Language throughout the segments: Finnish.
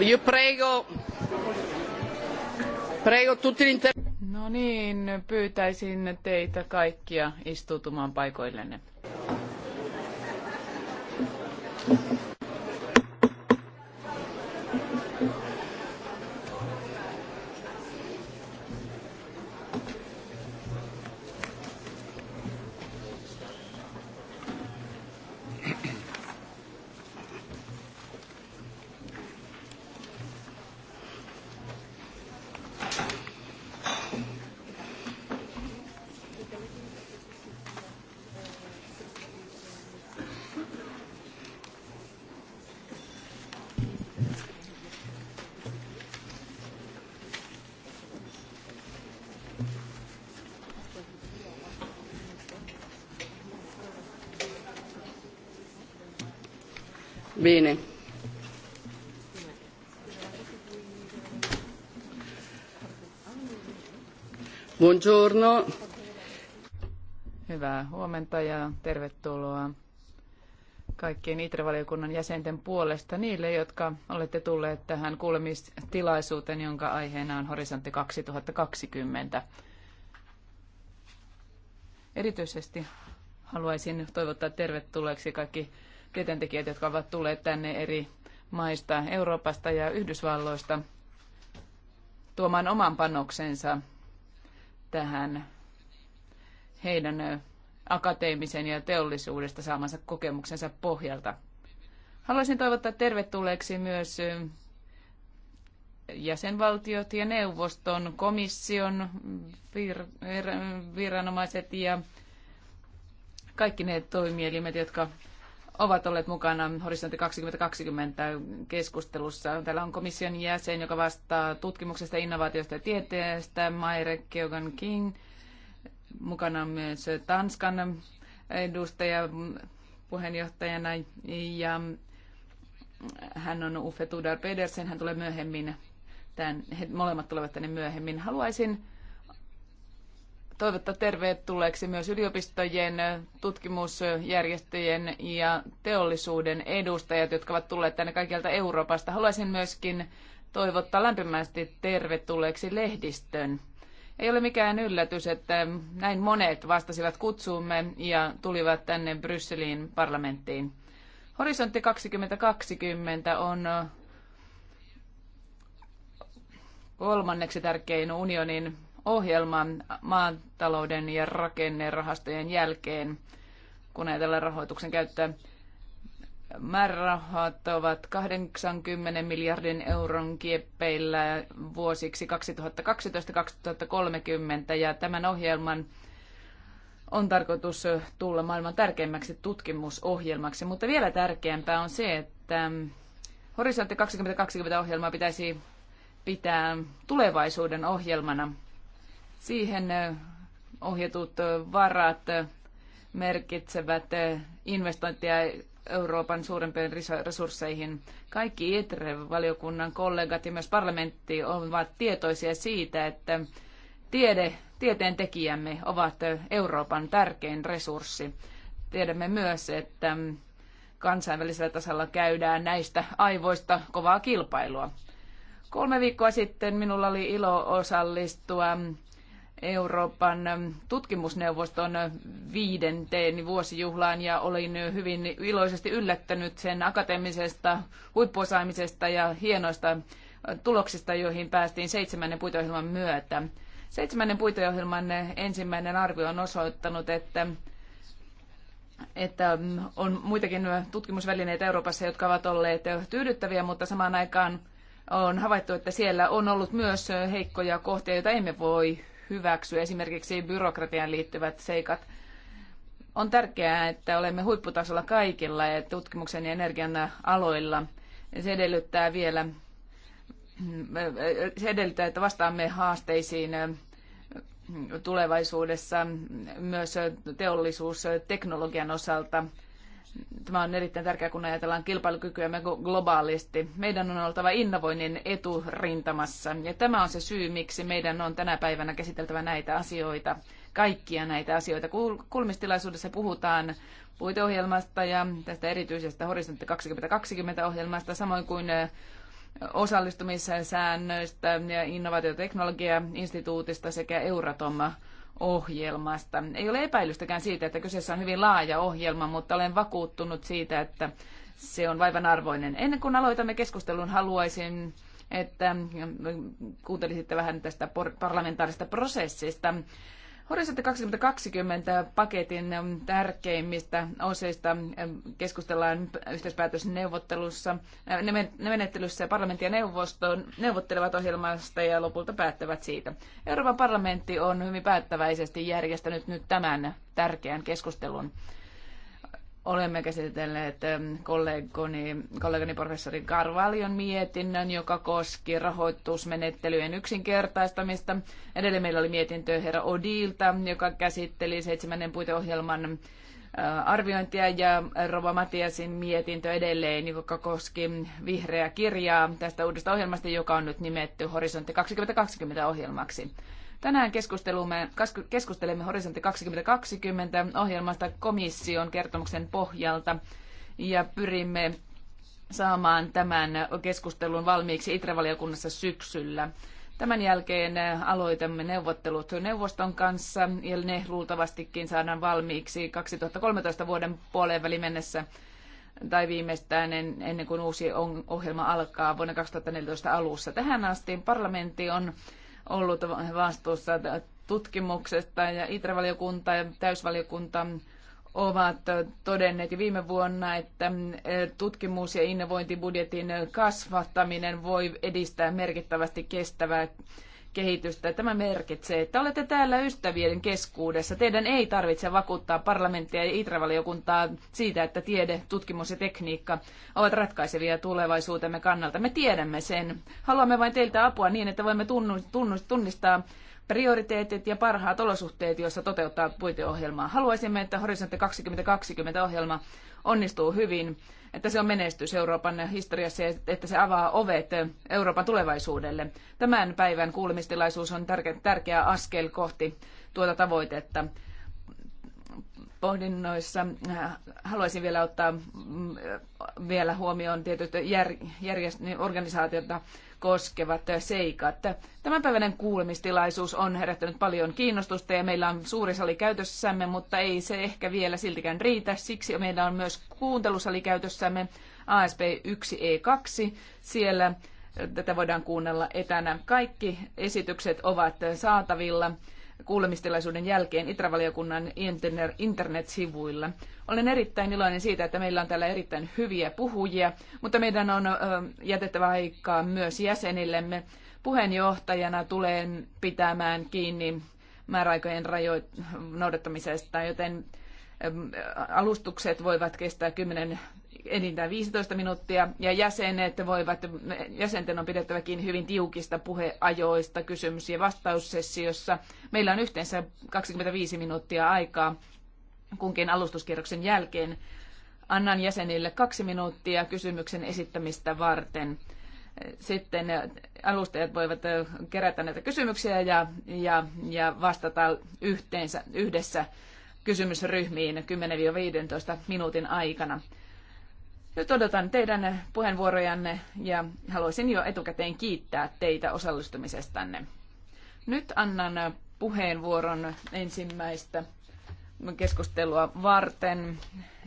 Io prego, prego tutti No niin, pyytäisin teitä kaikkia istutumaan paikoillenne. Bene. Buongiorno. Hyvää huomenta ja tervetuloa kaikkien ITRE-valiokunnan jäsenten puolesta niille, jotka olette tulleet tähän kuulemistilaisuuteen, jonka aiheena on Horisontti 2020. Erityisesti haluaisin toivottaa tervetulleeksi kaikki tieteentekijät, jotka ovat tulleet tänne eri maista, Euroopasta ja Yhdysvalloista tuomaan oman panoksensa tähän heidän akateemisen ja teollisuudesta saamansa kokemuksensa pohjalta. Haluaisin toivottaa tervetulleeksi myös jäsenvaltiot ja neuvoston, komission vir- viranomaiset ja kaikki ne toimielimet, jotka ovat olleet mukana Horisontti 2020 keskustelussa. Täällä on komission jäsen, joka vastaa tutkimuksesta, innovaatiosta ja tieteestä, Maire Keogan King. Mukana on myös Tanskan edustaja puheenjohtajana ja hän on Uffe Tudar Pedersen, hän tulee myöhemmin, tämän, he molemmat tulevat tänne myöhemmin. Haluaisin toivottaa tervetulleeksi myös yliopistojen, tutkimusjärjestöjen ja teollisuuden edustajat, jotka ovat tulleet tänne kaikkialta Euroopasta. Haluaisin myöskin toivottaa lämpimästi tervetulleeksi lehdistön. Ei ole mikään yllätys, että näin monet vastasivat kutsuumme ja tulivat tänne Brysseliin parlamenttiin. Horisontti 2020 on kolmanneksi tärkein unionin Ohjelman maatalouden ja rakennerahastojen jälkeen, kun tällä rahoituksen käyttöä. Määrärahat ovat 80 miljardin euron kieppeillä vuosiksi 2012-2030 ja tämän ohjelman on tarkoitus tulla maailman tärkeimmäksi tutkimusohjelmaksi, mutta vielä tärkeämpää on se, että Horisontti 2020-ohjelma pitäisi pitää tulevaisuuden ohjelmana. Siihen ohjatut varat merkitsevät investointia Euroopan suurempiin resursseihin. Kaikki ITRE-valiokunnan kollegat ja myös parlamentti ovat tietoisia siitä, että tiede, tieteen tekijämme ovat Euroopan tärkein resurssi. Tiedämme myös, että kansainvälisellä tasolla käydään näistä aivoista kovaa kilpailua. Kolme viikkoa sitten minulla oli ilo osallistua Euroopan tutkimusneuvoston viidenteen vuosijuhlaan ja olin hyvin iloisesti yllättänyt sen akateemisesta huippuosaamisesta ja hienoista tuloksista, joihin päästiin seitsemännen puitoohjelman myötä. Seitsemännen puitoohjelman ensimmäinen arvio on osoittanut, että että on muitakin tutkimusvälineitä Euroopassa, jotka ovat olleet tyydyttäviä, mutta samaan aikaan on havaittu, että siellä on ollut myös heikkoja kohtia, joita emme voi hyväksy, esimerkiksi byrokratian liittyvät seikat. On tärkeää, että olemme huipputasolla kaikilla ja tutkimuksen ja energian aloilla. Se edellyttää vielä, se edellyttää, että vastaamme haasteisiin tulevaisuudessa myös teollisuusteknologian osalta Tämä on erittäin tärkeää, kun ajatellaan kilpailukykyä, me globaalisti. Meidän on oltava innovoinnin eturintamassa. Ja tämä on se syy, miksi meidän on tänä päivänä käsiteltävä näitä asioita, kaikkia näitä asioita. Kulmistilaisuudessa puhutaan puiteohjelmasta ja tästä erityisestä Horisontti 2020-ohjelmasta, samoin kuin osallistumissäännöistä ja innovaatioteknologia-instituutista sekä Euratom ohjelmasta. Ei ole epäilystäkään siitä, että kyseessä on hyvin laaja ohjelma, mutta olen vakuuttunut siitä, että se on vaivan arvoinen. Ennen kuin aloitamme keskustelun, haluaisin että kuuntelisitte vähän tästä parlamentaarista prosessista. Horisontti 2020 paketin ähm, tärkeimmistä osista ähm, keskustellaan yhteispäätösneuvottelussa. Äh, ne menettelyssä parlamentti ja neuvosto neuvottelevat ohjelmasta ja lopulta päättävät siitä. Euroopan parlamentti on hyvin päättäväisesti järjestänyt nyt tämän tärkeän keskustelun olemme käsitelleet ähm, kollegoni, kollegani professori Karvalion mietinnön, joka koski rahoitusmenettelyjen yksinkertaistamista. Edelleen meillä oli mietintö herra Odilta, joka käsitteli seitsemännen puiteohjelman äh, arviointia ja Rova Matiasin mietintö edelleen, joka koski vihreää kirjaa tästä uudesta ohjelmasta, joka on nyt nimetty Horisontti 2020 ohjelmaksi. Tänään keskustelumme, keskustelemme Horisontti 2020 ohjelmasta komission kertomuksen pohjalta ja pyrimme saamaan tämän keskustelun valmiiksi Itre-valiokunnassa syksyllä. Tämän jälkeen aloitamme neuvottelut neuvoston kanssa ja ne luultavastikin saadaan valmiiksi 2013 vuoden puoleen väliin mennessä tai viimeistään ennen kuin uusi ohjelma alkaa vuonna 2014 alussa. Tähän asti parlamentti on ollut vastuussa tutkimuksesta ja Itravaliokunta ja täysvaliokunta ovat todenneet viime vuonna, että tutkimus- ja innovointibudjetin kasvattaminen voi edistää merkittävästi kestävää kehitystä. Tämä merkitsee, että olette täällä ystävien keskuudessa. Teidän ei tarvitse vakuuttaa parlamenttia ja itravaliokuntaa siitä, että tiede, tutkimus ja tekniikka ovat ratkaisevia tulevaisuutemme kannalta. Me tiedämme sen. Haluamme vain teiltä apua niin, että voimme tunnistaa prioriteetit ja parhaat olosuhteet, joissa toteuttaa puiteohjelmaa. Haluaisimme, että Horisontti 2020 ohjelma onnistuu hyvin että se on menestys Euroopan historiassa ja että se avaa ovet Euroopan tulevaisuudelle. Tämän päivän kuulemistilaisuus on tärkeä askel kohti tuota tavoitetta pohdinnoissa äh, haluaisin vielä ottaa mm, äh, vielä huomioon tietyt jär, järjest, organisaatiota koskevat seikat. Tämänpäiväinen kuulemistilaisuus on herättänyt paljon kiinnostusta ja meillä on suuri sali käytössämme, mutta ei se ehkä vielä siltikään riitä. Siksi meillä on myös kuuntelusali käytössämme ASP1E2. Siellä äh, tätä voidaan kuunnella etänä. Kaikki esitykset ovat saatavilla kuulemistilaisuuden jälkeen Itravaliokunnan internet-sivuilla. Olen erittäin iloinen siitä, että meillä on täällä erittäin hyviä puhujia, mutta meidän on jätettävä aikaa myös jäsenillemme. Puheenjohtajana tulen pitämään kiinni määräaikojen rajo- noudattamisesta, joten alustukset voivat kestää 10 enintään 15 minuuttia ja jäsenet voivat, jäsenten on pidettävä kiinni hyvin tiukista puheajoista kysymys- ja vastaussessiossa. Meillä on yhteensä 25 minuuttia aikaa kunkin alustuskierroksen jälkeen. Annan jäsenille kaksi minuuttia kysymyksen esittämistä varten. Sitten alustajat voivat kerätä näitä kysymyksiä ja, ja, ja vastata yhteensä, yhdessä kysymysryhmiin 10-15 minuutin aikana. Nyt odotan teidän puheenvuorojanne ja haluaisin jo etukäteen kiittää teitä osallistumisestanne. Nyt annan puheenvuoron ensimmäistä keskustelua varten,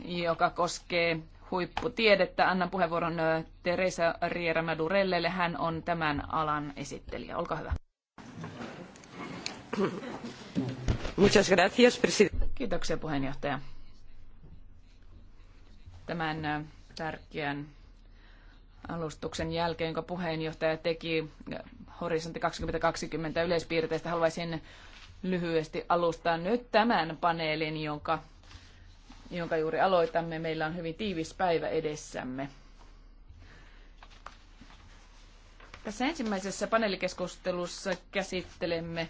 joka koskee huipputiedettä. Annan puheenvuoron äh, Teresa Riera Madurellelle. Hän on tämän alan esittelijä. Olkaa hyvä. Muchas gracias, presidente. Kiitoksia puheenjohtaja. Tämän äh, tärkeän alustuksen jälkeen, jonka puheenjohtaja teki äh, Horisontti 2020 yleispiirteistä. Haluaisin lyhyesti alustaa nyt tämän paneelin, jonka, jonka juuri aloitamme. Meillä on hyvin tiivis päivä edessämme. Tässä ensimmäisessä paneelikeskustelussa käsittelemme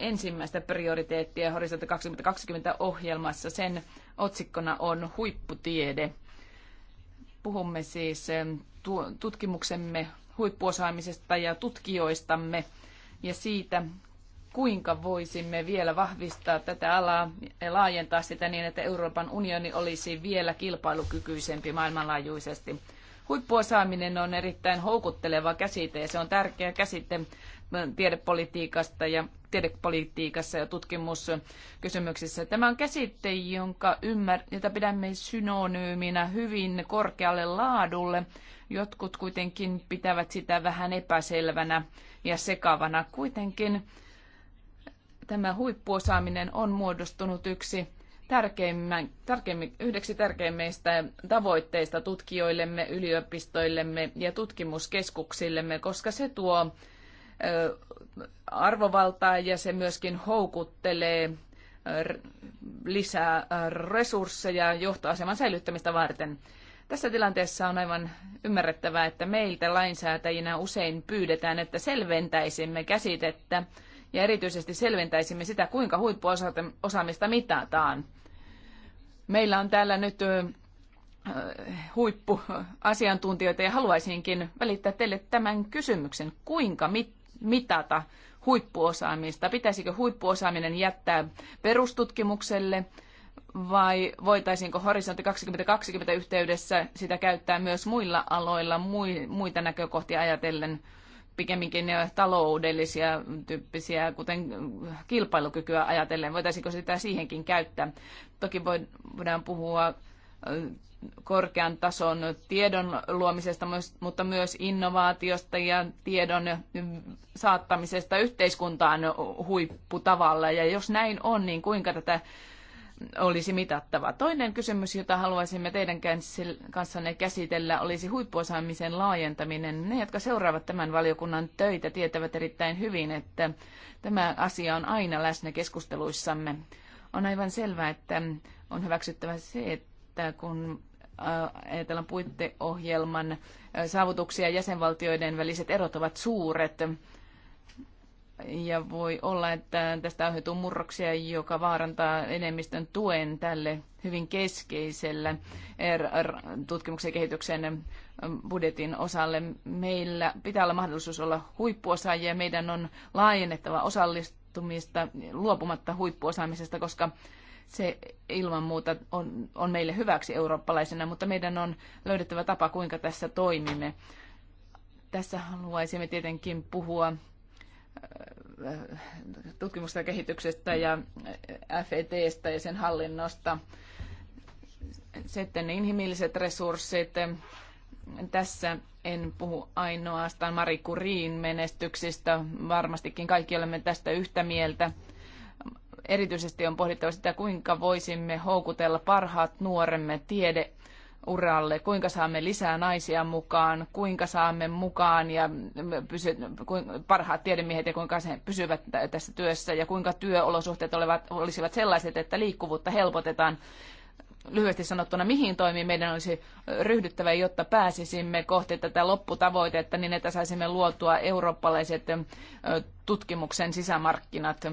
ensimmäistä prioriteettia Horisontti 2020 ohjelmassa. Sen otsikkona on huipputiede. Puhumme siis tutkimuksemme huippuosaamisesta ja tutkijoistamme ja siitä, kuinka voisimme vielä vahvistaa tätä alaa ja laajentaa sitä niin, että Euroopan unioni olisi vielä kilpailukykyisempi maailmanlaajuisesti. Huippuosaaminen on erittäin houkutteleva käsite ja se on tärkeä käsite tiedepolitiikasta ja tiedepolitiikassa ja tutkimuskysymyksissä. Tämä on käsite, jonka ymmär, jota pidämme synonyyminä hyvin korkealle laadulle. Jotkut kuitenkin pitävät sitä vähän epäselvänä ja sekavana. Kuitenkin tämä huippuosaaminen on muodostunut yksi tärkeimmän, tärkeimmin, yhdeksi tärkeimmistä tavoitteista tutkijoillemme, yliopistoillemme ja tutkimuskeskuksillemme, koska se tuo arvovaltaa ja se myöskin houkuttelee lisää resursseja johtoaseman säilyttämistä varten. Tässä tilanteessa on aivan ymmärrettävää, että meiltä lainsäätäjinä usein pyydetään, että selventäisimme käsitettä ja erityisesti selventäisimme sitä, kuinka huippuosaamista mitataan. Meillä on täällä nyt huippuasiantuntijoita ja haluaisinkin välittää teille tämän kysymyksen. Kuinka mit- mitata huippuosaamista? Pitäisikö huippuosaaminen jättää perustutkimukselle vai voitaisiinko Horisontti 2020 yhteydessä sitä käyttää myös muilla aloilla muita näkökohtia ajatellen? pikemminkin taloudellisia tyyppisiä, kuten kilpailukykyä ajatellen. Voitaisiinko sitä siihenkin käyttää? Toki voidaan puhua korkean tason tiedon luomisesta, mutta myös innovaatiosta ja tiedon saattamisesta yhteiskuntaan huipputavalla. Ja jos näin on, niin kuinka tätä olisi mitattava. Toinen kysymys, jota haluaisimme teidän kanssanne käsitellä, olisi huippuosaamisen laajentaminen. Ne, jotka seuraavat tämän valiokunnan töitä, tietävät erittäin hyvin, että tämä asia on aina läsnä keskusteluissamme. On aivan selvää, että on hyväksyttävä se, että että kun äh, ajatellaan puitteohjelman äh, saavutuksia, jäsenvaltioiden väliset erot ovat suuret. Ja voi olla, että tästä aiheutuu murroksia, joka vaarantaa enemmistön tuen tälle hyvin keskeiselle er, er, tutkimuksen ja kehityksen ähm, budjetin osalle. Meillä pitää olla mahdollisuus olla huippuosaajia ja meidän on laajennettava osallistumista luopumatta huippuosaamisesta, koska se ilman muuta on, on meille hyväksi eurooppalaisena, mutta meidän on löydettävä tapa, kuinka tässä toimimme. Tässä haluaisimme tietenkin puhua äh, tutkimusta ja kehityksestä ja äh, FETstä ja sen hallinnosta. Sitten inhimilliset resurssit. Tässä en puhu ainoastaan Marie Curien menestyksistä. Varmastikin kaikki olemme tästä yhtä mieltä erityisesti on pohdittava sitä, kuinka voisimme houkutella parhaat nuoremme tiede uralle, kuinka saamme lisää naisia mukaan, kuinka saamme mukaan ja pysy, parhaat tiedemiehet ja kuinka he pysyvät tässä työssä ja kuinka työolosuhteet olevat, olisivat sellaiset, että liikkuvuutta helpotetaan. Lyhyesti sanottuna, mihin toimiin meidän olisi ryhdyttävä, jotta pääsisimme kohti tätä lopputavoitetta niin, että saisimme luotua eurooppalaiset tutkimuksen sisämarkkinat.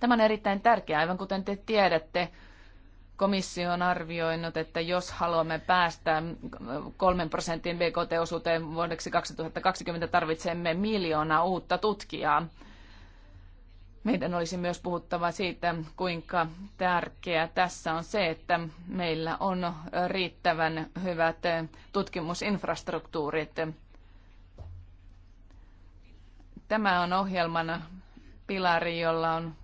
Tämä on erittäin tärkeää, aivan kuten te tiedätte. Komissio on arvioinut, että jos haluamme päästä kolmen prosentin BKT-osuuteen vuodeksi 2020, tarvitsemme miljoonaa uutta tutkijaa. Meidän olisi myös puhuttava siitä, kuinka tärkeää tässä on se, että meillä on riittävän hyvät tutkimusinfrastruktuurit. Tämä on ohjelman pilari, jolla on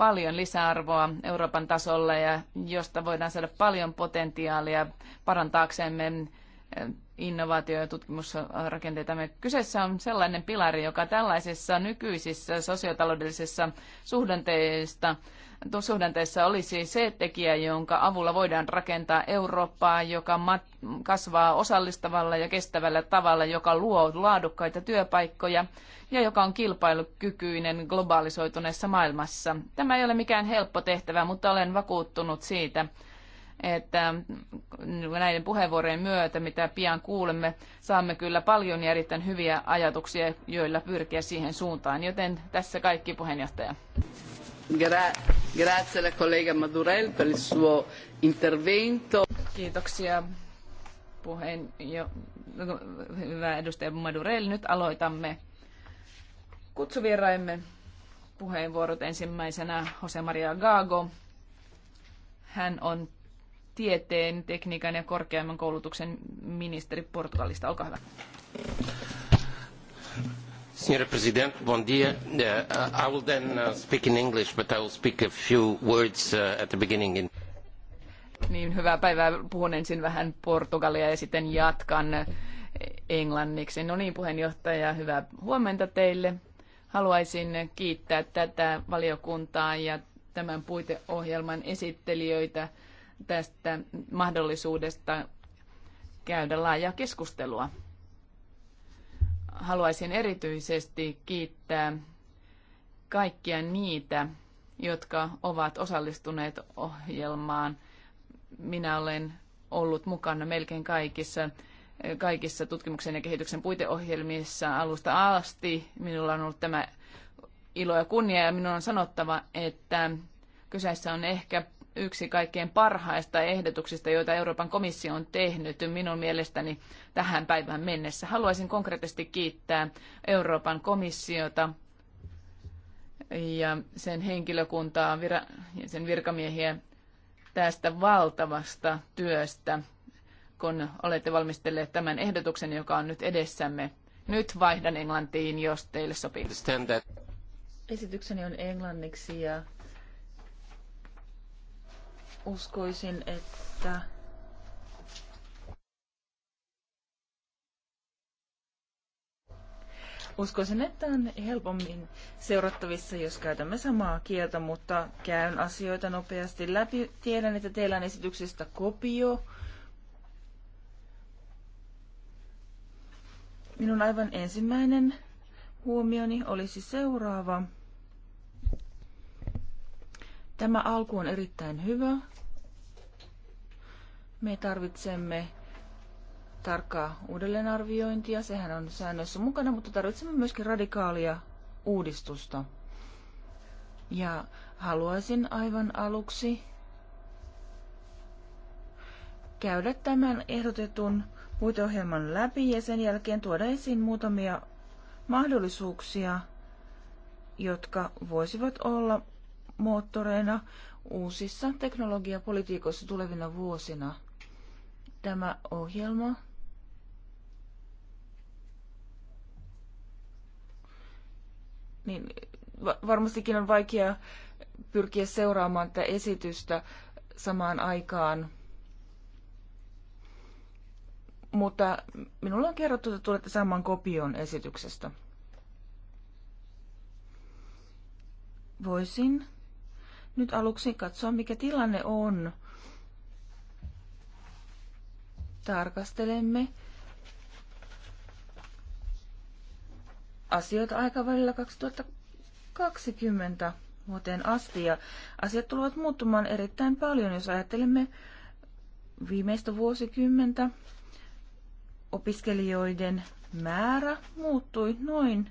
paljon lisäarvoa Euroopan tasolla ja josta voidaan saada paljon potentiaalia parantaaksemme eh, innovaatio- ja tutkimusrakenteita. Kyseessä on sellainen pilari, joka tällaisessa nykyisissä sosiotaloudellisissa suhdanteista suhdanteessa olisi se tekijä, jonka avulla voidaan rakentaa Eurooppaa, joka kasvaa osallistavalla ja kestävällä tavalla, joka luo laadukkaita työpaikkoja ja joka on kilpailukykyinen globaalisoituneessa maailmassa. Tämä ei ole mikään helppo tehtävä, mutta olen vakuuttunut siitä, että näiden puheenvuorojen myötä, mitä pian kuulemme, saamme kyllä paljon ja erittäin hyviä ajatuksia, joilla pyrkiä siihen suuntaan. Joten tässä kaikki puheenjohtaja. Gra- grazie collega Madurell per il suo intervento. Kiitoksia puheen jo, hyvä edustaja Madurell. Nyt aloitamme kutsuvieraimme puheenvuorot ensimmäisenä Jose Maria Gago. Hän on tieteen, tekniikan ja korkeamman koulutuksen ministeri Portugalista. Olkaa hyvä. Senhora Presidente, bom dia. Uh, I will then uh, speak in English, but I will speak a few words uh, at the beginning. In... Niin, hyvää päivää. Puhun ensin vähän Portugalia ja sitten jatkan englanniksi. No niin, puheenjohtaja, hyvää huomenta teille. Haluaisin kiittää tätä valiokuntaa ja tämän puiteohjelman esittelijöitä tästä mahdollisuudesta käydä laajaa keskustelua haluaisin erityisesti kiittää kaikkia niitä, jotka ovat osallistuneet ohjelmaan. Minä olen ollut mukana melkein kaikissa, kaikissa tutkimuksen ja kehityksen puiteohjelmissa alusta asti. Minulla on ollut tämä ilo ja kunnia ja minun on sanottava, että kyseessä on ehkä yksi kaikkein parhaista ehdotuksista, joita Euroopan komissio on tehnyt minun mielestäni tähän päivään mennessä. Haluaisin konkreettisesti kiittää Euroopan komissiota ja sen henkilökuntaa ja sen virkamiehiä tästä valtavasta työstä, kun olette valmistelleet tämän ehdotuksen, joka on nyt edessämme. Nyt vaihdan englantiin, jos teille sopii. Esitykseni on englanniksi ja uskoisin, että Uskoisin, että on helpommin seurattavissa, jos käytämme samaa kieltä, mutta käyn asioita nopeasti läpi. Tiedän, että teillä on esityksestä kopio. Minun aivan ensimmäinen huomioni olisi seuraava. Tämä alku on erittäin hyvä. Me tarvitsemme tarkkaa uudelleenarviointia, sehän on säännöissä mukana, mutta tarvitsemme myöskin radikaalia uudistusta. Ja haluaisin aivan aluksi käydä tämän ehdotetun puiteohjelman läpi ja sen jälkeen tuoda esiin muutamia mahdollisuuksia, jotka voisivat olla moottoreina uusissa teknologiapolitiikoissa tulevina vuosina – tämä ohjelma niin varmastikin on vaikea pyrkiä seuraamaan tätä esitystä samaan aikaan. Mutta minulle on kerrottu, että tulette saamaan kopion esityksestä. Voisin nyt aluksi katsoa, mikä tilanne on tarkastelemme asioita aikavälillä 2020 vuoteen asti. Ja asiat tulevat muuttumaan erittäin paljon, jos ajattelemme viimeistä vuosikymmentä. Opiskelijoiden määrä muuttui noin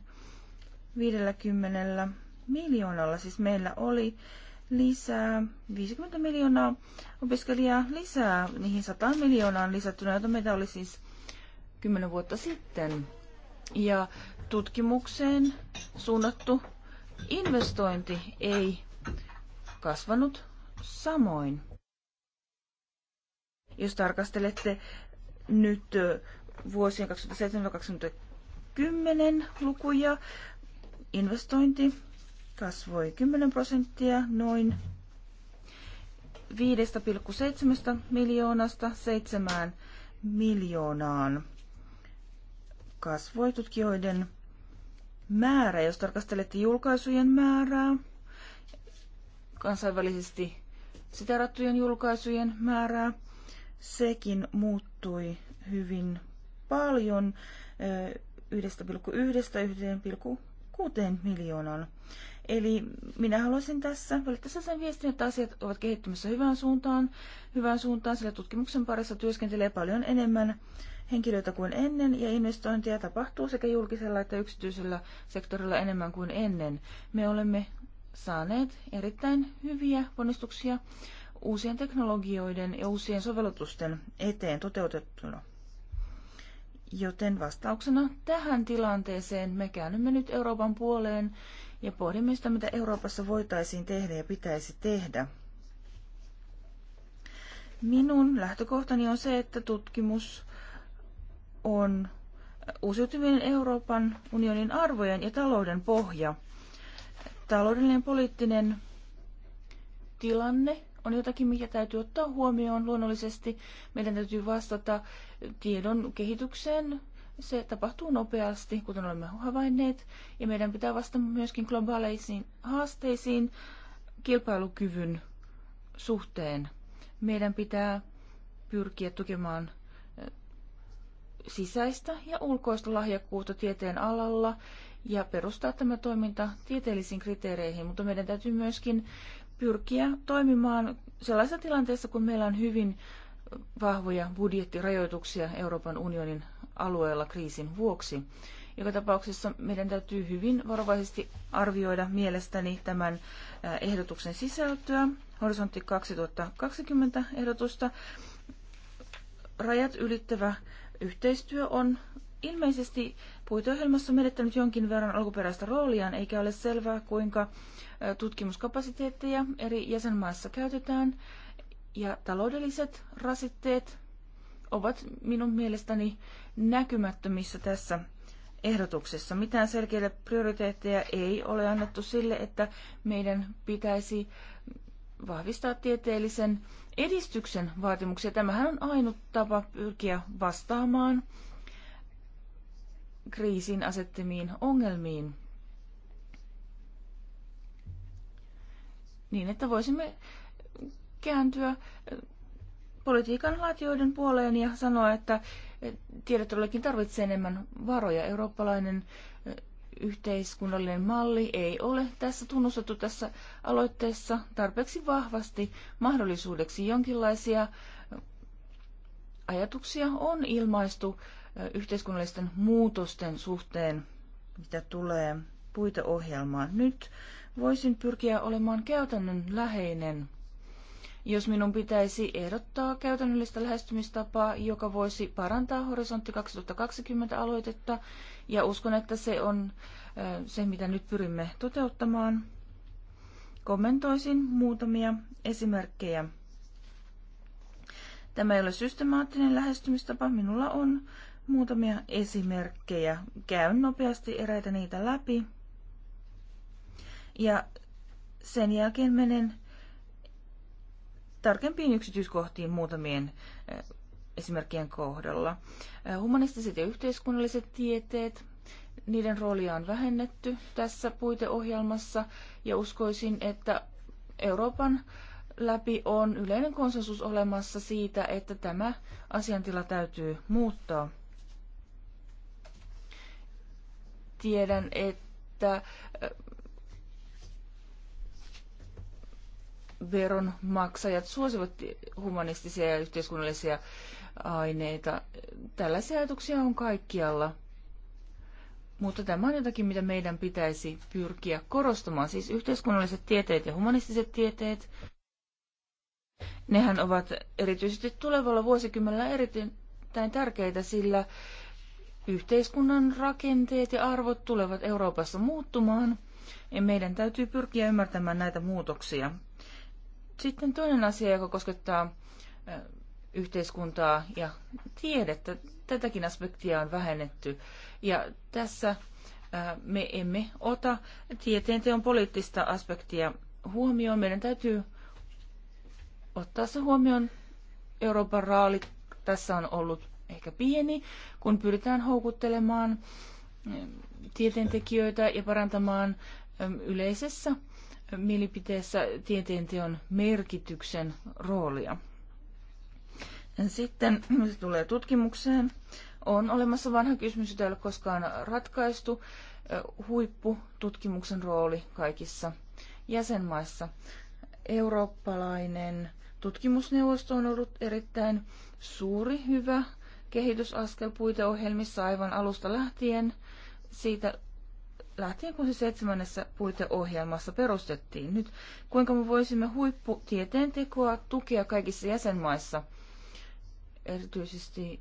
50 miljoonalla. Siis meillä oli lisää, 50 miljoonaa opiskelijaa lisää, niihin 100 miljoonaan lisättynä, jota meitä oli siis 10 vuotta sitten. Ja tutkimukseen suunnattu investointi ei kasvanut samoin. Jos tarkastelette nyt vuosien 2007-2010 lukuja, investointi kasvoi 10 prosenttia noin 5,7 miljoonasta 7 miljoonaan. Kasvoi tutkijoiden määrä, jos tarkastelette julkaisujen määrää, kansainvälisesti siterattujen julkaisujen määrää, sekin muuttui hyvin paljon 1,1-1,6 miljoonan. Eli minä haluaisin tässä välittää sen viestin, että asiat ovat kehittymässä hyvään suuntaan, hyvään suuntaan, sillä tutkimuksen parissa työskentelee paljon enemmän henkilöitä kuin ennen ja investointia tapahtuu sekä julkisella että yksityisellä sektorilla enemmän kuin ennen. Me olemme saaneet erittäin hyviä ponnistuksia uusien teknologioiden ja uusien sovellutusten eteen toteutettuna. Joten vastauksena tähän tilanteeseen me käännymme nyt Euroopan puoleen ja pohdimme sitä, mitä Euroopassa voitaisiin tehdä ja pitäisi tehdä. Minun lähtökohtani on se, että tutkimus on uusiutuvien Euroopan unionin arvojen ja talouden pohja. Taloudellinen poliittinen tilanne on jotakin, mikä täytyy ottaa huomioon luonnollisesti. Meidän täytyy vastata tiedon kehitykseen, se tapahtuu nopeasti, kuten olemme havainneet, ja meidän pitää vastata myöskin globaaleisiin haasteisiin kilpailukyvyn suhteen. Meidän pitää pyrkiä tukemaan sisäistä ja ulkoista lahjakkuutta tieteen alalla ja perustaa tämä toiminta tieteellisiin kriteereihin, mutta meidän täytyy myöskin pyrkiä toimimaan sellaisessa tilanteessa, kun meillä on hyvin vahvoja budjettirajoituksia Euroopan unionin alueella kriisin vuoksi. Joka tapauksessa meidän täytyy hyvin varovaisesti arvioida mielestäni tämän ehdotuksen sisältöä, horisontti 2020 ehdotusta. Rajat ylittävä yhteistyö on ilmeisesti puiteohjelmassa menettänyt jonkin verran alkuperäistä rooliaan, eikä ole selvää, kuinka tutkimuskapasiteetteja eri jäsenmaissa käytetään ja taloudelliset rasitteet ovat minun mielestäni näkymättömissä tässä ehdotuksessa. Mitään selkeitä prioriteetteja ei ole annettu sille, että meidän pitäisi vahvistaa tieteellisen edistyksen vaatimuksia. Tämähän on ainut tapa pyrkiä vastaamaan kriisin asettamiin ongelmiin. Niin, että voisimme kääntyä politiikan laatijoiden puoleen ja sanoa, että tiede tarvitsee enemmän varoja. Eurooppalainen yhteiskunnallinen malli ei ole tässä tunnustettu tässä aloitteessa tarpeeksi vahvasti mahdollisuudeksi. Jonkinlaisia ajatuksia on ilmaistu yhteiskunnallisten muutosten suhteen, mitä tulee puiteohjelmaan. Nyt voisin pyrkiä olemaan käytännön läheinen jos minun pitäisi ehdottaa käytännöllistä lähestymistapaa, joka voisi parantaa Horisontti 2020 aloitetta, ja uskon, että se on se, mitä nyt pyrimme toteuttamaan. Kommentoisin muutamia esimerkkejä. Tämä ei ole systemaattinen lähestymistapa. Minulla on muutamia esimerkkejä. Käyn nopeasti eräitä niitä läpi. Ja sen jälkeen menen tarkempiin yksityiskohtiin muutamien eh, esimerkkien kohdalla. Eh, humanistiset ja yhteiskunnalliset tieteet, niiden roolia on vähennetty tässä puiteohjelmassa ja uskoisin, että Euroopan läpi on yleinen konsensus olemassa siitä, että tämä asiantila täytyy muuttaa. Tiedän, että eh, veronmaksajat suosivat humanistisia ja yhteiskunnallisia aineita. Tällaisia ajatuksia on kaikkialla. Mutta tämä on jotakin, mitä meidän pitäisi pyrkiä korostamaan, siis yhteiskunnalliset tieteet ja humanistiset tieteet. Nehän ovat erityisesti tulevalla vuosikymmenellä erittäin tärkeitä, sillä yhteiskunnan rakenteet ja arvot tulevat Euroopassa muuttumaan, ja meidän täytyy pyrkiä ymmärtämään näitä muutoksia. Sitten toinen asia, joka koskettaa yhteiskuntaa ja tiedettä. Tätäkin aspektia on vähennetty. Ja tässä me emme ota tieteenteon poliittista aspektia huomioon. Meidän täytyy ottaa se huomioon. Euroopan raali tässä on ollut ehkä pieni, kun pyritään houkuttelemaan tieteentekijöitä ja parantamaan yleisessä mielipiteessä teon merkityksen roolia. Sitten, se tulee tutkimukseen, on olemassa vanha kysymys, jota ei ole koskaan ratkaistu, huippututkimuksen rooli kaikissa jäsenmaissa. Eurooppalainen tutkimusneuvosto on ollut erittäin suuri, hyvä kehitysaskel puiteohjelmissa aivan alusta lähtien. Siitä lähtien kun se seitsemännessä puiteohjelmassa perustettiin. Nyt kuinka me voisimme huipputieteen tekoa tukea kaikissa jäsenmaissa, erityisesti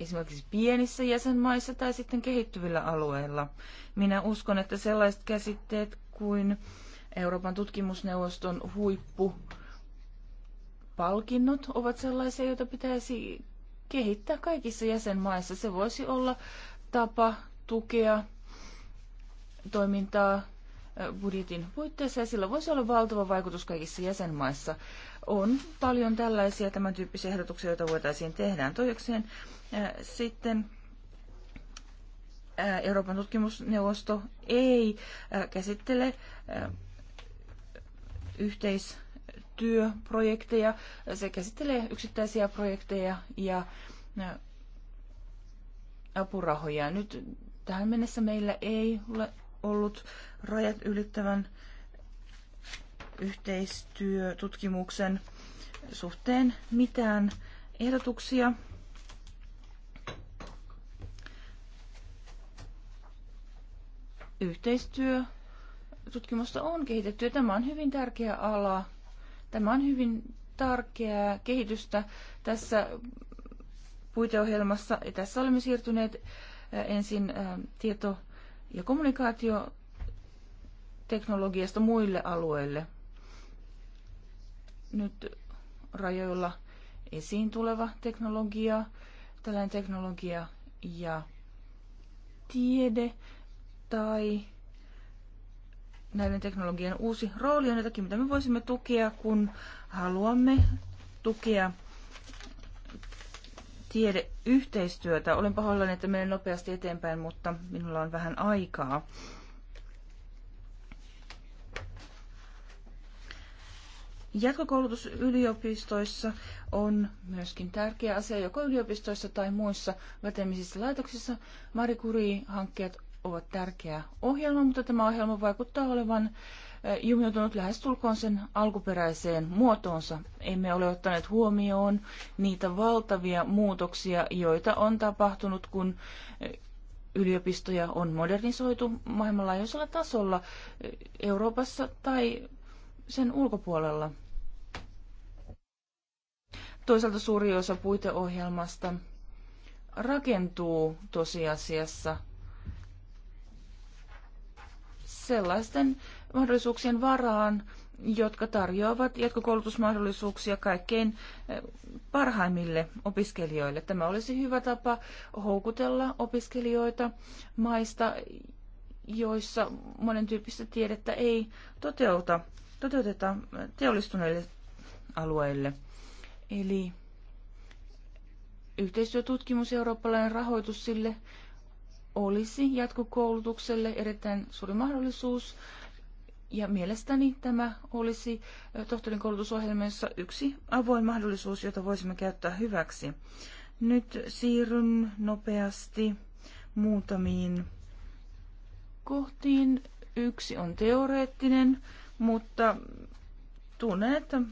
esimerkiksi pienissä jäsenmaissa tai sitten kehittyvillä alueilla. Minä uskon, että sellaiset käsitteet kuin Euroopan tutkimusneuvoston huippu palkinnot ovat sellaisia, joita pitäisi kehittää kaikissa jäsenmaissa. Se voisi olla tapa tukea toimintaa budjetin puitteissa ja sillä voisi olla valtava vaikutus kaikissa jäsenmaissa. On paljon tällaisia tämän tyyppisiä ehdotuksia, joita voitaisiin tehdä. Toisekseen sitten Euroopan tutkimusneuvosto ei käsittele yhteistyöprojekteja. Se käsittelee yksittäisiä projekteja ja apurahoja. Nyt Tähän mennessä meillä ei ole ollut rajat ylittävän yhteistyötutkimuksen suhteen mitään ehdotuksia. Yhteistyö tutkimusta on kehitetty ja tämä on hyvin tärkeä ala. Tämä on hyvin tärkeää kehitystä tässä puiteohjelmassa. Ja tässä olemme siirtyneet ensin tieto- ja kommunikaatioteknologiasta muille alueille. Nyt rajoilla esiin tuleva teknologia, tällainen teknologia ja tiede tai näiden teknologian uusi rooli on jotakin, mitä me voisimme tukea, kun haluamme tukea tiedeyhteistyötä. Olen pahoillani, että menen nopeasti eteenpäin, mutta minulla on vähän aikaa. Jatkokoulutus yliopistoissa on myöskin tärkeä asia, joko yliopistoissa tai muissa akateemisissa laitoksissa. Marie Curie-hankkeet ovat tärkeä ohjelma, mutta tämä ohjelma vaikuttaa olevan jumiutunut lähestulkoon sen alkuperäiseen muotoonsa. Emme ole ottaneet huomioon niitä valtavia muutoksia, joita on tapahtunut, kun eh, yliopistoja on modernisoitu maailmanlaajuisella tasolla eh, Euroopassa tai sen ulkopuolella. Toisaalta suuri osa puiteohjelmasta rakentuu tosiasiassa sellaisten mahdollisuuksien varaan, jotka tarjoavat jatkokoulutusmahdollisuuksia kaikkein eh, parhaimmille opiskelijoille. Tämä olisi hyvä tapa houkutella opiskelijoita maista, joissa monen tyyppistä tiedettä ei toteuta, toteuteta teollistuneille alueille. Eli yhteistyötutkimus ja eurooppalainen rahoitus sille olisi jatkokoulutukselle erittäin suuri mahdollisuus ja mielestäni tämä olisi tohtorin koulutusohjelmassa yksi avoin mahdollisuus, jota voisimme käyttää hyväksi. Nyt siirryn nopeasti muutamiin kohtiin. Yksi on teoreettinen, mutta tunnen, että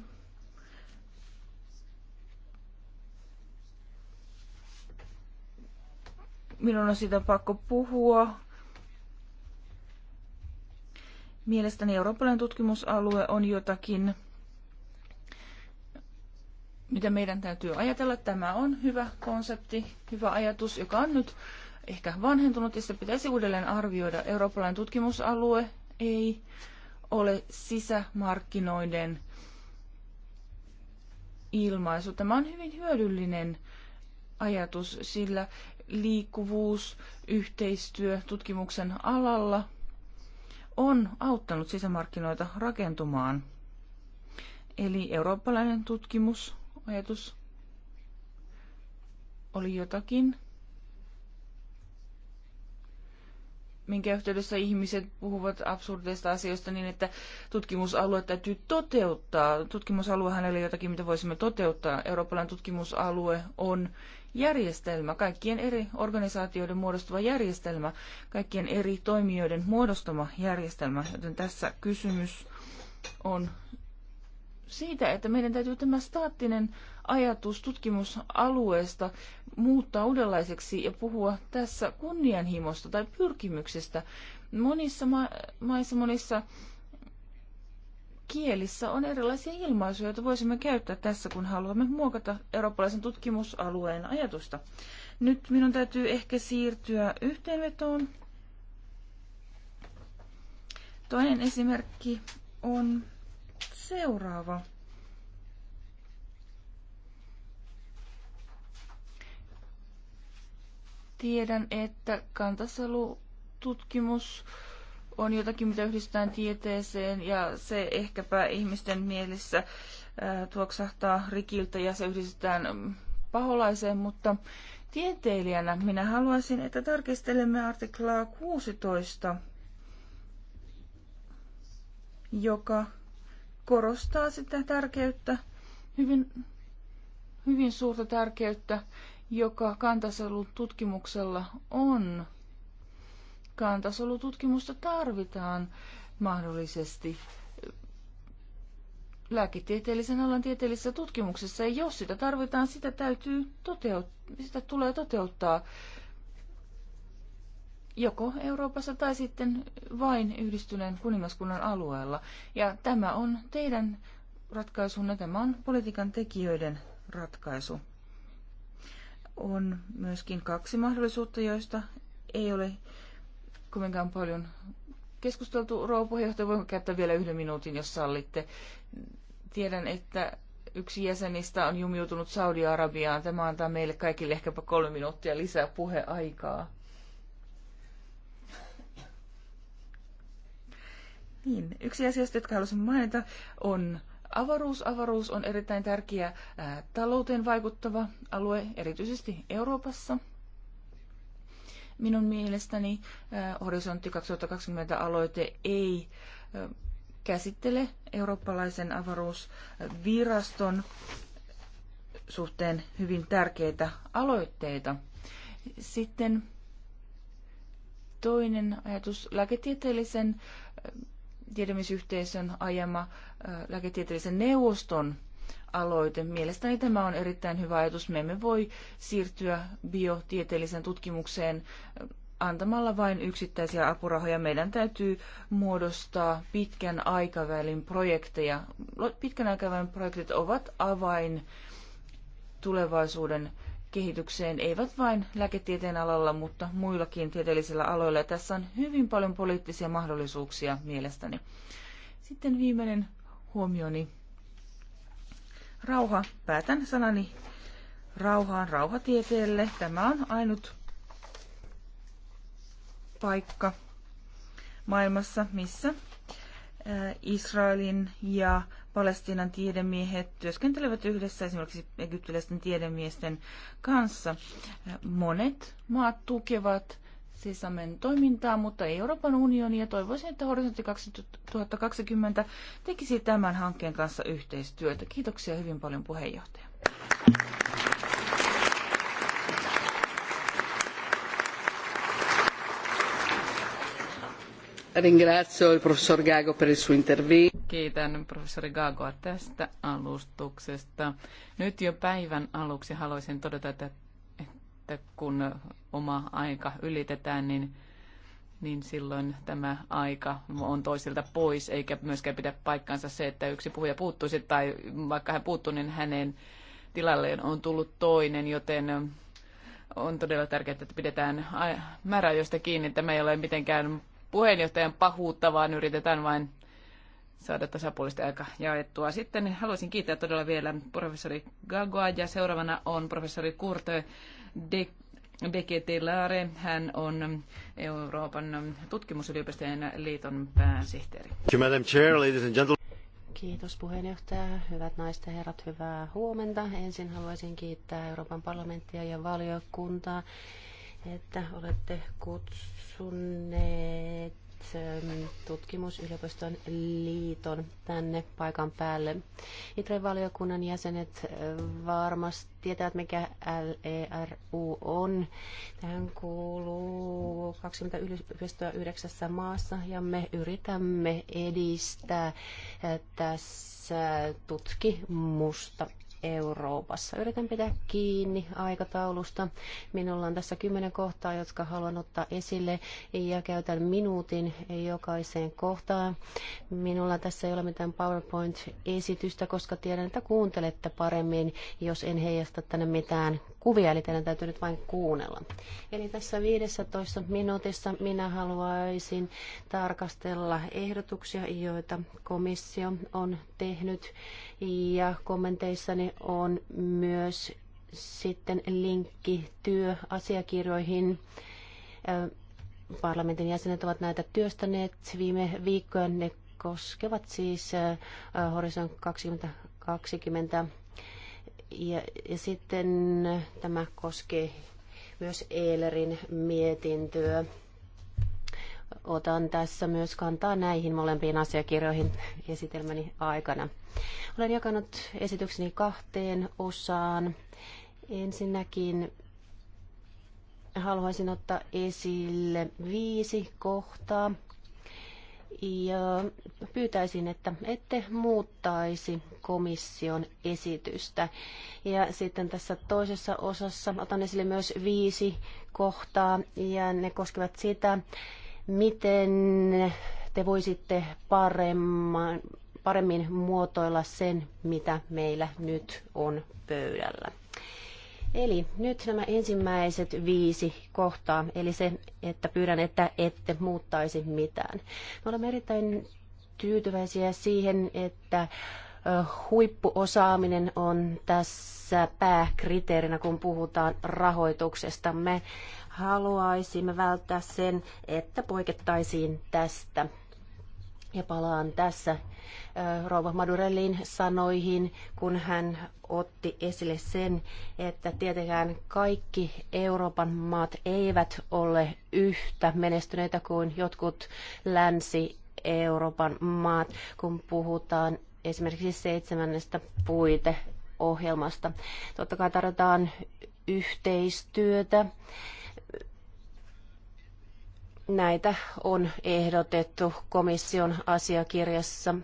minun on siitä pakko puhua Mielestäni eurooppalainen tutkimusalue on jotakin, mitä meidän täytyy ajatella. Tämä on hyvä konsepti, hyvä ajatus, joka on nyt ehkä vanhentunut ja sitä pitäisi uudelleen arvioida. Eurooppalainen tutkimusalue ei ole sisämarkkinoiden ilmaisu. Tämä on hyvin hyödyllinen ajatus, sillä liikkuvuus, yhteistyö tutkimuksen alalla on auttanut sisämarkkinoita rakentumaan. Eli eurooppalainen tutkimus, ajatus oli jotakin, minkä yhteydessä ihmiset puhuvat absurdeista asioista niin, että tutkimusalue täytyy toteuttaa. Tutkimusalue hänelle jotakin, mitä voisimme toteuttaa. Eurooppalainen tutkimusalue on järjestelmä, kaikkien eri organisaatioiden muodostuva järjestelmä, kaikkien eri toimijoiden muodostama järjestelmä, joten tässä kysymys on siitä, että meidän täytyy tämä staattinen ajatus tutkimusalueesta muuttaa uudenlaiseksi ja puhua tässä kunnianhimosta tai pyrkimyksestä. Monissa ma- maissa, monissa kielissä on erilaisia ilmaisuja, joita voisimme käyttää tässä, kun haluamme muokata eurooppalaisen tutkimusalueen ajatusta. Nyt minun täytyy ehkä siirtyä yhteenvetoon. Toinen esimerkki on seuraava. Tiedän, että kantasolututkimus tutkimus on jotakin, mitä yhdistetään tieteeseen ja se ehkäpä ihmisten mielessä tuoksahtaa rikiltä ja se yhdistetään mm, paholaiseen, mutta tieteilijänä minä haluaisin, että tarkistelemme artiklaa 16, joka korostaa sitä tärkeyttä, hyvin, hyvin suurta tärkeyttä, joka kantasolun tutkimuksella on kantasolututkimusta tarvitaan mahdollisesti lääketieteellisen alan tieteellisessä tutkimuksessa. Ja jos sitä tarvitaan, sitä täytyy toteut sitä tulee toteuttaa joko Euroopassa tai sitten vain yhdistyneen kuningaskunnan alueella. Ja tämä on teidän ratkaisunne, tämä on politiikan tekijöiden ratkaisu. On myöskin kaksi mahdollisuutta, joista ei ole kovinkaan paljon keskusteltu. Rouva puheenjohtaja, voinko käyttää vielä yhden minuutin, jos sallitte? Tiedän, että yksi jäsenistä on jumiutunut Saudi-Arabiaan. Tämä antaa meille kaikille ehkäpä kolme minuuttia lisää puheaikaa. Niin, yksi asioista, jotka haluaisin mainita, on avaruus. Avaruus on erittäin tärkeä ää, talouteen vaikuttava alue, erityisesti Euroopassa – Minun mielestäni Horisontti 2020-aloite ei käsittele eurooppalaisen avaruusviraston suhteen hyvin tärkeitä aloitteita. Sitten toinen ajatus, lääketieteellisen tiedemisyhteisön ajama lääketieteellisen neuvoston aloite. Mielestäni tämä on erittäin hyvä ajatus. Me emme voi siirtyä biotieteelliseen tutkimukseen antamalla vain yksittäisiä apurahoja. Meidän täytyy muodostaa pitkän aikavälin projekteja. Pitkän aikavälin projektit ovat avain tulevaisuuden kehitykseen, eivät vain lääketieteen alalla, mutta muillakin tieteellisillä aloilla. Ja tässä on hyvin paljon poliittisia mahdollisuuksia mielestäni. Sitten viimeinen huomioni Rauha, päätän sanani rauhaan rauhatieteelle. Tämä on ainut paikka maailmassa, missä äh, Israelin ja Palestiinan tiedemiehet työskentelevät yhdessä esimerkiksi egyptiläisten tiedemiesten kanssa. Äh, monet maat tukevat sisämen toimintaa, mutta ei Euroopan unioni ja toivoisin, että Horisontti 2020 tekisi tämän hankkeen kanssa yhteistyötä. Kiitoksia hyvin paljon puheenjohtaja. Ringrazio il professor Gago per il suo intervento. Kiitän professori Gagoa tästä alustuksesta. Nyt jo päivän aluksi haluaisin todeta, että että kun oma aika ylitetään, niin, niin silloin tämä aika on toisilta pois, eikä myöskään pidä paikkansa se, että yksi puhuja puuttuisi tai vaikka hän puuttuu, niin hänen tilalleen on tullut toinen, joten on todella tärkeää, että pidetään määräajoista kiinni. Tämä ei ole mitenkään puheenjohtajan pahuutta, vaan yritetään vain saada tasapuolista aika jaettua. Sitten haluaisin kiittää todella vielä professori Gagoa ja seuraavana on professori Kurte De Dekete Laare. Hän on Euroopan tutkimusyliopistojen liiton pääsihteeri. Madam Chair, ladies and gentlemen. Kiitos puheenjohtaja. Hyvät naiset ja herrat, hyvää huomenta. Ensin haluaisin kiittää Euroopan parlamenttia ja valiokuntaa, että olette kutsuneet Ähm, tutkimusyliopiston liiton tänne paikan päälle. ITRE-valiokunnan jäsenet äh, varmasti tietävät, mikä LERU on. Tähän kuuluu 20 yliopistoa yhdeksässä maassa ja me yritämme edistää äh, tässä tutkimusta. Euroopassa. Yritän pitää kiinni aikataulusta. Minulla on tässä kymmenen kohtaa, jotka haluan ottaa esille ja käytän minuutin jokaiseen kohtaan. Minulla tässä ei ole mitään PowerPoint-esitystä, koska tiedän, että kuuntelette paremmin, jos en heijasta tänne mitään kuvia, eli teidän täytyy nyt vain kuunnella. Eli tässä 15 minuutissa minä haluaisin tarkastella ehdotuksia, joita komissio on tehnyt, ja kommenteissani on myös sitten linkki työasiakirjoihin. Parlamentin jäsenet ovat näitä työstäneet viime viikkojen. Ne koskevat siis Horizon 2020 ja, ja sitten tämä koski myös Eelerin mietintöä. Otan tässä myös kantaa näihin molempiin asiakirjoihin esitelmäni aikana. Olen jakanut esitykseni kahteen osaan. Ensinnäkin haluaisin ottaa esille viisi kohtaa, ja pyytäisin, että ette muuttaisi komission esitystä. Ja sitten tässä toisessa osassa otan esille myös viisi kohtaa, ja ne koskevat sitä, miten te voisitte paremmin muotoilla sen, mitä meillä nyt on pöydällä. Eli nyt nämä ensimmäiset viisi kohtaa, eli se, että pyydän, että ette muuttaisi mitään. Me olemme erittäin tyytyväisiä siihen, että huippuosaaminen on tässä pääkriteerinä, kun puhutaan rahoituksesta. Me haluaisimme välttää sen, että poikettaisiin tästä ja palaan tässä äh, rouva Madurellin sanoihin, kun hän otti esille sen, että tietenkään kaikki Euroopan maat eivät ole yhtä menestyneitä kuin jotkut länsi-Euroopan maat, kun puhutaan esimerkiksi seitsemännestä puiteohjelmasta. Totta kai tarvitaan yhteistyötä Näitä on ehdotettu komission asiakirjassa,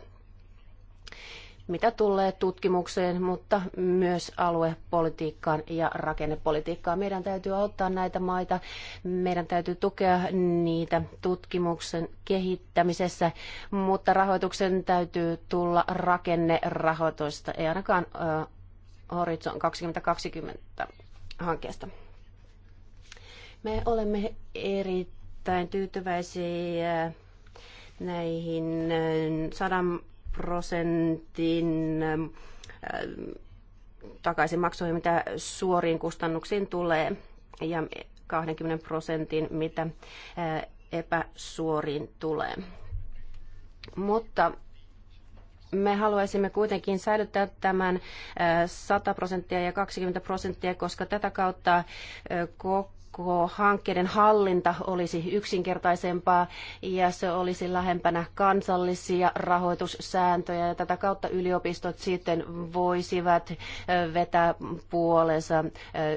mitä tulee tutkimukseen, mutta myös aluepolitiikkaan ja rakennepolitiikkaan. Meidän täytyy auttaa näitä maita, meidän täytyy tukea niitä tutkimuksen kehittämisessä, mutta rahoituksen täytyy tulla rakennerahoitoista, ei ainakaan äh, Horizon 2020 hankkeesta. Me olemme eri erittäin tyytyväisiä äh, näihin 100 äh, prosentin äh, takaisinmaksuihin, mitä suoriin kustannuksiin tulee, ja 20 prosentin, mitä epäsuoriin tulee. Mutta me haluaisimme kuitenkin säilyttää tämän 100 prosenttia ja 20 prosenttia, koska tätä kautta koko koko hankkeiden hallinta olisi yksinkertaisempaa ja se olisi lähempänä kansallisia rahoitussääntöjä ja tätä kautta yliopistot sitten voisivat vetää puolensa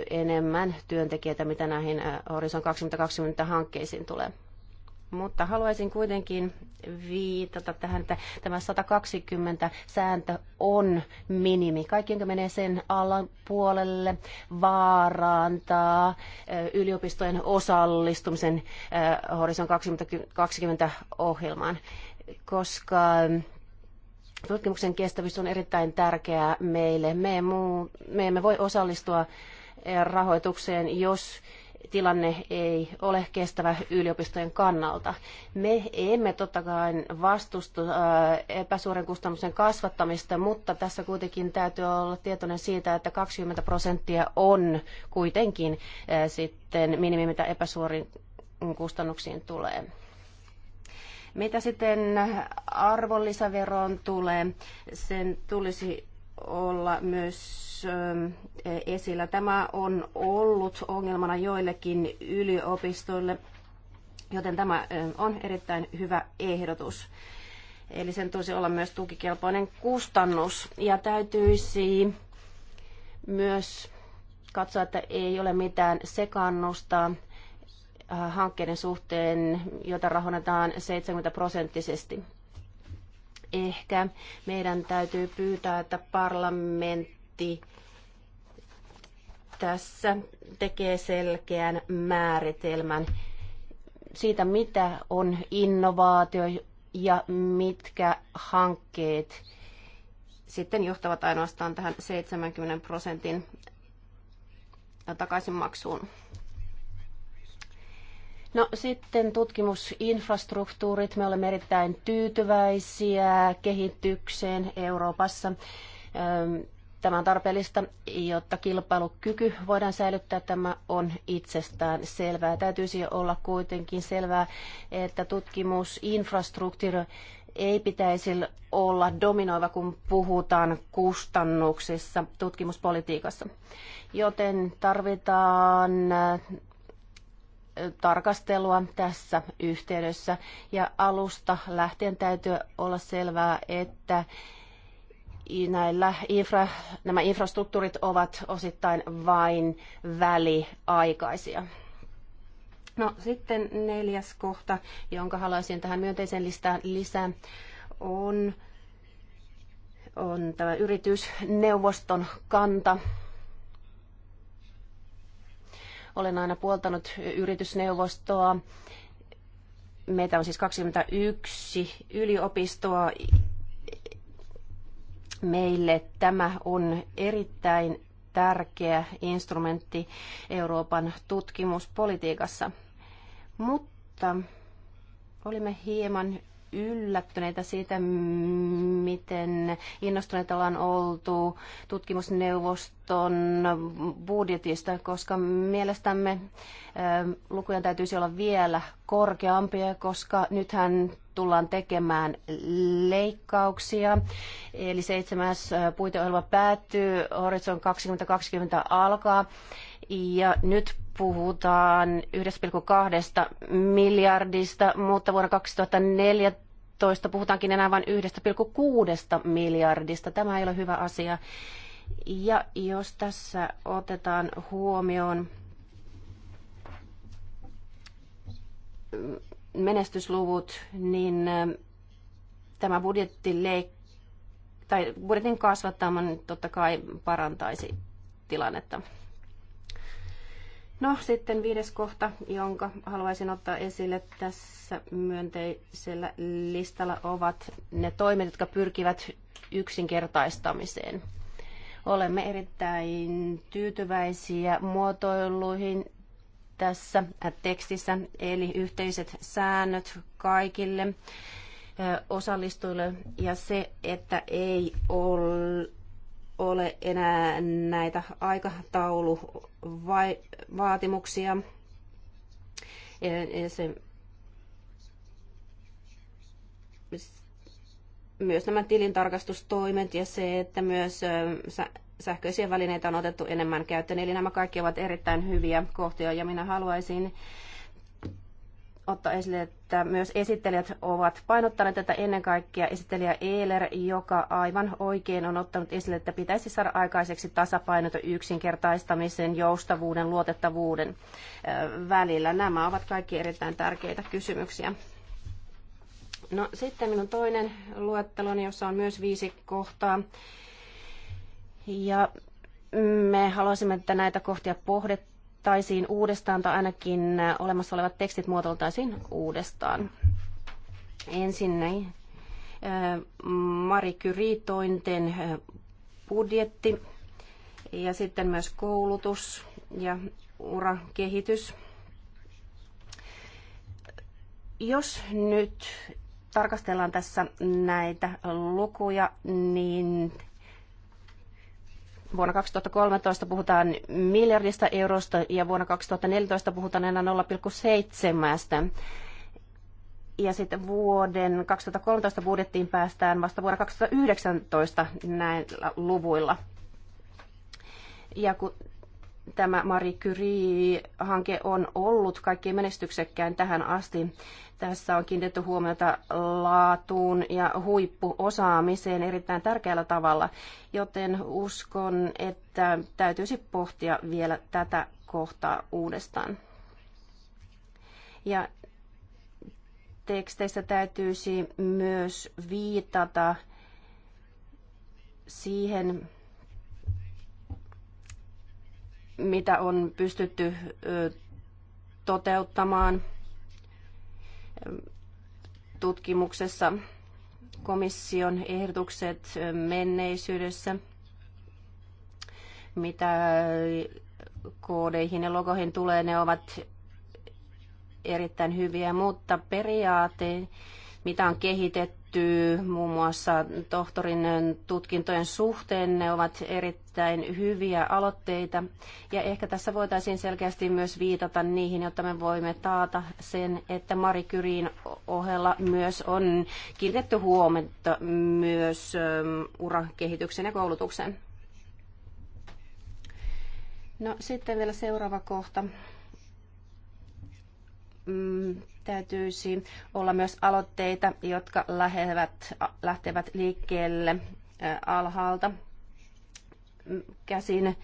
enemmän työntekijöitä, mitä näihin Horizon 2020 hankkeisiin tulee. Mutta haluaisin kuitenkin viitata tähän, että tämä 120 sääntö on minimi. Kaikki, joka menee sen alan puolelle, vaarantaa yliopistojen osallistumisen Horizon 2020 ohjelmaan, koska tutkimuksen kestävyys on erittäin tärkeää meille. me emme voi osallistua rahoitukseen, jos tilanne ei ole kestävä yliopistojen kannalta. Me emme totta kai vastustu äh, epäsuoren kustannuksen kasvattamista, mutta tässä kuitenkin täytyy olla tietoinen siitä, että 20 prosenttia on kuitenkin äh, sitten minimi, mitä epäsuoriin kustannuksiin tulee. Mitä sitten arvonlisäveroon tulee, sen tulisi olla myös ähm, e, esillä. Tämä on ollut ongelmana joillekin yliopistoille, joten tämä ähm, on erittäin hyvä ehdotus. Eli sen tulisi olla myös tukikelpoinen kustannus. Ja täytyisi myös katsoa, että ei ole mitään sekannusta äh, hankkeiden suhteen, jota rahoitetaan 70 prosenttisesti. Ehkä meidän täytyy pyytää, että parlamentti tässä tekee selkeän määritelmän siitä, mitä on innovaatio ja mitkä hankkeet sitten johtavat ainoastaan tähän 70 prosentin takaisinmaksuun. No sitten tutkimusinfrastruktuurit. Me olemme erittäin tyytyväisiä kehitykseen Euroopassa. Tämä on tarpeellista, jotta kilpailukyky voidaan säilyttää. Tämä on itsestään selvää. Täytyisi olla kuitenkin selvää, että tutkimusinfrastruktuuri ei pitäisi olla dominoiva, kun puhutaan kustannuksissa tutkimuspolitiikassa. Joten tarvitaan tarkastelua tässä yhteydessä. Ja alusta lähtien täytyy olla selvää, että näillä infra, nämä infrastruktuurit ovat osittain vain väliaikaisia. No sitten neljäs kohta, jonka haluaisin tähän myönteisen listaan lisää, on, on tämä yritysneuvoston kanta olen aina puoltanut yritysneuvostoa. Meitä on siis 21 yliopistoa. Meille tämä on erittäin tärkeä instrumentti Euroopan tutkimuspolitiikassa. Mutta olimme hieman yllättyneitä siitä, miten innostuneita ollaan oltu tutkimusneuvoston budjetista, koska mielestämme lukujen täytyisi olla vielä korkeampia, koska nythän tullaan tekemään leikkauksia. Eli seitsemäs puiteohjelma päättyy, Horizon 2020 alkaa. Ja nyt puhutaan 1,2 miljardista, mutta vuonna 2004 2013 puhutaankin enää vain 1,6 miljardista. Tämä ei ole hyvä asia. Ja jos tässä otetaan huomioon menestysluvut, niin äh, tämä budjettileik- tai budjetin kasvattaminen totta kai parantaisi tilannetta. No sitten viides kohta, jonka haluaisin ottaa esille tässä myönteisellä listalla ovat ne toimet, jotka pyrkivät yksinkertaistamiseen. Olemme erittäin tyytyväisiä muotoiluihin tässä tekstissä, eli yhteiset säännöt kaikille osallistujille ja se, että ei ole enää näitä aikataulu vai, vaatimuksia. Ja se, myös nämä tilintarkastustoimet ja se, että myös sähköisiä välineitä on otettu enemmän käyttöön. Eli nämä kaikki ovat erittäin hyviä kohtia ja minä haluaisin ottaa esille, että myös esittelijät ovat painottaneet tätä ennen kaikkea esittelijä Eeler, joka aivan oikein on ottanut esille, että pitäisi saada aikaiseksi tasapainota yksinkertaistamisen, joustavuuden, luotettavuuden välillä. Nämä ovat kaikki erittäin tärkeitä kysymyksiä. No sitten minun toinen luetteloni, jossa on myös viisi kohtaa. Ja me haluaisimme, että näitä kohtia pohdittiin muotoiltaisiin uudestaan tai ainakin olemassa olevat tekstit muotoiltaisiin uudestaan. Ensin Mari Kyritointen budjetti ja sitten myös koulutus ja urakehitys. Jos nyt tarkastellaan tässä näitä lukuja, niin Vuonna 2013 puhutaan miljardista eurosta ja vuonna 2014 puhutaan enää 0,7. Ja sitten vuoden 2013 budjettiin päästään vasta vuonna 2019 näillä luvuilla. Ja kun tämä Marie Curie-hanke on ollut kaikkein menestyksekkään tähän asti. Tässä on kiinnitetty huomiota laatuun ja huippuosaamiseen erittäin tärkeällä tavalla, joten uskon, että täytyisi pohtia vielä tätä kohtaa uudestaan. Ja teksteissä täytyisi myös viitata siihen, mitä on pystytty toteuttamaan tutkimuksessa komission ehdotukset menneisyydessä, mitä koodeihin ja logoihin tulee, ne ovat erittäin hyviä, mutta periaate, mitä on kehitetty, liittyy muun muassa tohtorin tutkintojen suhteen. Ne ovat erittäin hyviä aloitteita ja ehkä tässä voitaisiin selkeästi myös viitata niihin, jotta me voimme taata sen, että Mari ohella myös on kiinnitetty huomenta myös ähm, urakehityksen ja koulutukseen. No sitten vielä seuraava kohta mm, täytyisi olla myös aloitteita, jotka lähevät, lähtevät liikkeelle alhaalta mm, käsin.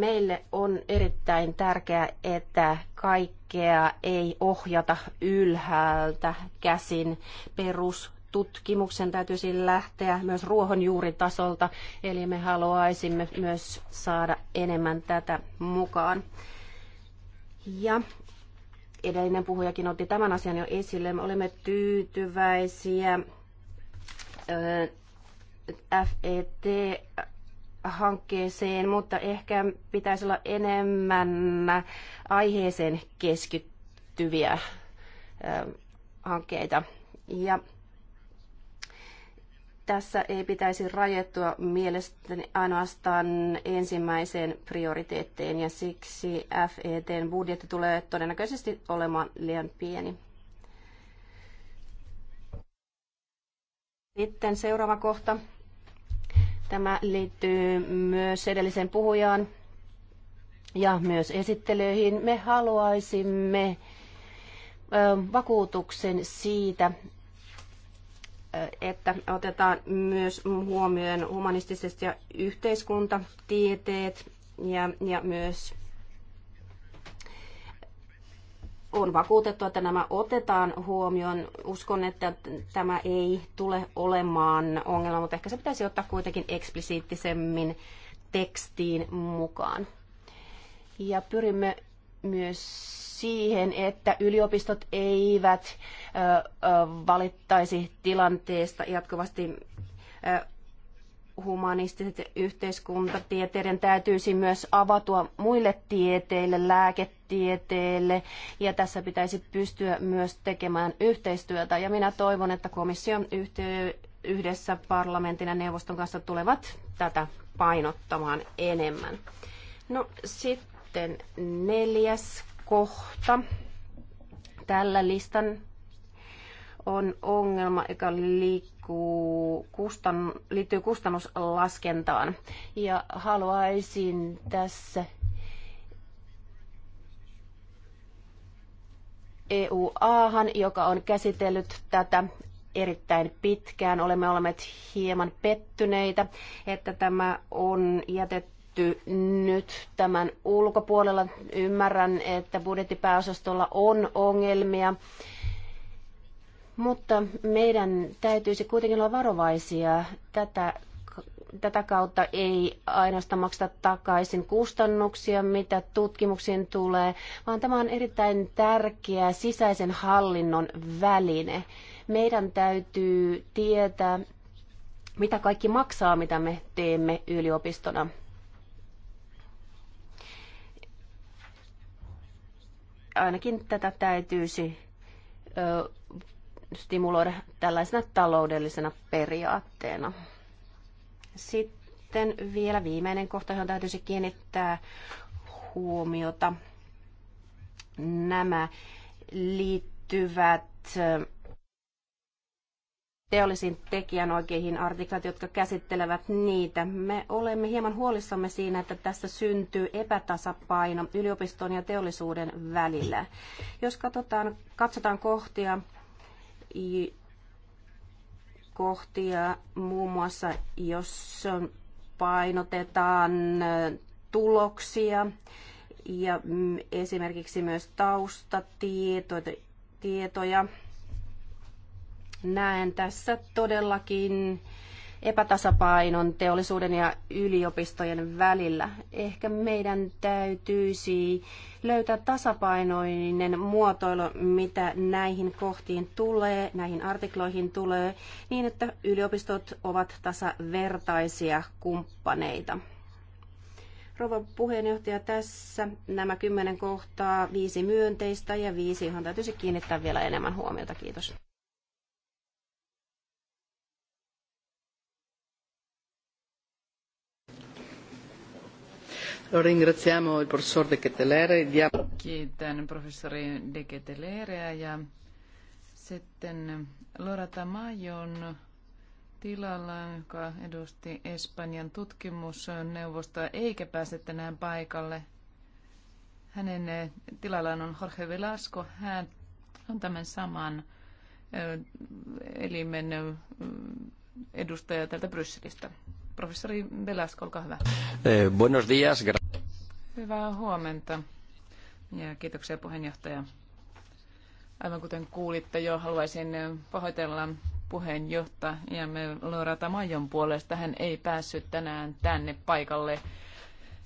Meille on erittäin tärkeää, että kaikkea ei ohjata ylhäältä käsin. Perustutkimuksen täytyisi lähteä myös ruohonjuuritasolta, eli me haluaisimme myös saada enemmän tätä mukaan. Ja edellinen puhujakin otti tämän asian jo esille. Me olemme tyytyväisiä FET-hankkeeseen, mutta ehkä pitäisi olla enemmän aiheeseen keskittyviä hankkeita. Ja tässä ei pitäisi rajoittua mielestäni ainoastaan ensimmäiseen prioriteettiin ja siksi FETn budjetti tulee todennäköisesti olemaan liian pieni. Sitten seuraava kohta. Tämä liittyy myös edelliseen puhujaan ja myös esittelyihin. Me haluaisimme vakuutuksen siitä, että otetaan myös huomioon humanistisesti ja yhteiskuntatieteet ja, ja myös on vakuutettu, että nämä otetaan huomioon. Uskon, että tämä ei tule olemaan ongelma, mutta ehkä se pitäisi ottaa kuitenkin eksplisiittisemmin tekstiin mukaan. Ja pyrimme myös siihen, että yliopistot eivät valittaisi tilanteesta jatkuvasti humanistiset yhteiskuntatieteiden täytyisi myös avatua muille tieteille, lääketieteille ja tässä pitäisi pystyä myös tekemään yhteistyötä. Ja minä toivon, että komission yhdessä parlamentin ja neuvoston kanssa tulevat tätä painottamaan enemmän. No sitten sitten neljäs kohta tällä listan on ongelma, joka liikkuu kustan, liittyy kustannuslaskentaan. Ja haluaisin tässä EUAhan, joka on käsitellyt tätä erittäin pitkään. Olemme olleet hieman pettyneitä, että tämä on jätetty tehty nyt tämän ulkopuolella. Ymmärrän, että budjettipääosastolla on ongelmia, mutta meidän täytyisi kuitenkin olla varovaisia. Tätä, tätä kautta ei ainoastaan makseta takaisin kustannuksia, mitä tutkimuksiin tulee, vaan tämä on erittäin tärkeä sisäisen hallinnon väline. Meidän täytyy tietää, mitä kaikki maksaa, mitä me teemme yliopistona. ainakin tätä täytyisi ö, stimuloida tällaisena taloudellisena periaatteena. Sitten vielä viimeinen kohta, johon täytyisi kiinnittää huomiota. Nämä liittyvät ö, teollisiin tekijänoikeihin artiklat, jotka käsittelevät niitä. Me olemme hieman huolissamme siinä, että tässä syntyy epätasapaino yliopiston ja teollisuuden välillä. Jos katsotaan, katsotaan kohtia, kohtia muun muassa, jos painotetaan tuloksia ja mm, esimerkiksi myös taustatietoja, Näen tässä todellakin epätasapainon teollisuuden ja yliopistojen välillä. Ehkä meidän täytyisi löytää tasapainoinen muotoilu, mitä näihin kohtiin tulee, näihin artikloihin tulee, niin että yliopistot ovat tasavertaisia kumppaneita. Rova puheenjohtaja, tässä nämä kymmenen kohtaa, viisi myönteistä ja viisi, johon täytyisi kiinnittää vielä enemmän huomiota. Kiitos. Ringraziamo il professor De Ketelere. Kiitän professori De Ketelereä ja sitten Laura Tamajon tilalla, joka edusti Espanjan tutkimusneuvostoa, eikä pääse tänään paikalle. Hänen eh, tilallaan on Jorge Velasco. Hän on tämän saman eh, elimen eh, edustaja täältä Brysselistä. Professori Velasco, olkaa hyvä. Eh, buenos días. Hyvää huomenta ja kiitoksia puheenjohtaja. Aivan kuten kuulitte jo, haluaisin eh, pahoitella puheenjohtajamme Laura Tamajon puolesta. Hän ei päässyt tänään tänne paikalle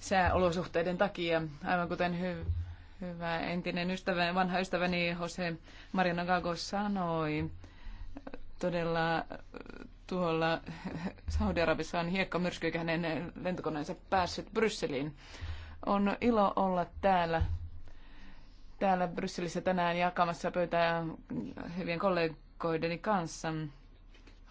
sääolosuhteiden takia. Aivan kuten hy- hyvä entinen ystävä, vanha ystäväni Jose Maria Gago sanoi, todella tuolla Saudi-Arabissa on hiekkamyrsky, eikä hänen lentokoneensa päässyt Brysseliin. On ilo olla täällä, täällä Brysselissä tänään jakamassa pöytää hyvien kollegoideni kanssa.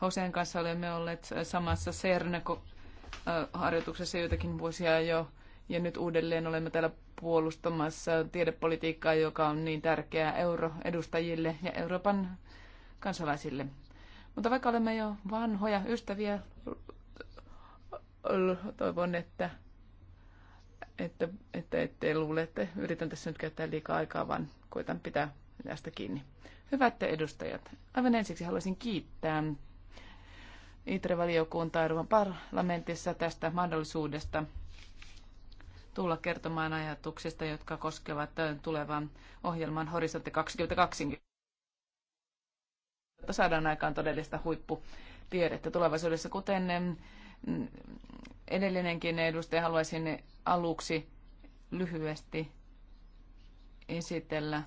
Hoseen kanssa olemme olleet samassa CERN-harjoituksessa joitakin vuosia jo, ja nyt uudelleen olemme täällä puolustamassa tiedepolitiikkaa, joka on niin tärkeää euroedustajille ja Euroopan kansalaisille. Mutta vaikka olemme jo vanhoja ystäviä, toivon, että, että, että ette luule, että yritän tässä nyt käyttää liikaa aikaa, vaan koitan pitää tästä kiinni. Hyvät te edustajat, aivan ensiksi haluaisin kiittää ITRE-valiokuntaa Euroopan parlamentissa tästä mahdollisuudesta tulla kertomaan ajatuksista, jotka koskevat tulevan ohjelman Horisontti 22 jotta saadaan aikaan todellista huipputiedettä tulevaisuudessa. Kuten edellinenkin edustaja, haluaisin aluksi lyhyesti esitellä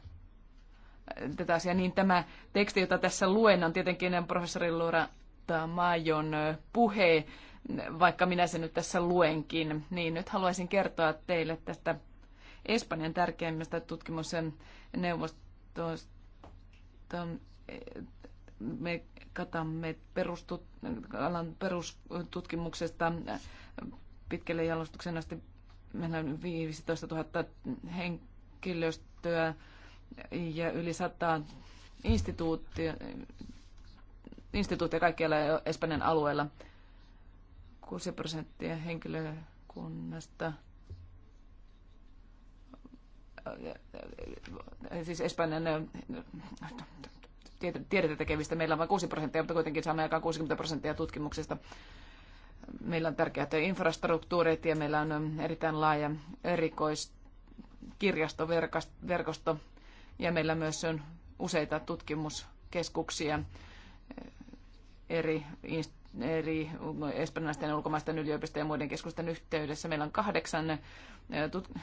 tätä asiaa. Niin tämä teksti, jota tässä luen, on tietenkin professori Laura Tamajon puhe, vaikka minä sen nyt tässä luenkin. Niin nyt haluaisin kertoa teille tästä Espanjan tärkeimmästä tutkimuksen neuvostosta me katamme perustut, alan perustutkimuksesta pitkälle jalostuksen asti. Meillä on 15 000 henkilöstöä ja yli 100 instituuttia, instituuttia kaikkialla Espanjan alueella. 6 prosenttia henkilökunnasta siis Espanjan tiedettä tekevistä. Meillä on vain 6 prosenttia, mutta kuitenkin saamme aikaan 60 prosenttia tutkimuksesta. Meillä on tärkeät infrastruktuurit ja meillä on erittäin laaja erikoiskirjastoverkosto ja meillä myös on useita tutkimuskeskuksia eri eri espanjalaisten ja ulkomaisten yliopistojen ja muiden keskusten yhteydessä. Meillä on kahdeksan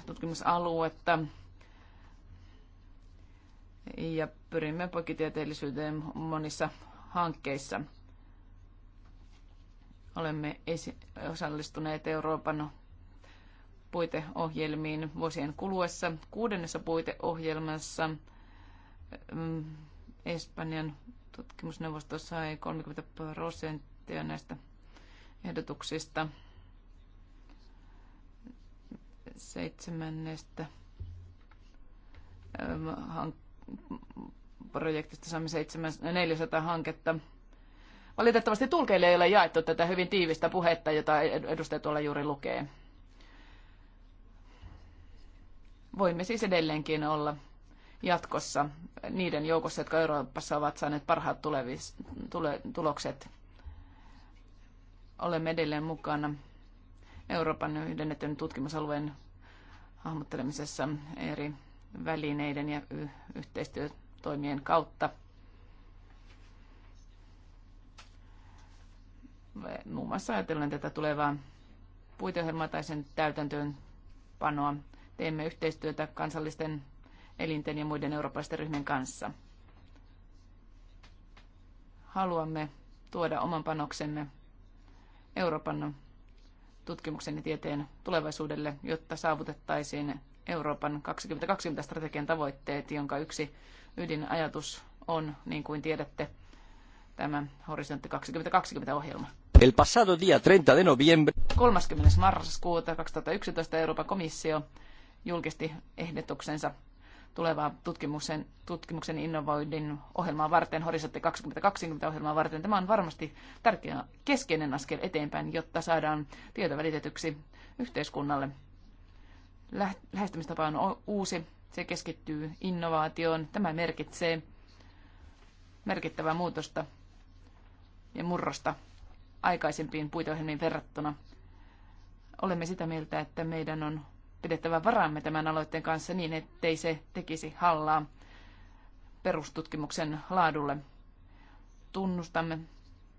tutkimusaluetta ja pyrimme poikitieteellisyyteen monissa hankkeissa. Olemme osallistuneet Euroopan puiteohjelmiin vuosien kuluessa. Kuudennessa puiteohjelmassa mm, Espanjan tutkimusneuvosto sai 30 prosenttia näistä ehdotuksista seitsemännestä mm, hankkeesta projektista saamme 400 hanketta. Valitettavasti tulkeille ei ole jaettu tätä hyvin tiivistä puhetta, jota edustaja tuolla juuri lukee. Voimme siis edelleenkin olla jatkossa niiden joukossa, jotka Euroopassa ovat saaneet parhaat tulevis, tule, tulokset. Olemme edelleen mukana Euroopan yhdennetyn tutkimusalueen hahmottelemisessa eri välineiden ja yhteistyötoimien kautta. Muun muassa ajatellen tätä tulevaa puiteohjelmaa tai sen täytäntöönpanoa. Teemme yhteistyötä kansallisten elinten ja muiden eurooppalaisten ryhmien kanssa. Haluamme tuoda oman panoksemme Euroopan tutkimuksen ja tieteen tulevaisuudelle, jotta saavutettaisiin Euroopan 2020-strategian tavoitteet, jonka yksi ydinajatus on, niin kuin tiedätte, tämä Horisontti 2020-ohjelma. El pasado día 30 de noviembre. 30. marraskuuta 2011 Euroopan komissio julkisti ehdotuksensa tulevaa tutkimuksen, tutkimuksen innovoinnin ohjelmaa varten, Horisontti 2020 ohjelmaa varten. Tämä on varmasti tärkeä keskeinen askel eteenpäin, jotta saadaan tieto välitetyksi yhteiskunnalle lähestymistapa on uusi. Se keskittyy innovaatioon. Tämä merkitsee merkittävää muutosta ja murrosta aikaisempiin puiteohjelmiin verrattuna. Olemme sitä mieltä, että meidän on pidettävä varamme tämän aloitteen kanssa niin, ettei se tekisi hallaa perustutkimuksen laadulle. Tunnustamme,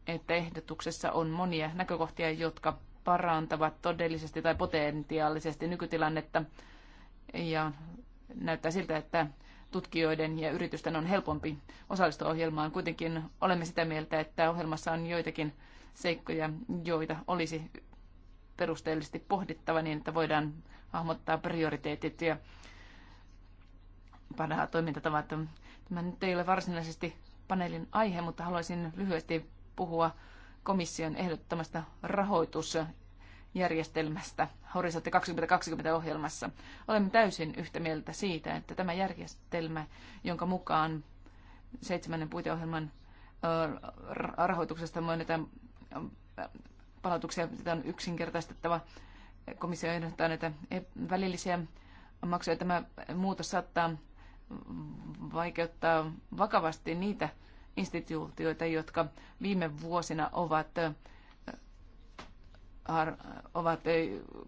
että ehdotuksessa on monia näkökohtia, jotka parantavat todellisesti tai potentiaalisesti nykytilannetta. Ja näyttää siltä, että tutkijoiden ja yritysten on helpompi osallistua ohjelmaan. Kuitenkin olemme sitä mieltä, että ohjelmassa on joitakin seikkoja, joita olisi perusteellisesti pohdittava niin, että voidaan hahmottaa prioriteetit ja parhaat toimintatavat. Tämä nyt ei ole varsinaisesti paneelin aihe, mutta haluaisin lyhyesti puhua komission ehdottamasta rahoitusjärjestelmästä Horisontti 2020-ohjelmassa. Olemme täysin yhtä mieltä siitä, että tämä järjestelmä, jonka mukaan seitsemännen puiteohjelman rahoituksesta myönnetään palautuksia, sitä on yksinkertaistettava. Komissio ehdottaa näitä välillisiä maksuja. Tämä muutos saattaa vaikeuttaa vakavasti niitä instituutioita, jotka viime vuosina ovat ovat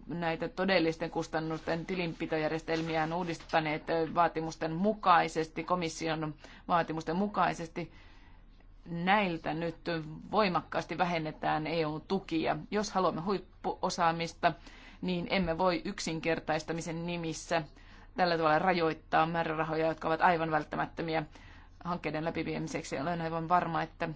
näitä todellisten kustannusten tilinpitojärjestelmiään uudistaneet vaatimusten mukaisesti, komission vaatimusten mukaisesti. Näiltä nyt voimakkaasti vähennetään EU-tukia. Jos haluamme huippuosaamista, niin emme voi yksinkertaistamisen nimissä tällä tavalla rajoittaa määrärahoja, jotka ovat aivan välttämättömiä hankkeiden läpiviemiseksi. Olen aivan varma, että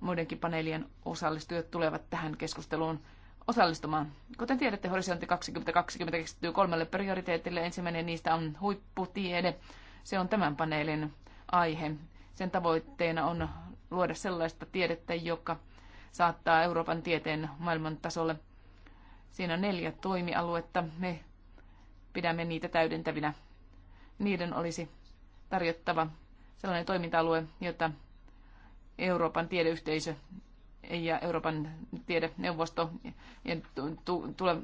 muidenkin paneelien osallistujat tulevat tähän keskusteluun osallistumaan. Kuten tiedätte, Horisontti 2020 keskittyy kolmelle prioriteetille. Ensimmäinen niistä on huipputiede. Se on tämän paneelin aihe. Sen tavoitteena on luoda sellaista tiedettä, joka saattaa Euroopan tieteen maailman tasolle. Siinä on neljä toimialuetta. Me pidämme niitä täydentävinä. Niiden olisi tarjottava sellainen toiminta-alue, jota Euroopan tiedeyhteisö ja Euroopan tiedeneuvosto ja, tu, tule,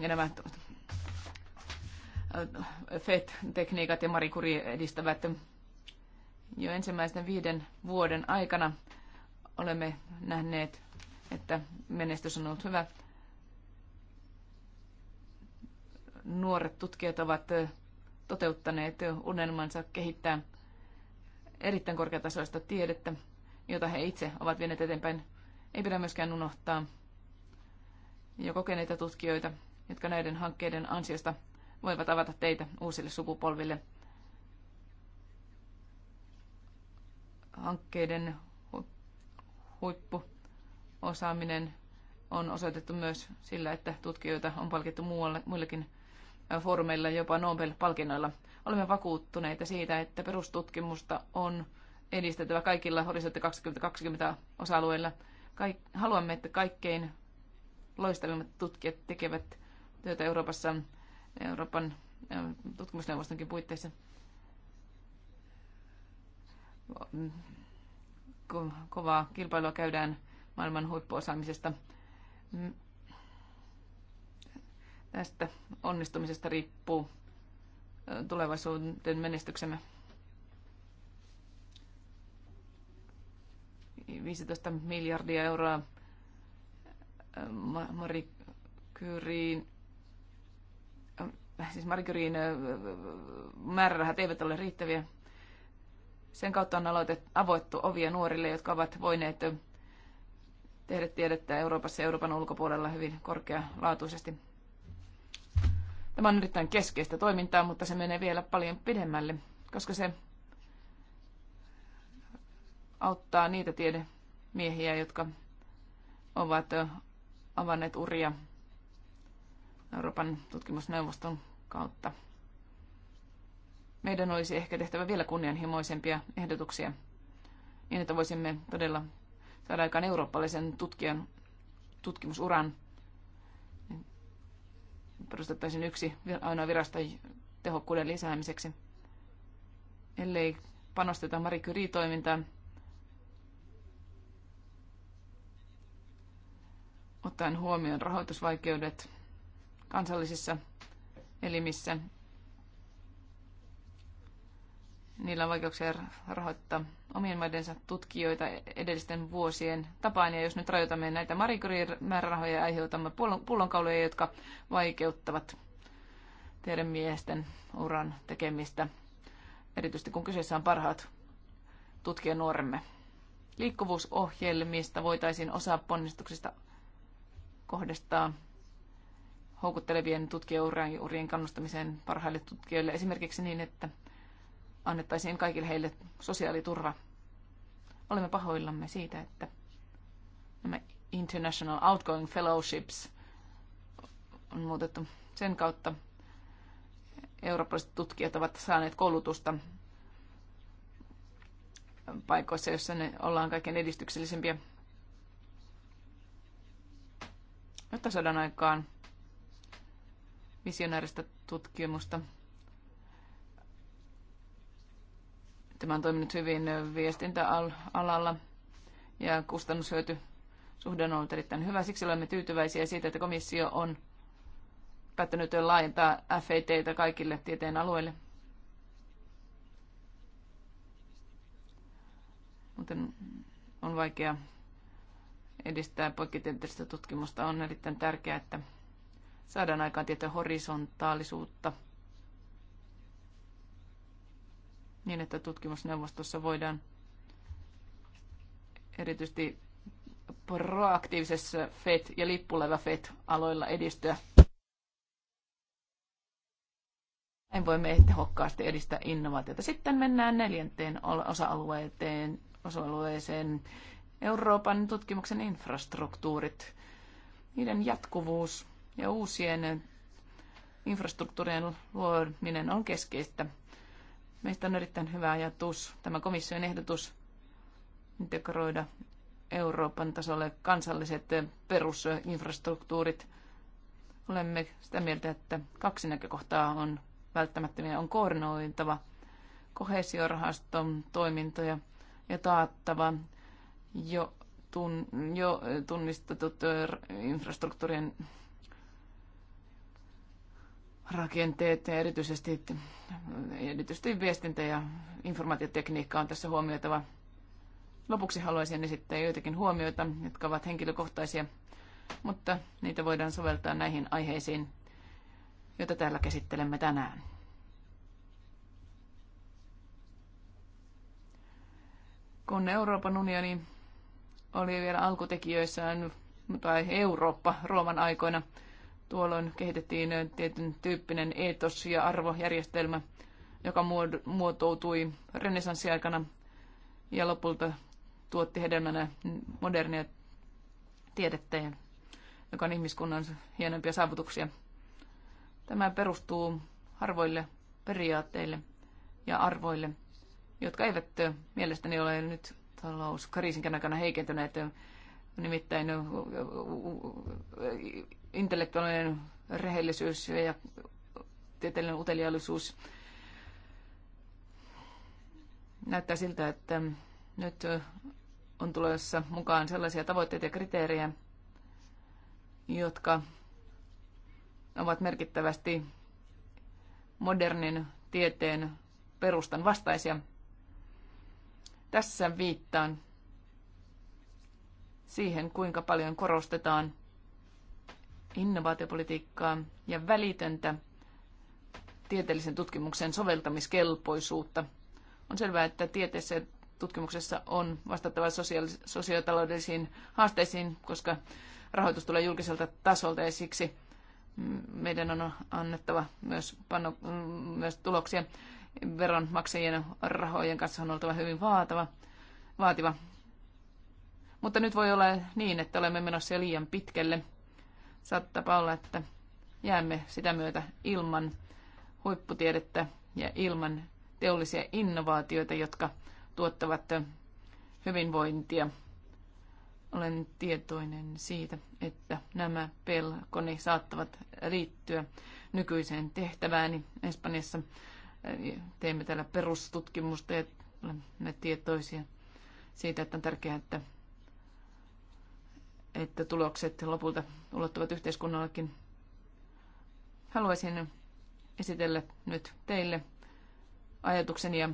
ja nämä FET-tekniikat ja Marie Curie edistävät jo ensimmäisten viiden vuoden aikana olemme nähneet, että menestys on ollut hyvä. Nuoret tutkijat ovat toteuttaneet unelmansa kehittää erittäin korkeatasoista tiedettä, jota he itse ovat vieneet eteenpäin. Ei pidä myöskään unohtaa jo kokeneita tutkijoita, jotka näiden hankkeiden ansiosta voivat avata teitä uusille sukupolville. Hankkeiden huippuosaaminen on osoitettu myös sillä, että tutkijoita on palkittu muualle, muillekin foorumeilla, jopa Nobel-palkinnoilla. Olemme vakuuttuneita siitä, että perustutkimusta on edistettävä kaikilla Horisontti 2020 osa-alueilla. Kaik- haluamme, että kaikkein loistavimmat tutkijat tekevät työtä Euroopassa, Euroopan tutkimusneuvostonkin puitteissa. Kovaa kilpailua käydään maailman huippuosaamisesta. Tästä onnistumisesta riippuu tulevaisuuden menestyksemme. 15 miljardia euroa Marie Curien siis Marie määrärahat eivät ole riittäviä. Sen kautta on aloitet, avoittu ovia nuorille, jotka ovat voineet tehdä tiedettä Euroopassa ja Euroopan ulkopuolella hyvin korkealaatuisesti. Tämä on erittäin keskeistä toimintaa, mutta se menee vielä paljon pidemmälle, koska se auttaa niitä tiedemiehiä, jotka ovat avanneet uria Euroopan tutkimusneuvoston kautta. Meidän olisi ehkä tehtävä vielä kunnianhimoisempia ehdotuksia, niin että voisimme todella saada aikaan eurooppalaisen tutkijan tutkimusuran perustettaisiin yksi ainoa virasto tehokkuuden lisäämiseksi. Ellei panosteta Marie Curie-toimintaan, ottaen huomioon rahoitusvaikeudet kansallisissa elimissä Niillä on vaikeuksia rahoittaa omien maidensa tutkijoita edellisten vuosien tapaan. Ja jos nyt rajoitamme näitä Marie Curie-määrärahoja, aiheutamme pullonkauloja, jotka vaikeuttavat tiedemiesten uran tekemistä, erityisesti kun kyseessä on parhaat tutkijanuoremme. Liikkuvuusohjelmista voitaisiin osa ponnistuksista kohdistaa houkuttelevien tutkijaurien kannustamiseen parhaille tutkijoille, esimerkiksi niin, että – annettaisiin kaikille heille sosiaaliturva. Olemme pahoillamme siitä, että nämä International Outgoing Fellowships on muutettu sen kautta. Eurooppalaiset tutkijat ovat saaneet koulutusta paikoissa, joissa ne ollaan kaikkein edistyksellisempiä. Jotta sodan aikaan visionääristä tutkimusta, Tämä on toiminut hyvin viestintäalalla ja kustannushyöty suhde on ollut erittäin hyvä. Siksi olemme tyytyväisiä siitä, että komissio on päättänyt laajentaa FETtä kaikille tieteen alueille. Muuten on vaikea edistää poikkitieteellistä tutkimusta. On erittäin tärkeää, että saadaan aikaan tietää horisontaalisuutta – niin, että tutkimusneuvostossa voidaan erityisesti proaktiivisessa FET- ja lippuleva FET-aloilla edistyä. Näin voimme tehokkaasti edistää innovaatiota. Sitten mennään neljänteen osa-alueeseen, osa-alueeseen Euroopan tutkimuksen infrastruktuurit. Niiden jatkuvuus ja uusien infrastruktuurien luominen on keskeistä Meistä on erittäin hyvä ajatus, tämä komission ehdotus, integroida Euroopan tasolle kansalliset perusinfrastruktuurit. Olemme sitä mieltä, että kaksi näkökohtaa on välttämättömiä. On koordinoitava kohesiorahaston toimintoja ja taattava jo, tun, jo tunnistetut infrastruktuurien rakenteet ja erityisesti, erityisesti viestintä ja informaatiotekniikka on tässä huomioitava. Lopuksi haluaisin esittää joitakin huomioita, jotka ovat henkilökohtaisia, mutta niitä voidaan soveltaa näihin aiheisiin, joita täällä käsittelemme tänään. Kun Euroopan unioni oli vielä alkutekijöissään, tai Eurooppa Rooman aikoina – Tuolloin kehitettiin tietyn tyyppinen eetos- ja arvojärjestelmä, joka muotoutui renesanssiaikana ja lopulta tuotti hedelmänä modernia tiedettä, joka on ihmiskunnan hienompia saavutuksia. Tämä perustuu harvoille periaatteille ja arvoille, jotka eivät mielestäni ole nyt talouskriisin aikana heikentyneet. Nimittäin intellektuaalinen rehellisyys ja tieteellinen uteliaisuus. Näyttää siltä, että nyt on tulossa mukaan sellaisia tavoitteita ja kriteerejä, jotka ovat merkittävästi modernin tieteen perustan vastaisia. Tässä viittaan siihen, kuinka paljon korostetaan innovaatiopolitiikkaa ja välitöntä tieteellisen tutkimuksen soveltamiskelpoisuutta. On selvää, että tieteessä ja tutkimuksessa on vastattava sosiaali- sosiaalitaloudellisiin haasteisiin, koska rahoitus tulee julkiselta tasolta ja siksi meidän on annettava myös, panno, myös tuloksia. Veronmaksajien rahojen kanssa on oltava hyvin vaatava, vaativa. Mutta nyt voi olla niin, että olemme menossa jo liian pitkälle. Saattaa olla, että jäämme sitä myötä ilman huipputiedettä ja ilman teollisia innovaatioita, jotka tuottavat hyvinvointia. Olen tietoinen siitä, että nämä pelkoni saattavat liittyä nykyiseen tehtävääni Espanjassa. Teemme täällä perustutkimusta ja olemme tietoisia siitä, että on tärkeää, että että tulokset lopulta ulottuvat yhteiskunnallekin. Haluaisin esitellä nyt teille ajatukseni ja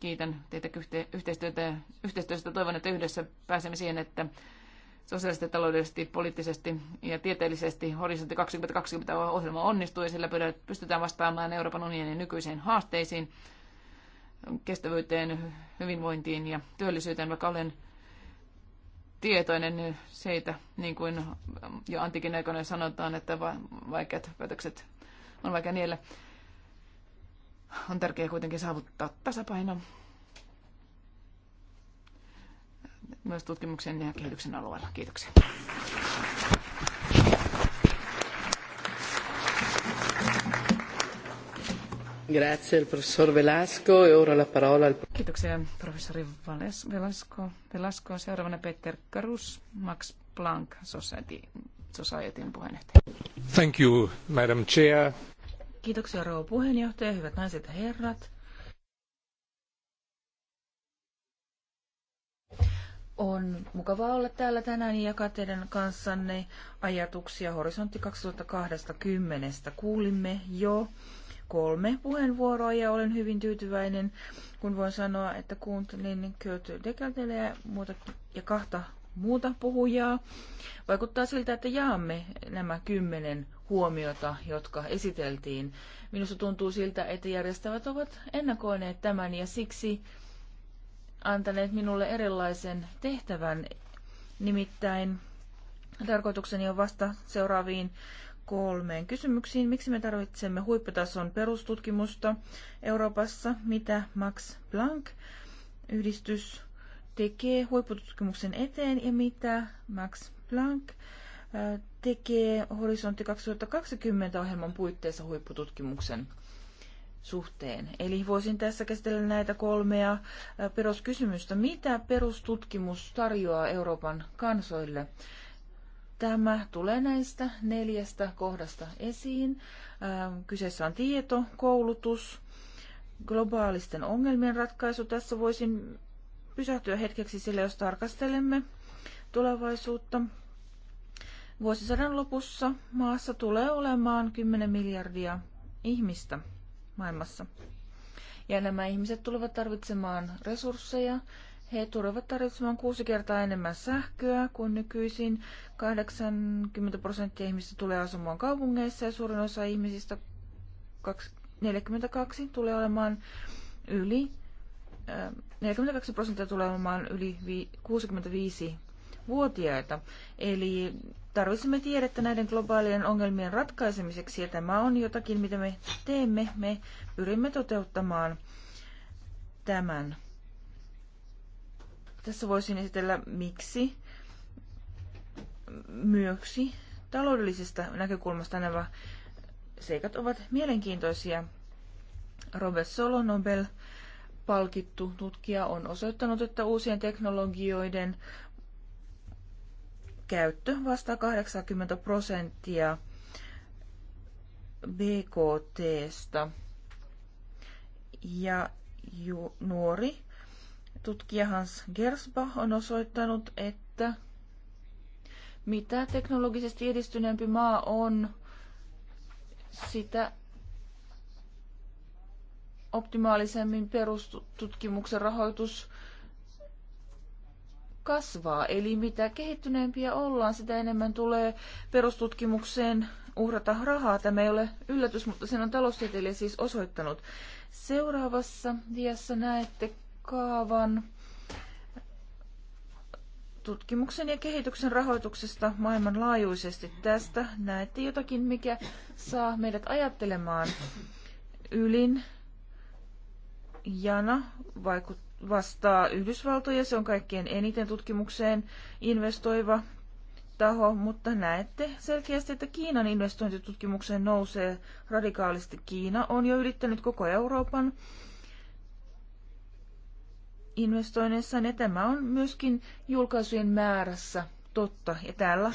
kiitän teitä yhteistyötä, yhteistyöstä. Toivon, että yhdessä pääsemme siihen, että sosiaalisesti, taloudellisesti, poliittisesti ja tieteellisesti Horisontti 2020 ohjelma onnistuu ja sillä pystytään vastaamaan Euroopan unionin nykyisiin haasteisiin, kestävyyteen, hyvinvointiin ja työllisyyteen, vaikka olen tietoinen siitä, niin kuin jo antikin aikoina sanotaan, että vaikeat päätökset on vaikea niellä. On tärkeää kuitenkin saavuttaa tasapaino myös tutkimuksen ja kehityksen alueella. Kiitoksia. Grazie, professor Velasco. E ora la parola al... Kiitoksia, professori Velasco. Velasco. Seuraavana Peter Karus, Max Planck Society, Societyn puheenjohtaja. Thank you, Madam Chair. Kiitoksia, rouva puheenjohtaja. Hyvät naiset ja herrat. On mukavaa olla täällä tänään ja jakaa teidän kanssanne ajatuksia Horisontti 2020. Kuulimme jo kolme puheenvuoroa ja olen hyvin tyytyväinen, kun voin sanoa, että kuuntelin Kurt Dekeltelle ja, muuta, ja kahta muuta puhujaa. Vaikuttaa siltä, että jaamme nämä kymmenen huomiota, jotka esiteltiin. Minusta tuntuu siltä, että järjestävät ovat ennakoineet tämän ja siksi antaneet minulle erilaisen tehtävän. Nimittäin tarkoitukseni on vasta seuraaviin kolmeen kysymyksiin. Miksi me tarvitsemme huipputason perustutkimusta Euroopassa? Mitä Max Planck-yhdistys tekee huippututkimuksen eteen ja mitä Max Planck äh, tekee Horisontti 2020 ohjelman puitteissa huippututkimuksen suhteen. Eli voisin tässä käsitellä näitä kolmea äh, peruskysymystä. Mitä perustutkimus tarjoaa Euroopan kansoille? Tämä tulee näistä neljästä kohdasta esiin. Ähm, kyseessä on tieto, koulutus, globaalisten ongelmien ratkaisu. Tässä voisin pysähtyä hetkeksi sille, jos tarkastelemme tulevaisuutta. Vuosisadan lopussa maassa tulee olemaan 10 miljardia ihmistä maailmassa. Ja nämä ihmiset tulevat tarvitsemaan resursseja, he tulevat tarvitsemaan kuusi kertaa enemmän sähköä kuin nykyisin. 80 prosenttia ihmisistä tulee asumaan kaupungeissa ja suurin osa ihmisistä 42 tulee olemaan yli 42 äh, prosenttia tulee olemaan yli 65-vuotiaita. Eli tarvitsemme tiedettä näiden globaalien ongelmien ratkaisemiseksi, ja tämä on jotakin, mitä me teemme. Me pyrimme toteuttamaan tämän. Tässä voisin esitellä miksi myöksi taloudellisesta näkökulmasta nämä seikat ovat mielenkiintoisia. Robert Solo Nobel palkittu tutkija on osoittanut, että uusien teknologioiden käyttö vastaa 80 prosenttia BKTstä. Ja ju- nuori Tutkija Hans Gersbach on osoittanut, että mitä teknologisesti edistyneempi maa on, sitä optimaalisemmin perustutkimuksen rahoitus kasvaa. Eli mitä kehittyneempiä ollaan, sitä enemmän tulee perustutkimukseen uhrata rahaa. Tämä ei ole yllätys, mutta sen on taloustieteilijä siis osoittanut. Seuraavassa diassa näette kaavan tutkimuksen ja kehityksen rahoituksesta maailmanlaajuisesti. Tästä näette jotakin, mikä saa meidät ajattelemaan. Ylin jana vaikuttaa vastaa Yhdysvaltoja. Se on kaikkein eniten tutkimukseen investoiva taho, mutta näette selkeästi, että Kiinan investointitutkimukseen nousee radikaalisti. Kiina on jo ylittänyt koko Euroopan investoinneissaan niin ja tämä on myöskin julkaisujen määrässä totta. Ja täällä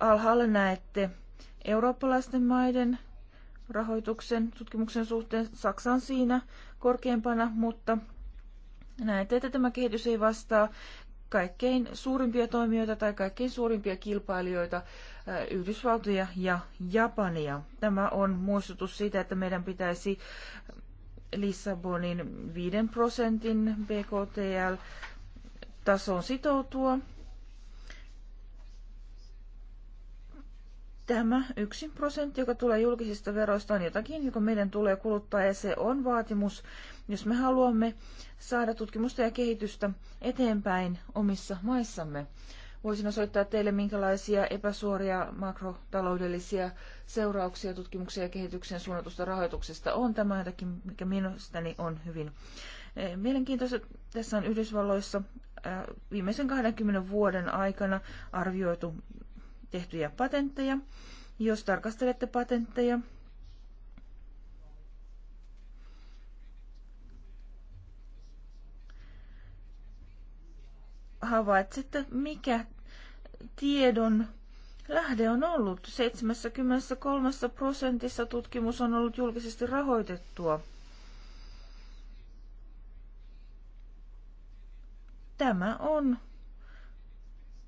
alhaalla näette eurooppalaisten maiden rahoituksen tutkimuksen suhteen. Saksa on siinä korkeampana, mutta näette, että tämä kehitys ei vastaa kaikkein suurimpia toimijoita tai kaikkein suurimpia kilpailijoita äh, Yhdysvaltoja ja Japania. Tämä on muistutus siitä, että meidän pitäisi Lissabonin 5 prosentin BKTL-tasoon sitoutua. Tämä yksi prosentti, joka tulee julkisista veroista, on jotakin, joka meidän tulee kuluttaa, ja se on vaatimus, jos me haluamme saada tutkimusta ja kehitystä eteenpäin omissa maissamme voisin osoittaa teille, minkälaisia epäsuoria makrotaloudellisia seurauksia tutkimuksen ja kehityksen suunnatusta rahoituksesta on. Tämä jotakin, mikä minustani on hyvin eh, mielenkiintoista. Tässä on Yhdysvalloissa eh, viimeisen 20 vuoden aikana arvioitu tehtyjä patentteja. Jos tarkastelette patentteja, havaitsette, mikä tiedon lähde on ollut. 73 prosentissa tutkimus on ollut julkisesti rahoitettua. Tämä on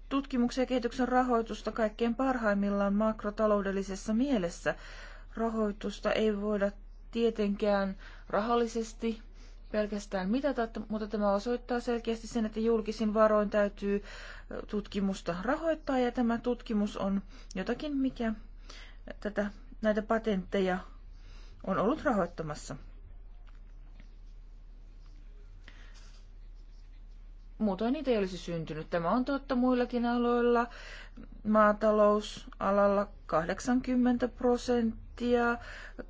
tutkimuksen ja kehityksen rahoitusta kaikkein parhaimmillaan makrotaloudellisessa mielessä. Rahoitusta ei voida tietenkään rahallisesti pelkästään mitata, mutta tämä osoittaa selkeästi sen, että julkisin varoin täytyy tutkimusta rahoittaa ja tämä tutkimus on jotakin, mikä tätä, näitä patentteja on ollut rahoittamassa. Muutoin niitä ei olisi syntynyt. Tämä on totta muillakin aloilla. Maatalousalalla 80 prosenttia prosenttia,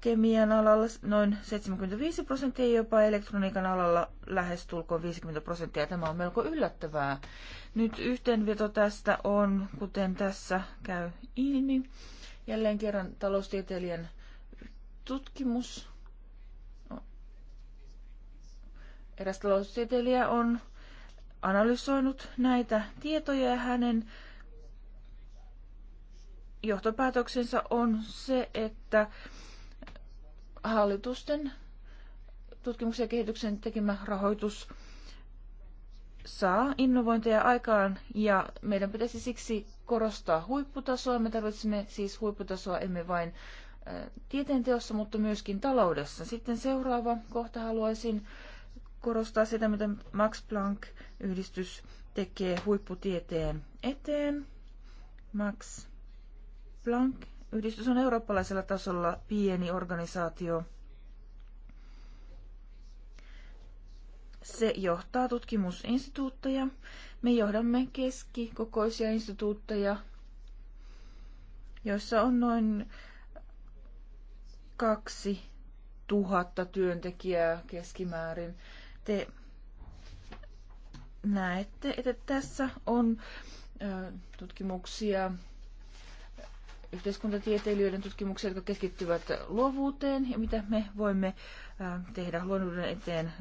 kemian alalla noin 75 prosenttia, jopa elektroniikan alalla lähestulkoon 50 prosenttia. Tämä on melko yllättävää. Nyt yhteenveto tästä on, kuten tässä käy ilmi, jälleen kerran taloustieteilijän tutkimus. Eräs taloustieteilijä on analysoinut näitä tietoja ja hänen johtopäätöksensä on se, että hallitusten tutkimuksen ja kehityksen tekemä rahoitus saa innovointeja aikaan ja meidän pitäisi siksi korostaa huipputasoa. Me tarvitsemme siis huipputasoa emme vain tieteenteossa, mutta myöskin taloudessa. Sitten seuraava kohta haluaisin korostaa sitä, mitä Max Planck-yhdistys tekee huipputieteen eteen. Max planck yhdistys on eurooppalaisella tasolla pieni organisaatio. Se johtaa tutkimusinstituutteja. Me johdamme keskikokoisia instituutteja, joissa on noin kaksi tuhatta työntekijää keskimäärin. Te näette, että tässä on tutkimuksia yhteiskuntatieteilijöiden tutkimuksia, jotka keskittyvät luovuuteen ja mitä me voimme äh, tehdä luonnollinen eteen äh,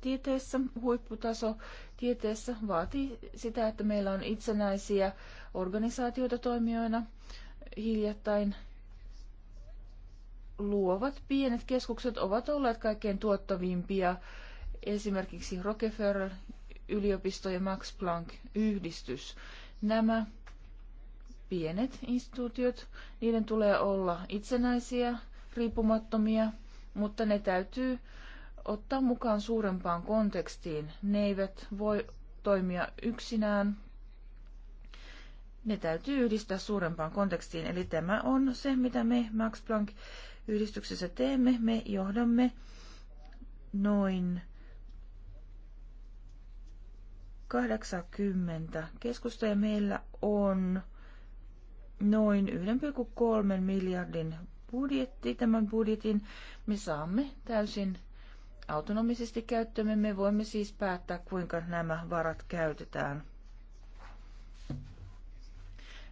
tieteessä, huipputaso tieteessä vaatii sitä, että meillä on itsenäisiä organisaatioita toimijoina. Hiljattain luovat pienet keskukset ovat olleet kaikkein tuottavimpia. Esimerkiksi Rockefeller, yliopisto ja Max Planck-yhdistys. Nämä pienet instituutiot, niiden tulee olla itsenäisiä, riippumattomia, mutta ne täytyy ottaa mukaan suurempaan kontekstiin. Ne eivät voi toimia yksinään. Ne täytyy yhdistää suurempaan kontekstiin. Eli tämä on se, mitä me Max Planck-yhdistyksessä teemme. Me johdamme noin 80 keskusta ja meillä on noin 1,3 miljardin budjetti. Tämän budjetin me saamme täysin autonomisesti käyttöömme. Me voimme siis päättää, kuinka nämä varat käytetään.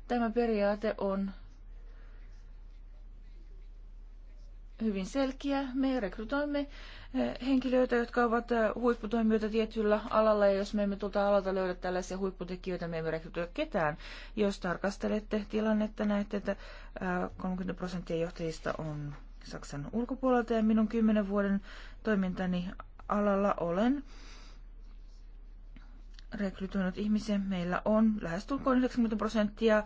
Tämä periaate on hyvin selkeä. Me rekrytoimme henkilöitä, jotka ovat huipputoimijoita tietyllä alalla, ja jos me emme tuolta alalta löydä tällaisia huipputekijöitä, me emme rekrytoida ketään. Jos tarkastelette tilannetta, näette, että 30 prosenttia johtajista on Saksan ulkopuolelta, ja minun 10 vuoden toimintani alalla olen rekrytoinut ihmisiä. Meillä on lähestulkoon 90 prosenttia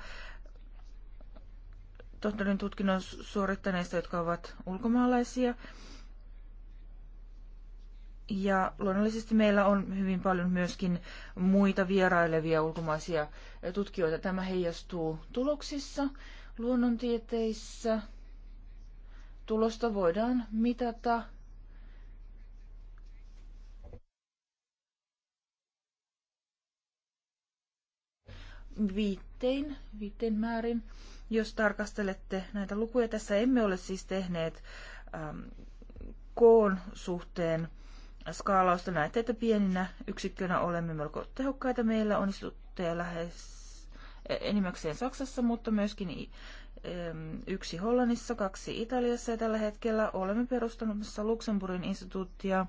tohtorin tutkinnon suorittaneista, jotka ovat ulkomaalaisia. Ja luonnollisesti meillä on hyvin paljon myöskin muita vierailevia ulkomaisia tutkijoita. Tämä heijastuu tuloksissa, luonnontieteissä. Tulosta voidaan mitata viittein, viittein määrin. Jos tarkastelette näitä lukuja, tässä emme ole siis tehneet ähm, koon suhteen skaalausta näette, että pieninä yksikkönä olemme melko tehokkaita. Meillä on istutteja lähes enimmäkseen Saksassa, mutta myöskin yksi Hollannissa, kaksi Italiassa ja tällä hetkellä olemme perustamassa Luxemburgin instituuttia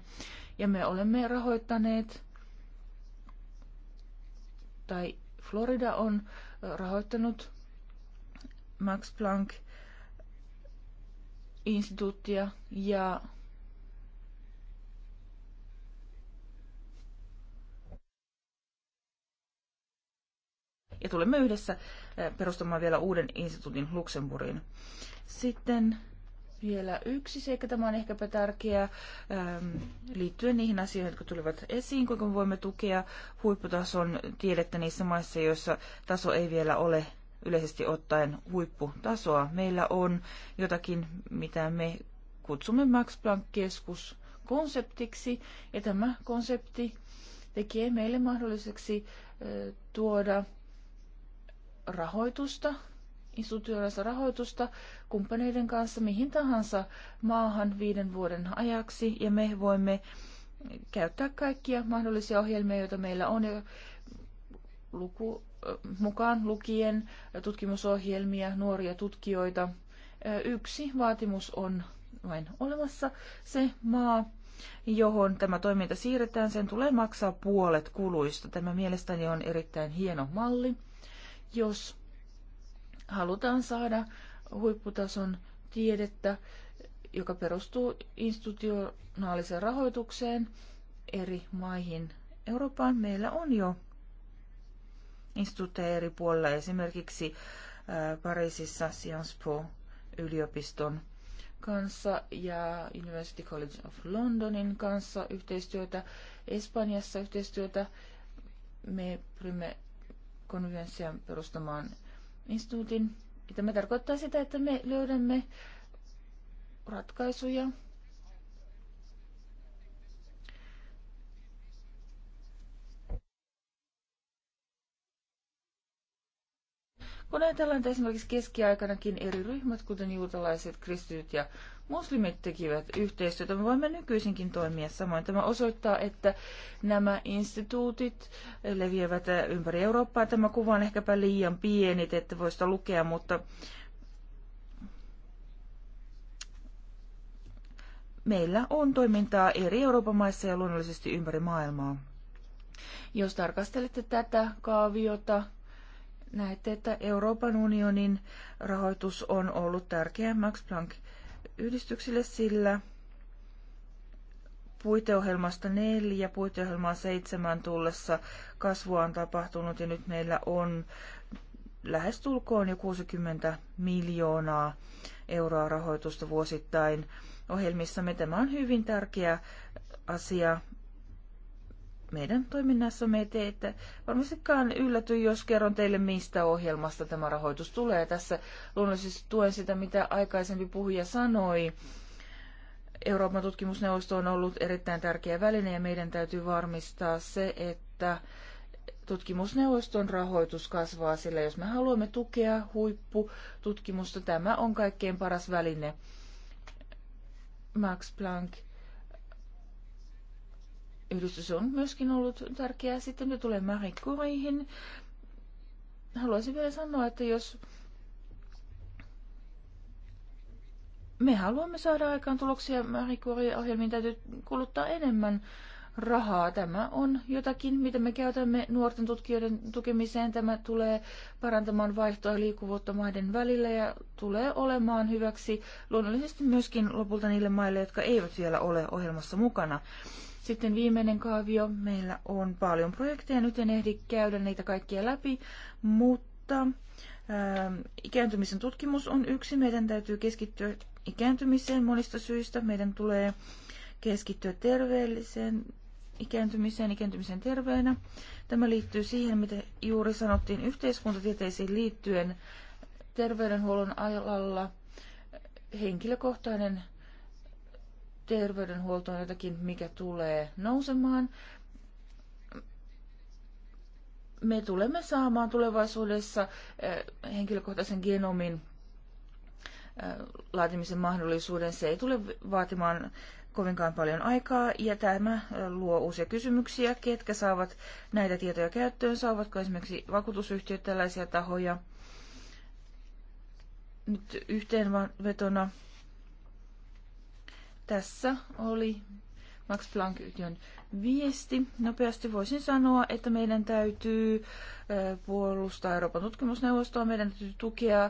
ja me olemme rahoittaneet tai Florida on rahoittanut Max Planck instituuttia ja Ja tulemme yhdessä eh, perustamaan vielä uuden instituutin Luxemburgin. Sitten vielä yksi seikka, tämä on ehkäpä tärkeä, ehm, liittyen niihin asioihin, jotka tulivat esiin, kuinka voimme tukea huipputason tiedettä niissä maissa, joissa taso ei vielä ole yleisesti ottaen huipputasoa. Meillä on jotakin, mitä me kutsumme Max Planck-keskus konseptiksi, ja tämä konsepti tekee meille mahdolliseksi eh, tuoda rahoitusta, instituutioidaan rahoitusta kumppaneiden kanssa mihin tahansa maahan viiden vuoden ajaksi ja me voimme käyttää kaikkia mahdollisia ohjelmia, joita meillä on ja luku, mukaan lukien tutkimusohjelmia, nuoria tutkijoita. Yksi vaatimus on vain olemassa se maa, johon tämä toiminta siirretään, sen tulee maksaa puolet kuluista. Tämä mielestäni on erittäin hieno malli jos halutaan saada huipputason tiedettä, joka perustuu institutionaaliseen rahoitukseen eri maihin Eurooppaan. Meillä on jo instituutteja eri puolilla, esimerkiksi Pariisissa Sciences Po yliopiston kanssa ja University College of Londonin kanssa yhteistyötä, Espanjassa yhteistyötä. Me pyrimme konvenssia perustamaan instituutin. Ja tämä tarkoittaa sitä, että me löydämme ratkaisuja Kun ajatellaan, että esimerkiksi keskiaikanakin eri ryhmät, kuten juutalaiset, kristityt ja muslimit tekivät yhteistyötä, me voimme nykyisinkin toimia samoin. Tämä osoittaa, että nämä instituutit leviävät ympäri Eurooppaa. Tämä kuva on ehkäpä liian pieni, että voi sitä lukea, mutta meillä on toimintaa eri Euroopan maissa ja luonnollisesti ympäri maailmaa. Jos tarkastelette tätä kaaviota, Näette, että Euroopan unionin rahoitus on ollut tärkeä Max Planck-yhdistyksille, sillä puiteohjelmasta neljä, puiteohjelmaa seitsemän tullessa kasvua on tapahtunut ja nyt meillä on lähestulkoon jo 60 miljoonaa euroa rahoitusta vuosittain ohjelmissamme. Tämä on hyvin tärkeä asia meidän toiminnassamme ete, että varmastikaan ylläty, jos kerron teille, mistä ohjelmasta tämä rahoitus tulee. Tässä luonnollisesti tuen sitä, mitä aikaisempi puhuja sanoi. Euroopan tutkimusneuvosto on ollut erittäin tärkeä väline ja meidän täytyy varmistaa se, että tutkimusneuvoston rahoitus kasvaa, sillä jos me haluamme tukea huippututkimusta, tämä on kaikkein paras väline. Max Planck yhdistys on myöskin ollut tärkeää. Sitten me tulee Marie Curiehin. Haluaisin vielä sanoa, että jos me haluamme saada aikaan tuloksia Marie Curie-ohjelmiin, täytyy kuluttaa enemmän rahaa. Tämä on jotakin, mitä me käytämme nuorten tutkijoiden tukemiseen. Tämä tulee parantamaan vaihtoa ja liikkuvuutta maiden välillä ja tulee olemaan hyväksi luonnollisesti myöskin lopulta niille maille, jotka eivät vielä ole ohjelmassa mukana. Sitten viimeinen kaavio. Meillä on paljon projekteja. Nyt en ehdi käydä niitä kaikkia läpi, mutta ää, ähm, ikääntymisen tutkimus on yksi. Meidän täytyy keskittyä ikääntymiseen monista syistä. Meidän tulee keskittyä terveelliseen ikääntymiseen, ikääntymisen terveenä. Tämä liittyy siihen, mitä juuri sanottiin yhteiskuntatieteisiin liittyen terveydenhuollon alalla henkilökohtainen terveydenhuolto on jotakin, mikä tulee nousemaan. Me tulemme saamaan tulevaisuudessa eh, henkilökohtaisen genomin eh, laatimisen mahdollisuuden. Se ei tule vaatimaan kovinkaan paljon aikaa, ja tämä eh, luo uusia kysymyksiä, ketkä saavat näitä tietoja käyttöön, saavatko esimerkiksi vakuutusyhtiöt tällaisia tahoja. Nyt yhteenvetona tässä oli Max Planck-yhtiön viesti. Nopeasti voisin sanoa, että meidän täytyy puolustaa Euroopan tutkimusneuvostoa, meidän täytyy tukea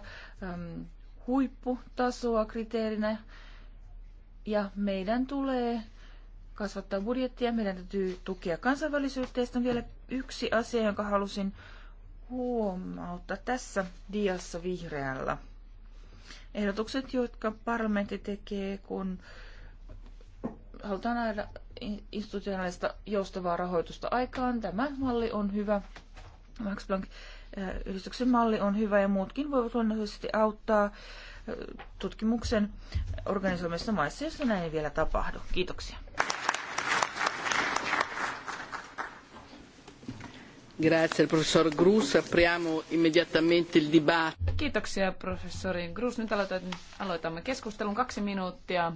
huipputasoa kriteerinä ja meidän tulee kasvattaa budjettia, meidän täytyy tukea kansainvälisyyttä. on vielä yksi asia, jonka halusin huomauttaa tässä diassa vihreällä. Ehdotukset, jotka parlamentti tekee, kun äh, halutaan nähdä institutionaalista joustavaa rahoitusta aikaan. Tämä malli on hyvä. Max Planck-yhdistyksen eh, malli on hyvä ja muutkin voivat luonnollisesti auttaa eh, tutkimuksen organisoimissa maissa, jossa näin ei vielä tapahdu. Kiitoksia. Grazie, professor Grus. Apriamo immediatamente il dibattito. Kiitoksia, professori Grus. Nyt aloitamme keskustelun kaksi minuuttia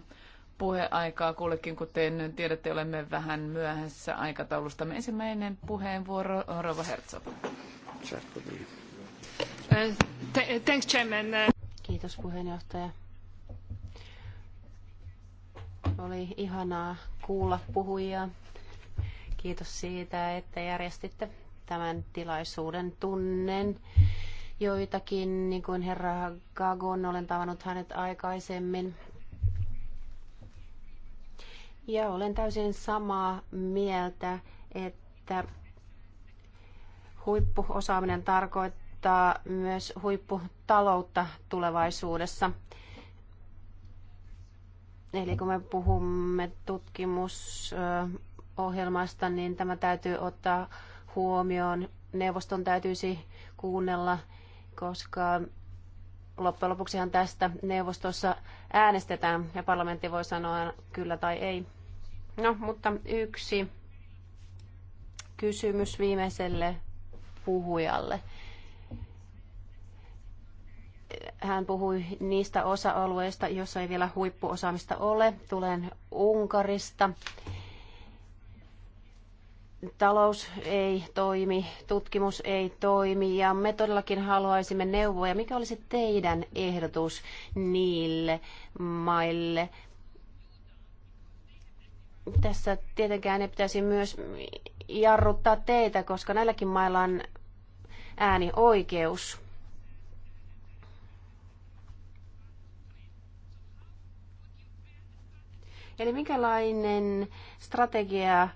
puheaikaa kullekin, kuten tiedätte, olemme vähän myöhässä aikataulustamme. Ensimmäinen puheenvuoro, Rova Herzog. Thanks, Chairman. Kiitos puheenjohtaja. Oli ihanaa kuulla puhujia. Kiitos siitä, että järjestitte tämän tilaisuuden tunnen joitakin, niin kuin herra Gagon, olen tavannut hänet aikaisemmin. Ja olen täysin samaa mieltä, että huippuosaaminen tarkoittaa myös huipputaloutta tulevaisuudessa. Eli kun me puhumme tutkimusohjelmasta, niin tämä täytyy ottaa huomioon. Neuvoston täytyisi kuunnella, koska loppujen lopuksihan tästä neuvostossa äänestetään ja parlamentti voi sanoa kyllä tai ei. No, mutta yksi kysymys viimeiselle puhujalle. Hän puhui niistä osa-alueista, joissa ei vielä huippuosaamista ole. Tulen Unkarista talous ei toimi, tutkimus ei toimi ja me todellakin haluaisimme neuvoja. Mikä olisi teidän ehdotus niille maille? Tässä tietenkään ei pitäisi myös jarruttaa teitä, koska näilläkin mailla on äänioikeus. Eli minkälainen strategia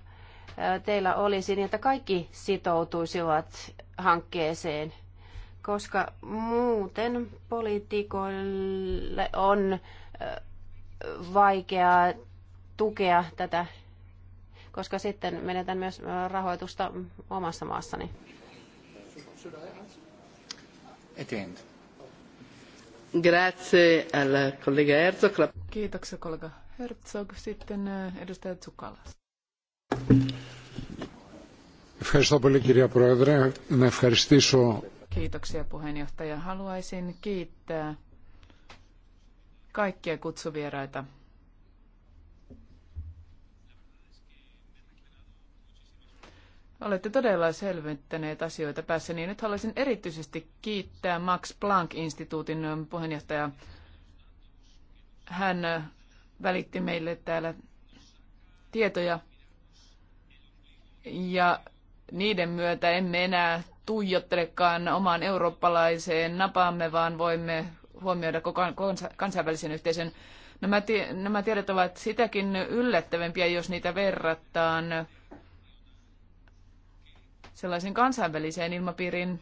teillä olisi, niin että kaikki sitoutuisivat hankkeeseen, koska muuten poliitikoille on vaikeaa tukea tätä, koska sitten menetän myös rahoitusta omassa maassani. Grazie alla collega Herzog. Kiitoksia kollega Herzog. Sitten edustaja Tsukalas. Ευχαριστώ πολύ κυρία Πρόεδρε. Να ευχαριστήσω... Kiitoksia Haluaisin kiittää kaikkia kutsuvieraita. Olette todella selventäneet asioita päässä, niin nyt haluaisin erityisesti kiittää Max Planck-instituutin puheenjohtajaa. Hän välitti meille täällä tietoja ja niiden myötä emme enää tuijottelekaan omaan eurooppalaiseen napaamme, vaan voimme huomioida koko kansainvälisen yhteisön. Nämä, tie, nämä tiedot ovat sitäkin yllättävämpiä, jos niitä verrataan sellaisen kansainväliseen ilmapiirin,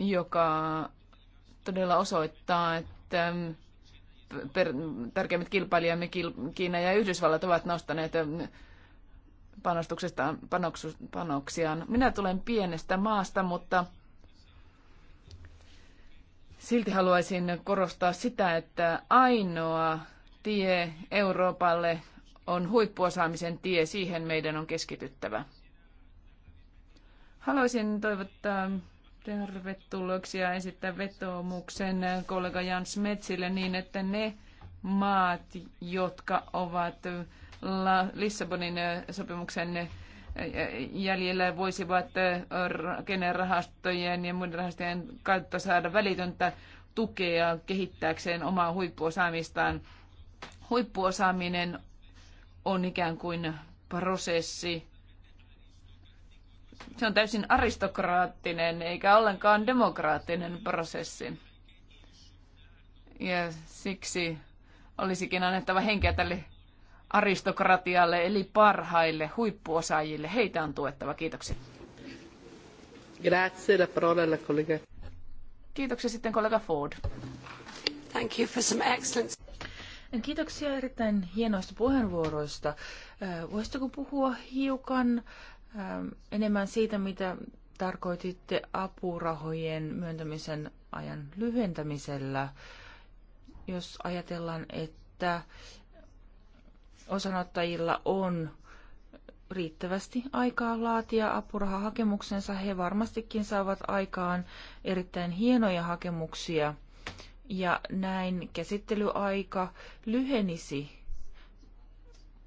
joka todella osoittaa, että per, tärkeimmät kilpailijamme Kiina ja Yhdysvallat ovat nostaneet panostuksestaan, panoksiaan. Minä tulen pienestä maasta, mutta silti haluaisin korostaa sitä, että ainoa tie Euroopalle on huippuosaamisen tie. Siihen meidän on keskityttävä. Haluaisin toivottaa tervetulleeksi ja esittää vetoomuksen kollega Jans Metsille niin, että ne maat, jotka ovat Lissabonin eh, sopimuksen eh, jäljellä voisivat eh, rakennerahastojen ja muiden rahastojen kautta saada välitöntä tukea kehittääkseen omaa huippuosaamistaan. Huippuosaaminen on ikään kuin prosessi. Se on täysin aristokraattinen eikä ollenkaan demokraattinen prosessi. Ja siksi olisikin annettava henkeä tälle aristokratialle eli parhaille huippuosaajille. Heitä on tuettava. Kiitoksia. Grazie, la parola collega. Kiitoksia sitten kollega Ford. Thank you for some excellent... Kiitoksia erittäin hienoista puheenvuoroista. Äh, voisitko puhua hiukan äh, enemmän siitä, mitä tarkoititte apurahojen myöntämisen ajan lyhentämisellä, jos ajatellaan, että osanottajilla on riittävästi aikaa laatia apurahahakemuksensa. He varmastikin saavat aikaan erittäin hienoja hakemuksia ja näin käsittelyaika lyhenisi.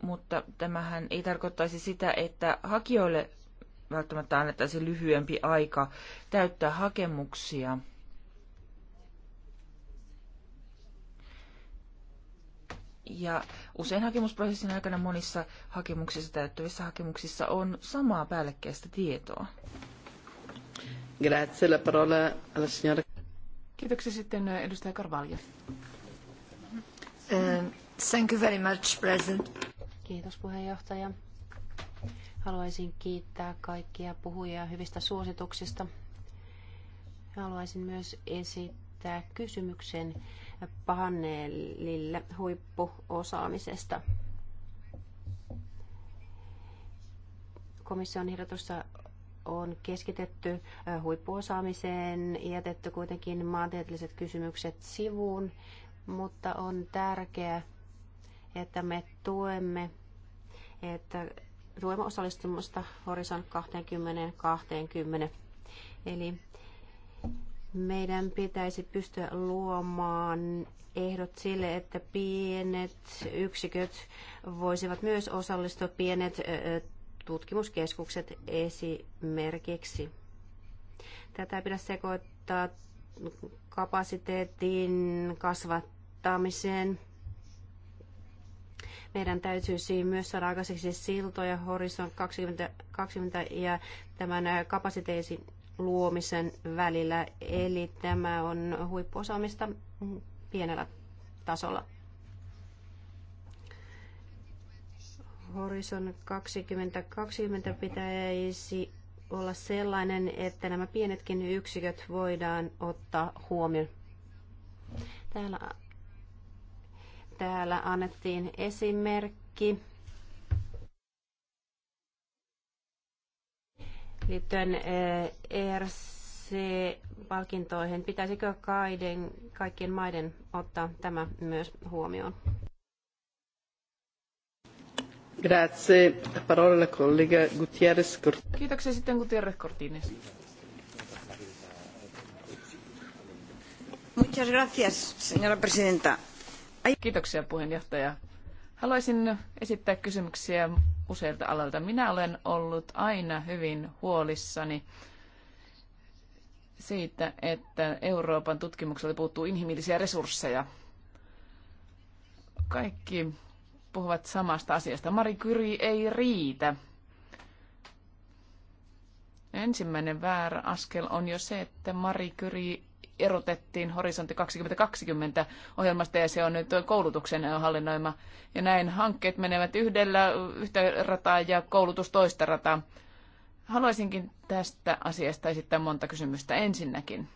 Mutta tämähän ei tarkoittaisi sitä, että hakijoille välttämättä annettaisiin lyhyempi aika täyttää hakemuksia. Ja usein hakemusprosessin aikana monissa hakemuksissa täyttävissä hakemuksissa on samaa päällekkäistä tietoa. Grazie, la parola alla signora. Kiitoksia sitten edustaja Carvalho. Eh, thank you very much, President. Kiitos puheenjohtaja. Haluaisin kiittää kaikkia puhujia hyvistä suosituksista. Haluaisin myös esittää kysymyksen paneelille huippuosaamisesta. Komission ehdotussa on keskitetty huippuosaamiseen, jätetty kuitenkin maantieteelliset kysymykset sivuun, mutta on tärkeää, että me tuemme, että tuemme osallistumista Horizon 2020. Eli meidän pitäisi pystyä luomaan ehdot sille, että pienet yksiköt voisivat myös osallistua, pienet tutkimuskeskukset esimerkiksi. Tätä ei pidä sekoittaa kapasiteetin kasvattamiseen. Meidän täytyisi myös saada aikaiseksi siltoja Horizon 2020 ja tämän kapasiteetin luomisen välillä. Eli tämä on huippuosaamista pienellä tasolla. Horizon 2020 pitäisi olla sellainen, että nämä pienetkin yksiköt voidaan ottaa huomioon. Täällä, täällä annettiin esimerkki liittyen ERC-palkintoihin. Eh, e Pitäisikö kaiden, kaikkien maiden ottaa tämä myös huomioon? Grazie. Parola collega Gutierrez Cortines. Kiitoksia sitten Gutierrez Cortines. Muchas gracias, señora presidenta. Kiitoksia puheenjohtaja. Haluaisin esittää kysymyksiä useilta alalta. Minä olen ollut aina hyvin huolissani siitä, että Euroopan tutkimukselle puuttuu inhimillisiä resursseja. Kaikki puhuvat samasta asiasta. Mari Kyri ei riitä. Ensimmäinen väärä askel on jo se, että Mari Kyri erotettiin Horisontti 2020 ohjelmasta ja se on nyt koulutuksen hallinnoima. Ja näin hankkeet menevät yhdellä yhtä rataa ja koulutus toista rataa. Haluaisinkin tästä asiasta esittää monta kysymystä ensinnäkin.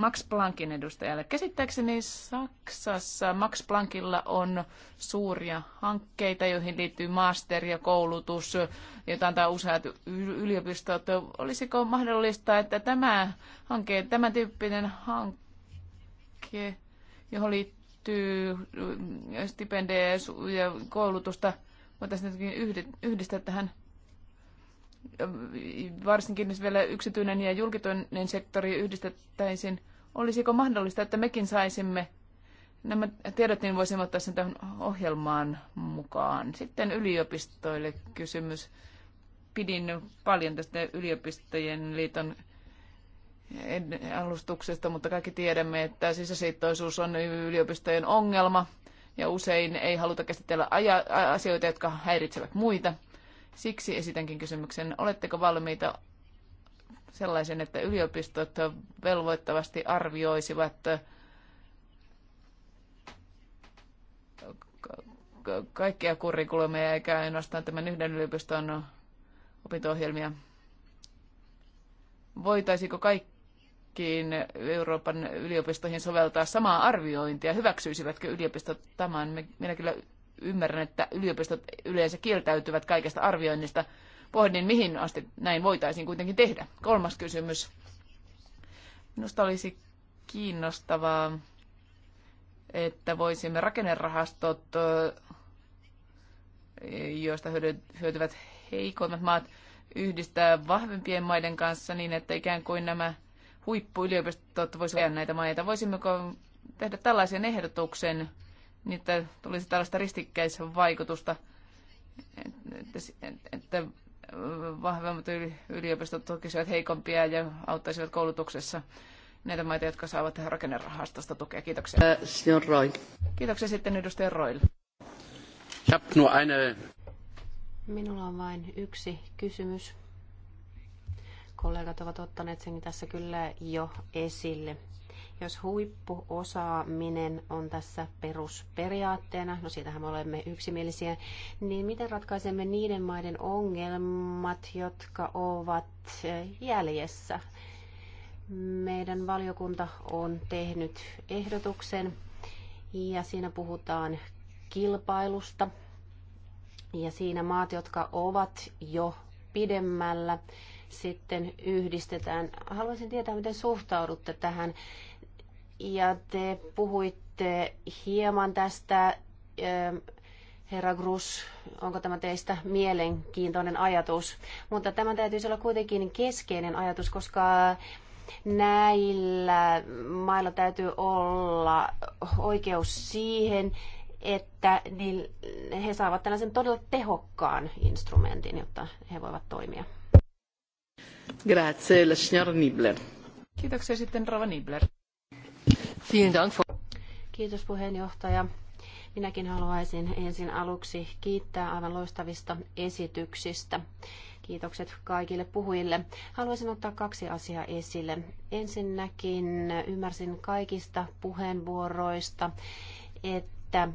Max Planckin edustajalle. Käsittääkseni Saksassa Max Planckilla on suuria hankkeita, joihin liittyy master ja koulutus, jota antaa useat yliopistot. Olisiko mahdollista, että tämä hanke, tämän tyyppinen hanke, johon liittyy stipendejä ja koulutusta, voitaisiin yhdistää tähän varsinkin jos vielä yksityinen ja julkinen sektori yhdistettäisiin Olisiko mahdollista, että mekin saisimme nämä tiedot, niin voisimme ottaa sen tähän ohjelmaan mukaan. Sitten yliopistoille kysymys. Pidin paljon tästä yliopistojen liiton alustuksesta, mutta kaikki tiedämme, että sisäsiittoisuus on yliopistojen ongelma ja usein ei haluta käsitellä asioita, jotka häiritsevät muita. Siksi esitänkin kysymyksen, oletteko valmiita sellaisen, että yliopistot velvoittavasti arvioisivat kaikkia kurrikulmeja, eikä ainoastaan tämän yhden yliopiston opinto-ohjelmia. Voitaisiko kaikkiin Euroopan yliopistoihin soveltaa samaa arviointia? Hyväksyisivätkö yliopistot tämän? Minä kyllä ymmärrän, että yliopistot yleensä kieltäytyvät kaikesta arvioinnista, pohdin, mihin asti näin voitaisiin kuitenkin tehdä. Kolmas kysymys. Minusta olisi kiinnostavaa, että voisimme rakennerahastot, joista hyötyvät heikoimmat maat, yhdistää vahvempien maiden kanssa niin, että ikään kuin nämä huippuyliopistot voisivat näitä maita. Voisimmeko tehdä tällaisen ehdotuksen, niin että tulisi tällaista ristikkäisvaikutusta, että, että, että vahvemmat yliopistot tukisivat heikompia ja auttaisivat koulutuksessa näitä maita, jotka saavat rakennerahastosta tukea. Kiitoksia. Äh, Roil. Kiitoksia sitten edustaja Roil. Minulla on vain yksi kysymys. Kollegat ovat ottaneet sen tässä kyllä jo esille. Jos huippuosaaminen on tässä perusperiaatteena, no siitähän me olemme yksimielisiä, niin miten ratkaisemme niiden maiden ongelmat, jotka ovat eh, jäljessä? Meidän valiokunta on tehnyt ehdotuksen ja siinä puhutaan kilpailusta. Ja siinä maat, jotka ovat jo pidemmällä, sitten yhdistetään. Haluaisin tietää, miten suhtaudutte tähän ja te puhuitte hieman tästä, ähm, herra Grus, onko tämä teistä mielenkiintoinen ajatus? Mutta tämä täytyisi olla kuitenkin keskeinen ajatus, koska näillä mailla täytyy olla oikeus siihen, että niin he saavat tällaisen todella tehokkaan instrumentin, jotta he voivat toimia. Grazie, la signora Nibler. Kiitoksia sitten Rova Nibler. Kiitos puheenjohtaja. Minäkin haluaisin ensin aluksi kiittää aivan loistavista esityksistä. Kiitokset kaikille puhujille. Haluaisin ottaa kaksi asiaa esille. Ensinnäkin ymmärsin kaikista puheenvuoroista, että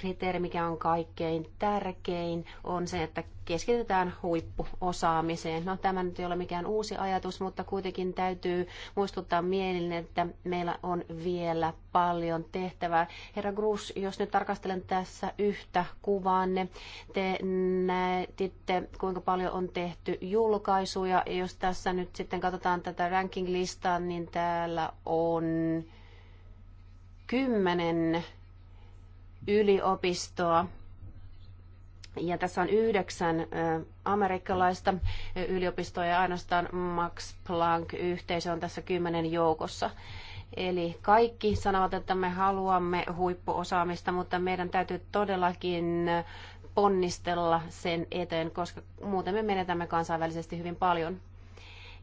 kriteeri, mikä on kaikkein tärkein, on se, että keskitytään huippuosaamiseen. No tämä nyt ei ole mikään uusi ajatus, mutta kuitenkin täytyy muistuttaa mielin, että meillä on vielä paljon tehtävää. Herra Grus, jos nyt tarkastelen tässä yhtä kuvaanne, te näetitte, kuinka paljon on tehty julkaisuja. Ja jos tässä nyt sitten katsotaan tätä ranking-listaa, niin täällä on kymmenen yliopistoa. Ja tässä on yhdeksän amerikkalaista yliopistoa ja ainoastaan Max Planck-yhteisö on tässä kymmenen joukossa. Eli kaikki sanovat, että me haluamme huippuosaamista, mutta meidän täytyy todellakin ponnistella sen eteen, koska muuten me menetämme kansainvälisesti hyvin paljon.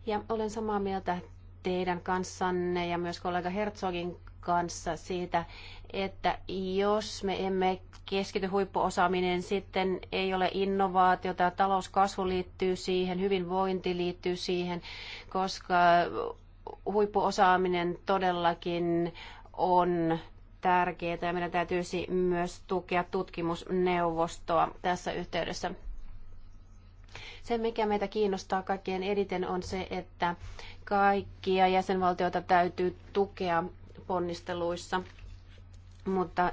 Ja olen samaa mieltä teidän kanssanne ja myös kollega Herzogin kanssa siitä, että jos me emme keskity huippuosaaminen, sitten ei ole innovaatiota, talouskasvu liittyy siihen, hyvinvointi liittyy siihen, koska huippuosaaminen todellakin on tärkeää ja meidän täytyisi myös tukea tutkimusneuvostoa tässä yhteydessä. Se, mikä meitä kiinnostaa kaikkien editen, on se, että kaikkia jäsenvaltioita täytyy tukea ponnisteluissa mutta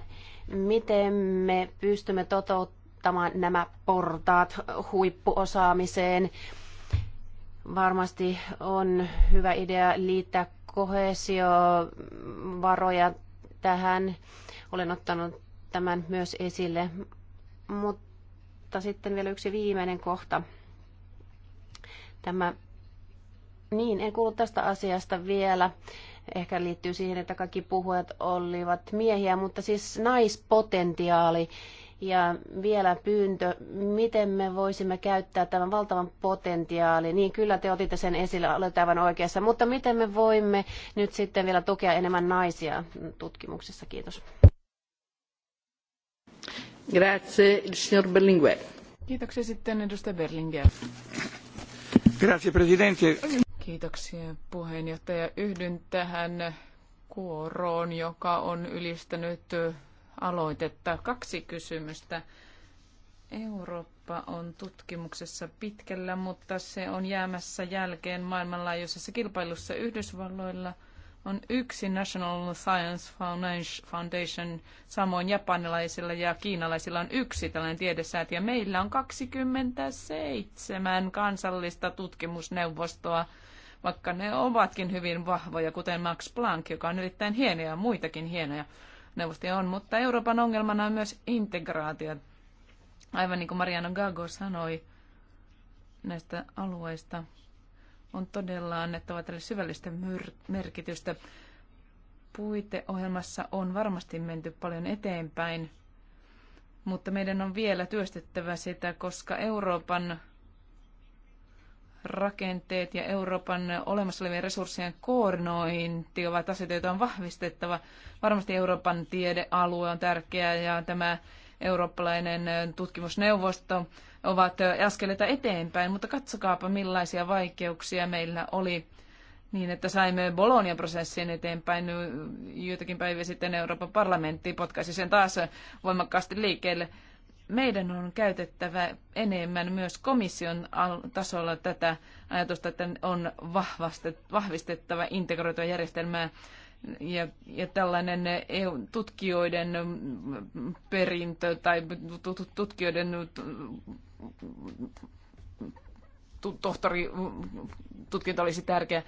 miten me pystymme toteuttamaan nämä portaat huippuosaamiseen? Varmasti on hyvä idea liittää kohesiovaroja tähän. Olen ottanut tämän myös esille. Mutta sitten vielä yksi viimeinen kohta. Tämä, niin, en kuulu tästä asiasta vielä ehkä liittyy siihen, että kaikki puhujat olivat miehiä, mutta siis naispotentiaali ja vielä pyyntö, miten me voisimme käyttää tämän valtavan potentiaali. Niin kyllä te otitte sen esille, olette aivan oikeassa, mutta miten me voimme nyt sitten vielä tukea enemmän naisia tutkimuksessa? Kiitos. Grazie, signor Berlinguer. Kiitoksia sitten edustaja Berlinguer. Grazie Presidente. Kiitoksia puheenjohtaja. Yhdyn tähän kuoroon, joka on ylistänyt aloitetta. Kaksi kysymystä. Eurooppa on tutkimuksessa pitkällä, mutta se on jäämässä jälkeen maailmanlaajuisessa kilpailussa Yhdysvalloilla on yksi National Science Foundation, samoin japanilaisilla ja kiinalaisilla on yksi tällainen tiedesäätiö. Meillä on 27 kansallista tutkimusneuvostoa vaikka ne ovatkin hyvin vahvoja, kuten Max Planck, joka on erittäin hieno ja muitakin hienoja neuvostoja on. Mutta Euroopan ongelmana on myös integraatio. Aivan niin kuin Mariano Gago sanoi näistä alueista, on todella annettava tälle syvällistä merkitystä. Puiteohjelmassa on varmasti menty paljon eteenpäin, mutta meidän on vielä työstettävä sitä, koska Euroopan rakenteet ja Euroopan olemassa olevien resurssien koordinointi ovat asioita, joita on vahvistettava. Varmasti Euroopan tiedealue on tärkeä ja tämä eurooppalainen tutkimusneuvosto ovat askeleita eteenpäin, mutta katsokaapa millaisia vaikeuksia meillä oli niin, että saimme Bolonian prosessin eteenpäin joitakin päiviä sitten Euroopan parlamentti potkaisi sen taas voimakkaasti liikkeelle meidän on käytettävä enemmän myös komission tasolla tätä ajatusta, että on vahvistettava integroitua järjestelmää ja, ja tällainen EU tutkijoiden perintö tai tutkijoiden tohtori tutkinto olisi tärkeä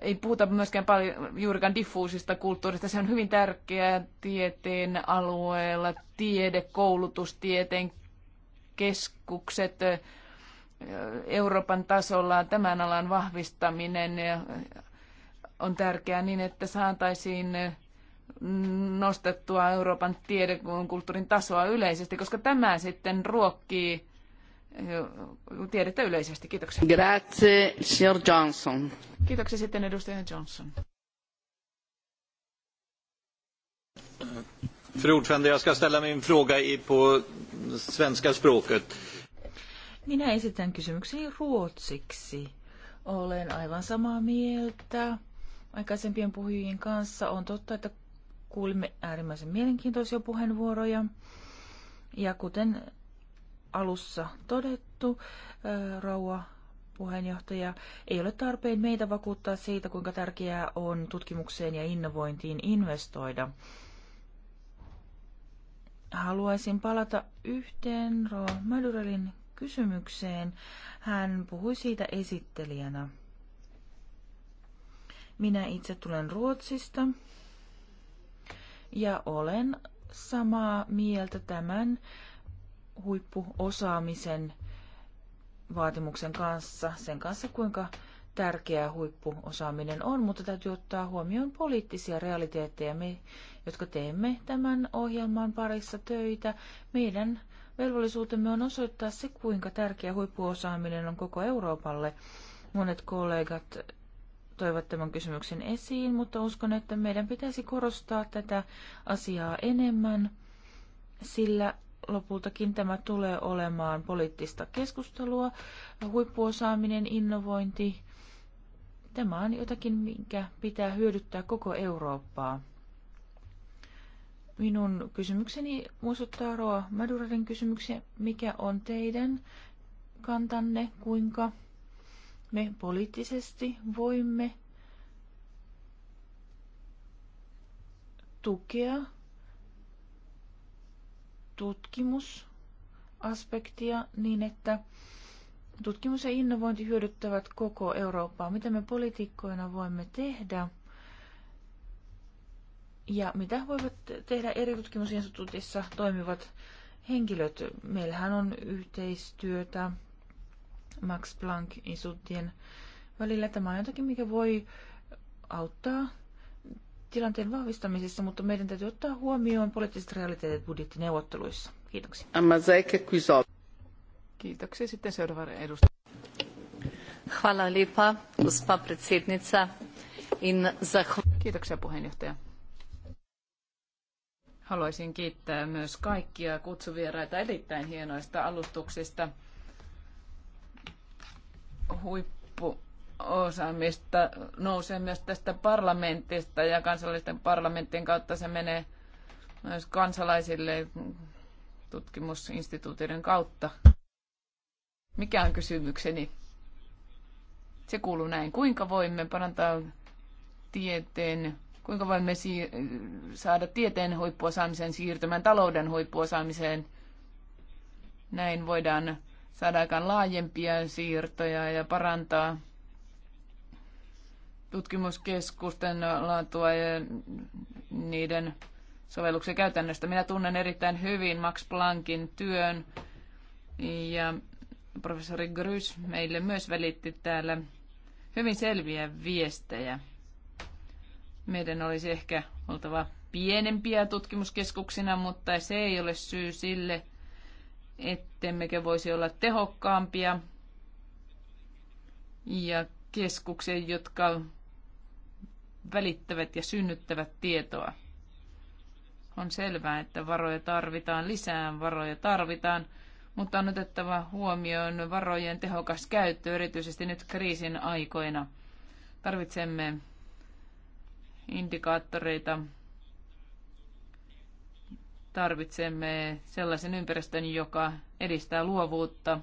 ei puhuta myöskään paljon juurikaan diffuusista kulttuurista. Se on hyvin tärkeää tieteen alueella, tiede, koulutus, tieteen keskukset Euroopan tasolla, tämän alan vahvistaminen on tärkeää niin, että saataisiin nostettua Euroopan tiedekulttuurin tasoa yleisesti, koska tämä sitten ruokkii tiedettä yleisesti. Kiitoksia. Grazie, Sir Johnson. Kiitoksia sitten edustaja Johnson. Fru ordförande, jag ska ställa min fråga i, på svenska språket. Minä esitän kysymykseni ruotsiksi. Olen aivan samaa mieltä aikaisempien puhujien kanssa. On totta, että kuulimme äärimmäisen mielenkiintoisia puheenvuoroja. Ja kuten alussa todettu, rouva puheenjohtaja, ei ole tarpeen meitä vakuuttaa siitä, kuinka tärkeää on tutkimukseen ja innovointiin investoida. Haluaisin palata yhteen Roa Madurelin kysymykseen. Hän puhui siitä esittelijänä. Minä itse tulen Ruotsista ja olen samaa mieltä tämän huippuosaamisen vaatimuksen kanssa, sen kanssa kuinka tärkeää huippuosaaminen on, mutta täytyy ottaa huomioon poliittisia realiteetteja. Me, jotka teemme tämän ohjelman parissa töitä, meidän velvollisuutemme on osoittaa se, kuinka tärkeä huippuosaaminen on koko Euroopalle. Monet kollegat toivat tämän kysymyksen esiin, mutta uskon, että meidän pitäisi korostaa tätä asiaa enemmän, sillä lopultakin tämä tulee olemaan poliittista keskustelua, huippuosaaminen, innovointi. Tämä on jotakin, minkä pitää hyödyttää koko Eurooppaa. Minun kysymykseni muistuttaa Roa Maduradin kysymyksiä. Mikä on teidän kantanne, kuinka me poliittisesti voimme tukea tutkimusaspektia niin, että tutkimus ja innovointi hyödyttävät koko Eurooppaa. Mitä me poliitikkoina voimme tehdä? Ja mitä voivat tehdä eri tutkimusinstituutissa toimivat henkilöt? Meillähän on yhteistyötä Max Planck-instituuttien välillä. Tämä on jotakin, mikä voi auttaa tilanteen vahvistamisessa, mutta meidän täytyy ottaa huomioon poliittiset realiteetit budjettineuvotteluissa. Kiitoksia. Kiitoksia. Sitten seuraava edustaja. Hvala lipa, gospa predsednica. In Kiitoksia puheenjohtaja. Haluaisin kiittää myös kaikkia kutsuvieraita erittäin hienoista alustuksista. Huippu osaamista nousee myös tästä parlamentista ja kansallisten parlamenttien kautta se menee myös kansalaisille tutkimusinstituutioiden kautta. Mikä on kysymykseni? Se kuuluu näin. Kuinka voimme parantaa tieteen, kuinka voimme saada tieteen huippuosaamisen siirtymään talouden huippuosaamiseen? Näin voidaan saada aikaan laajempia siirtoja ja parantaa tutkimuskeskusten laatua ja niiden sovelluksen käytännöstä. Minä tunnen erittäin hyvin Max Planckin työn ja professori Grys meille myös välitti täällä hyvin selviä viestejä. Meidän olisi ehkä oltava pienempiä tutkimuskeskuksina, mutta se ei ole syy sille, ettemmekö voisi olla tehokkaampia ja keskukseen, jotka välittävät ja synnyttävät tietoa. On selvää, että varoja tarvitaan lisää, varoja tarvitaan, mutta on otettava huomioon varojen tehokas käyttö, erityisesti nyt kriisin aikoina. Tarvitsemme indikaattoreita, tarvitsemme sellaisen ympäristön, joka edistää luovuutta,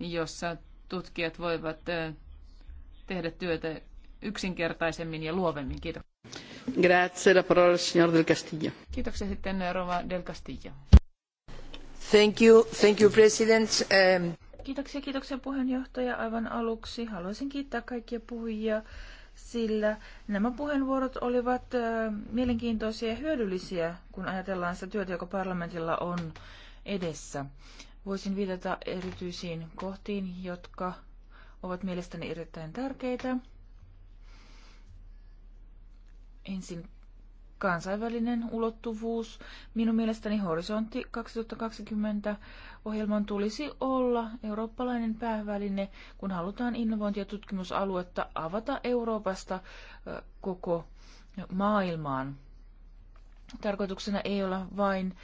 jossa tutkijat voivat tehdä työtä yksinkertaisemmin ja luovemmin. Kiitos. Grazie, la parola signor del Castillo. Kiitoksia sitten Rova del Castillo. Thank you, thank you president. Um... Kiitoksia, kiitoksia puheenjohtaja. Aivan aluksi haluaisin kiittää kaikkia puhujia, sillä nämä puheenvuorot olivat mielenkiintoisia ja hyödyllisiä, kun ajatellaan sitä työtä, joka parlamentilla on edessä. Voisin viitata erityisiin kohtiin, jotka ovat mielestäni erittäin tärkeitä. Ensin kansainvälinen ulottuvuus. Minun mielestäni Horisontti 2020 ohjelman tulisi olla eurooppalainen pääväline, kun halutaan innovointi- ja tutkimusaluetta avata Euroopasta koko maailmaan. Tarkoituksena ei ole vain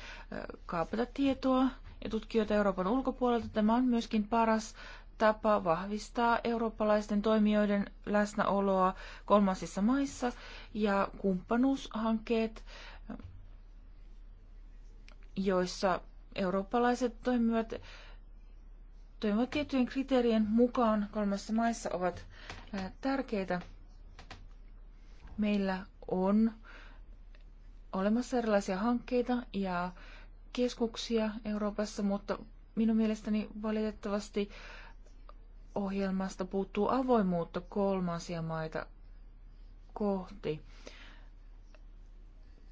kaapata tietoa ja tutkijoita Euroopan ulkopuolelta. Tämä on myöskin paras tapa vahvistaa eurooppalaisten toimijoiden läsnäoloa kolmansissa maissa ja kumppanuushankkeet, joissa eurooppalaiset toimivat, toimivat tiettyjen kriteerien mukaan kolmessa maissa ovat tärkeitä. Meillä on olemassa erilaisia hankkeita ja keskuksia Euroopassa, mutta minun mielestäni valitettavasti ohjelmasta puuttuu avoimuutta kolmansia maita kohti.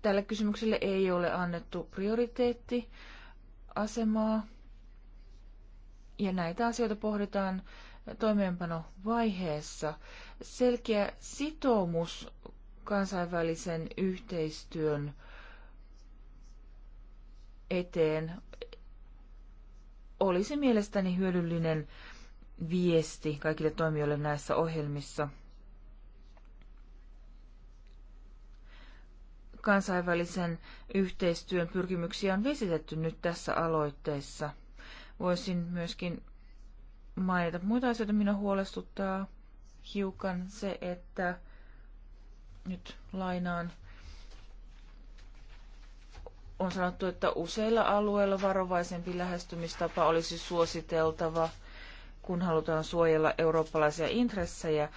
Tälle kysymykselle ei ole annettu prioriteettiasemaa, ja näitä asioita pohditaan toimeenpanovaiheessa. Selkeä sitoumus kansainvälisen yhteistyön eteen olisi mielestäni hyödyllinen viesti kaikille toimijoille näissä ohjelmissa. Kansainvälisen yhteistyön pyrkimyksiä on visitetty nyt tässä aloitteessa. Voisin myöskin mainita muita asioita, minä huolestuttaa hiukan se, että nyt lainaan on sanottu, että useilla alueilla varovaisempi lähestymistapa olisi suositeltava, kun halutaan suojella eurooppalaisia intressejä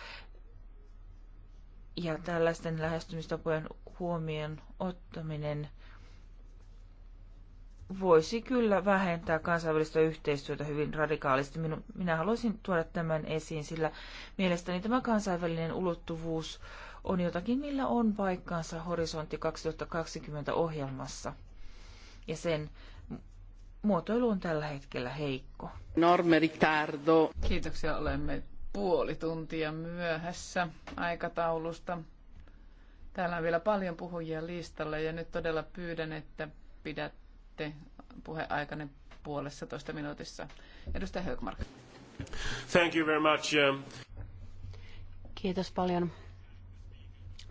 ja tällaisten lähestymistapojen huomioon ottaminen voisi kyllä vähentää kansainvälistä yhteistyötä hyvin radikaalisti. Minu, minä haluaisin tuoda tämän esiin, sillä mielestäni tämä kansainvälinen ulottuvuus on jotakin, millä on paikkaansa Horisontti 2020 ohjelmassa ja sen muotoilu on tällä hetkellä heikko. Norme ritardo. Kiitoksia, olemme puoli tuntia myöhässä aikataulusta. Täällä on vielä paljon puhujia listalla ja nyt todella pyydän, että pidätte puheaikanne puolessa toista minuutissa. Edustaja Högmark. Thank you very much. Um, Kiitos paljon.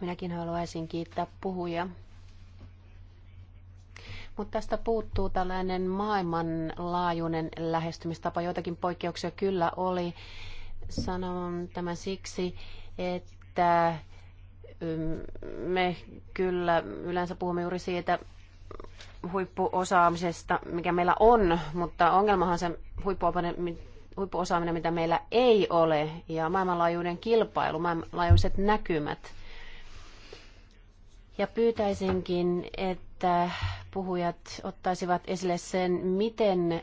Minäkin haluaisin kiittää puhuja mutta tästä puuttuu tällainen maailmanlaajuinen lähestymistapa. Joitakin poikkeuksia kyllä oli. Sanon tämä siksi, että mm, me kyllä yleensä puhumme juuri siitä huippuosaamisesta, mikä meillä on, mutta ongelmahan se huippuosaaminen, huippuosaaminen, mitä meillä ei ole, ja maailmanlaajuinen kilpailu, maailmanlaajuiset näkymät. Ja pyytäisinkin, että että puhujat ottaisivat esille sen, miten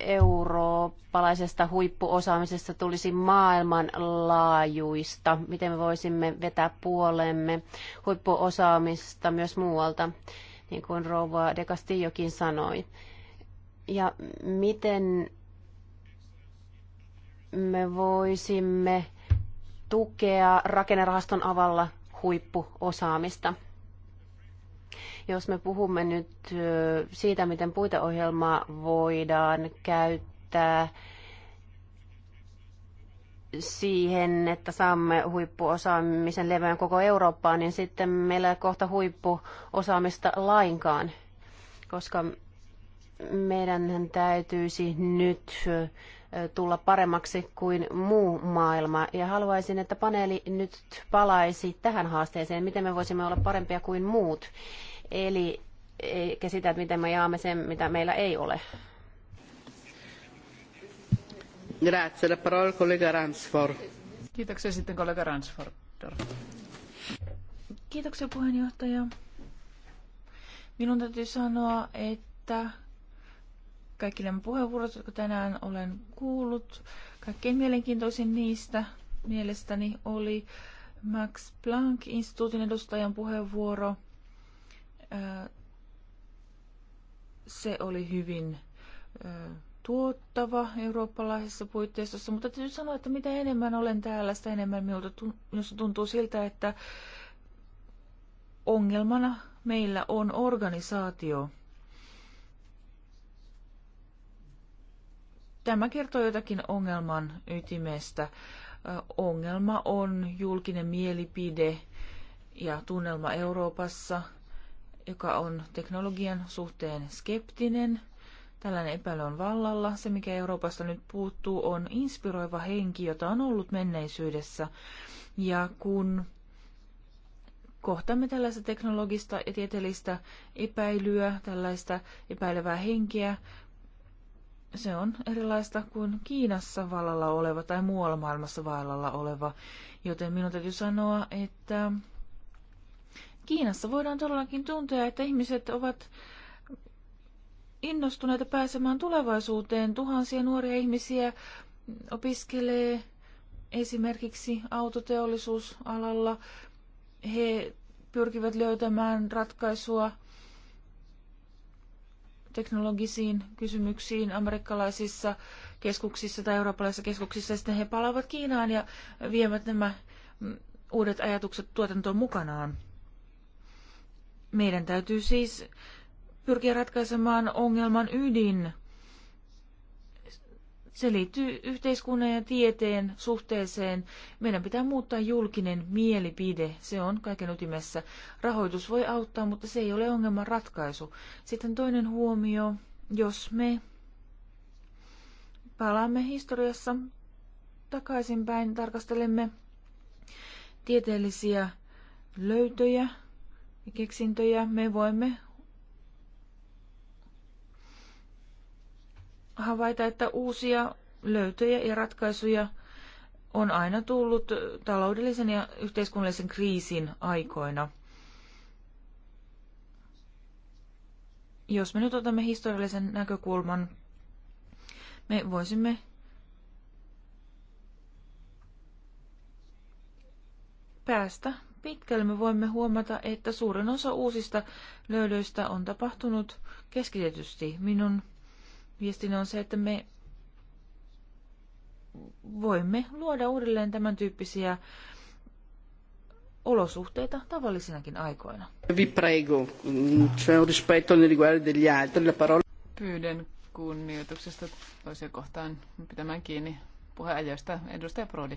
eurooppalaisesta huippuosaamisesta tulisi maailmanlaajuista, miten me voisimme vetää puolemme huippuosaamista myös muualta, niin kuin rouva De Castillokin sanoi. Ja miten me voisimme tukea rakennerahaston avalla huippuosaamista. Jos me puhumme nyt siitä, miten puiteohjelmaa voidaan käyttää siihen, että saamme huippuosaamisen leveän koko Eurooppaan, niin sitten meillä ei kohta huippuosaamista lainkaan, koska meidän täytyisi nyt tulla paremmaksi kuin muu maailma. Ja haluaisin, että paneeli nyt palaisi tähän haasteeseen, miten me voisimme olla parempia kuin muut. Eli eikä sitä, että miten me jaamme sen, mitä meillä ei ole. Grazie, la parola collega Ransford. Kiitoksia sitten kollega Ransford. Kiitoksia puheenjohtaja. Minun täytyy sanoa, että kaikki nämä puheenvuorot, jotka tänään olen kuullut. Kaikkein mielenkiintoisin niistä mielestäni oli Max Planck-instituutin edustajan puheenvuoro. Se oli hyvin tuottava eurooppalaisessa puitteistossa, mutta täytyy sanoa, että mitä enemmän olen täällä, sitä enemmän minulta minusta tuntuu siltä, että ongelmana meillä on organisaatio. Tämä kertoo jotakin ongelman ytimestä. Ongelma on julkinen mielipide ja tunnelma Euroopassa, joka on teknologian suhteen skeptinen. Tällainen epäily on vallalla. Se, mikä Euroopasta nyt puuttuu, on inspiroiva henki, jota on ollut menneisyydessä. Ja kun kohtamme tällaista teknologista ja tieteellistä epäilyä, tällaista epäilevää henkeä, se on erilaista kuin Kiinassa vallalla oleva tai muualla maailmassa vallalla oleva. Joten minun täytyy sanoa, että Kiinassa voidaan todellakin tuntea, että ihmiset ovat innostuneita pääsemään tulevaisuuteen. Tuhansia nuoria ihmisiä opiskelee esimerkiksi autoteollisuusalalla. He pyrkivät löytämään ratkaisua teknologisiin kysymyksiin amerikkalaisissa keskuksissa tai eurooppalaisissa keskuksissa, ja sitten he palaavat Kiinaan ja vievät nämä mm, uudet ajatukset tuotantoon mukanaan. Meidän täytyy siis pyrkiä ratkaisemaan ongelman ydin – se liittyy yhteiskunnan ja tieteen suhteeseen. Meidän pitää muuttaa julkinen mielipide. Se on kaiken ytimessä. Rahoitus voi auttaa, mutta se ei ole ongelman ratkaisu. Sitten toinen huomio, jos me palaamme historiassa takaisinpäin, tarkastelemme tieteellisiä löytöjä ja keksintöjä, me voimme havaita, että uusia löytöjä ja ratkaisuja on aina tullut taloudellisen ja yhteiskunnallisen kriisin aikoina. Jos me nyt otamme historiallisen näkökulman, me voisimme päästä pitkälle me voimme huomata, että suurin osa uusista löydöistä on tapahtunut keskitetysti. Minun Viestin on se, että me voimme luoda uudelleen tämän tyyppisiä olosuhteita tavallisinakin aikoina. Vi prego, c'è un rispetto nei riguardi degli altri, la parola... Pyydän kunnioituksesta toisia kohtaan pitämään kiinni puheenjohtaja edustaja Prodi.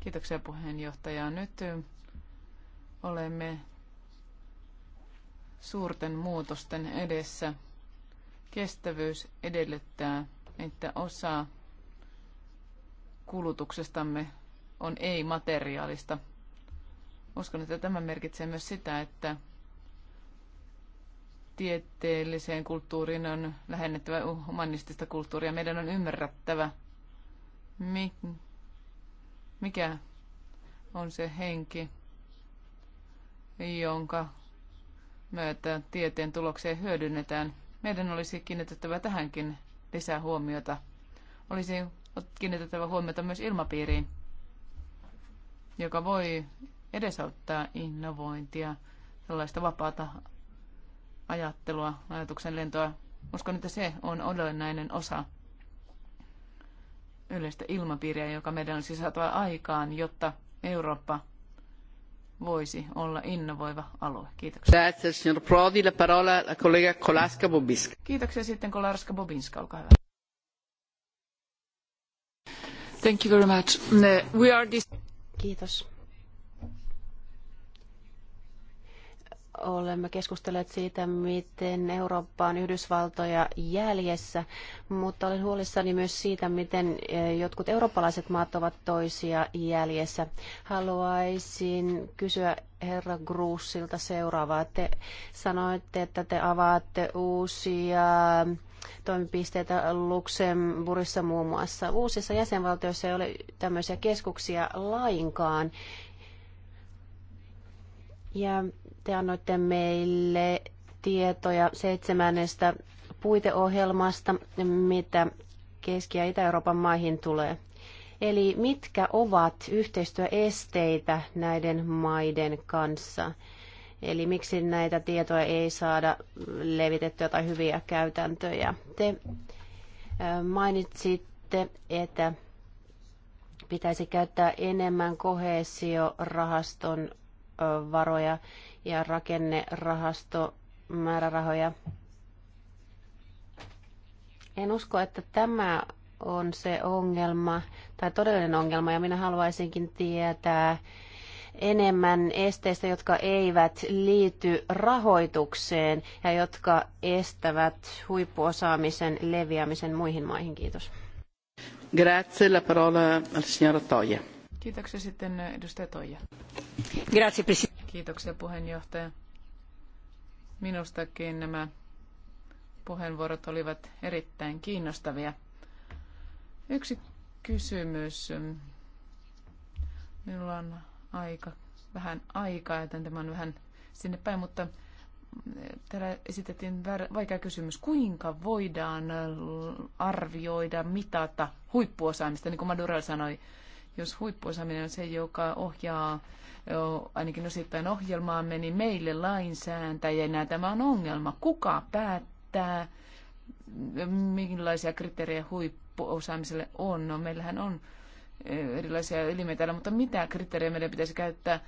Kiitoksia puheenjohtaja. Nyt olemme suurten muutosten edessä Kestävyys edellyttää, että osa kulutuksestamme on ei-materiaalista. Uskon, että tämä merkitsee myös sitä, että tieteelliseen kulttuuriin on lähennettävä humanistista kulttuuria. Meidän on ymmärrettävä, mikä on se henki, jonka myötä tieteen tuloksia hyödynnetään. Meidän olisi kiinnitettävä tähänkin lisää huomiota. Olisi kiinnitettävä huomiota myös ilmapiiriin, joka voi edesauttaa innovointia, sellaista vapaata ajattelua, ajatuksen lentoa. Uskon, että se on olennainen osa yleistä ilmapiiriä, joka meidän olisi saatava aikaan, jotta Eurooppa voisi olla innovoiva alue. Kiitoksia. signor Prodi. La parola la collega Kolaska Kiitoksia sitten Kolarska Bobinska, olkaa hyvä. Thank you very much. We are this... Kiitos. olemme keskustelleet siitä, miten Eurooppa on Yhdysvaltoja jäljessä, mutta olen huolissani myös siitä, miten eh, jotkut eurooppalaiset maat ovat toisia jäljessä. Haluaisin kysyä herra Gruussilta seuraavaa. Te sanoitte, että te avaatte uusia toimipisteitä Luxemburgissa muun muassa. Uusissa jäsenvaltioissa ei ole tämmöisiä keskuksia lainkaan. Ja te annoitte meille tietoja seitsemännestä puiteohjelmasta, mitä Keski- ja Itä-Euroopan maihin tulee. Eli mitkä ovat yhteistyöesteitä näiden maiden kanssa? Eli miksi näitä tietoja ei saada levitettyä tai hyviä käytäntöjä? Te mainitsitte, että pitäisi käyttää enemmän kohesiorahaston varoja ja rakennerahasto määrärahoja. En usko, että tämä on se ongelma tai todellinen ongelma ja minä haluaisinkin tietää enemmän esteistä, jotka eivät liity rahoitukseen ja jotka estävät huippuosaamisen leviämisen muihin maihin. Kiitos. Grazie, la parola al signora Toia. Kiitoksia sitten eh, edustaja Toija. Kiitoksia puheenjohtaja. Minustakin nämä puheenvuorot olivat erittäin kiinnostavia. Yksi kysymys. Minulla on aika vähän aikaa, joten tämä on vähän sinne päin, mutta eh, täällä esitettiin vaikea kysymys. Kuinka voidaan eh, arvioida, mitata huippuosaamista, niin kuin Madurell sanoi, jos huippuosaaminen on se, joka ohjaa ainakin osittain ohjelmaamme, niin meille lainsääntäjänä tämä on ongelma. Kuka päättää, millaisia kriteerejä huippuosaamiselle on? No, meillähän on erilaisia elimiä täällä, mutta mitä kriteerejä meidän pitäisi käyttää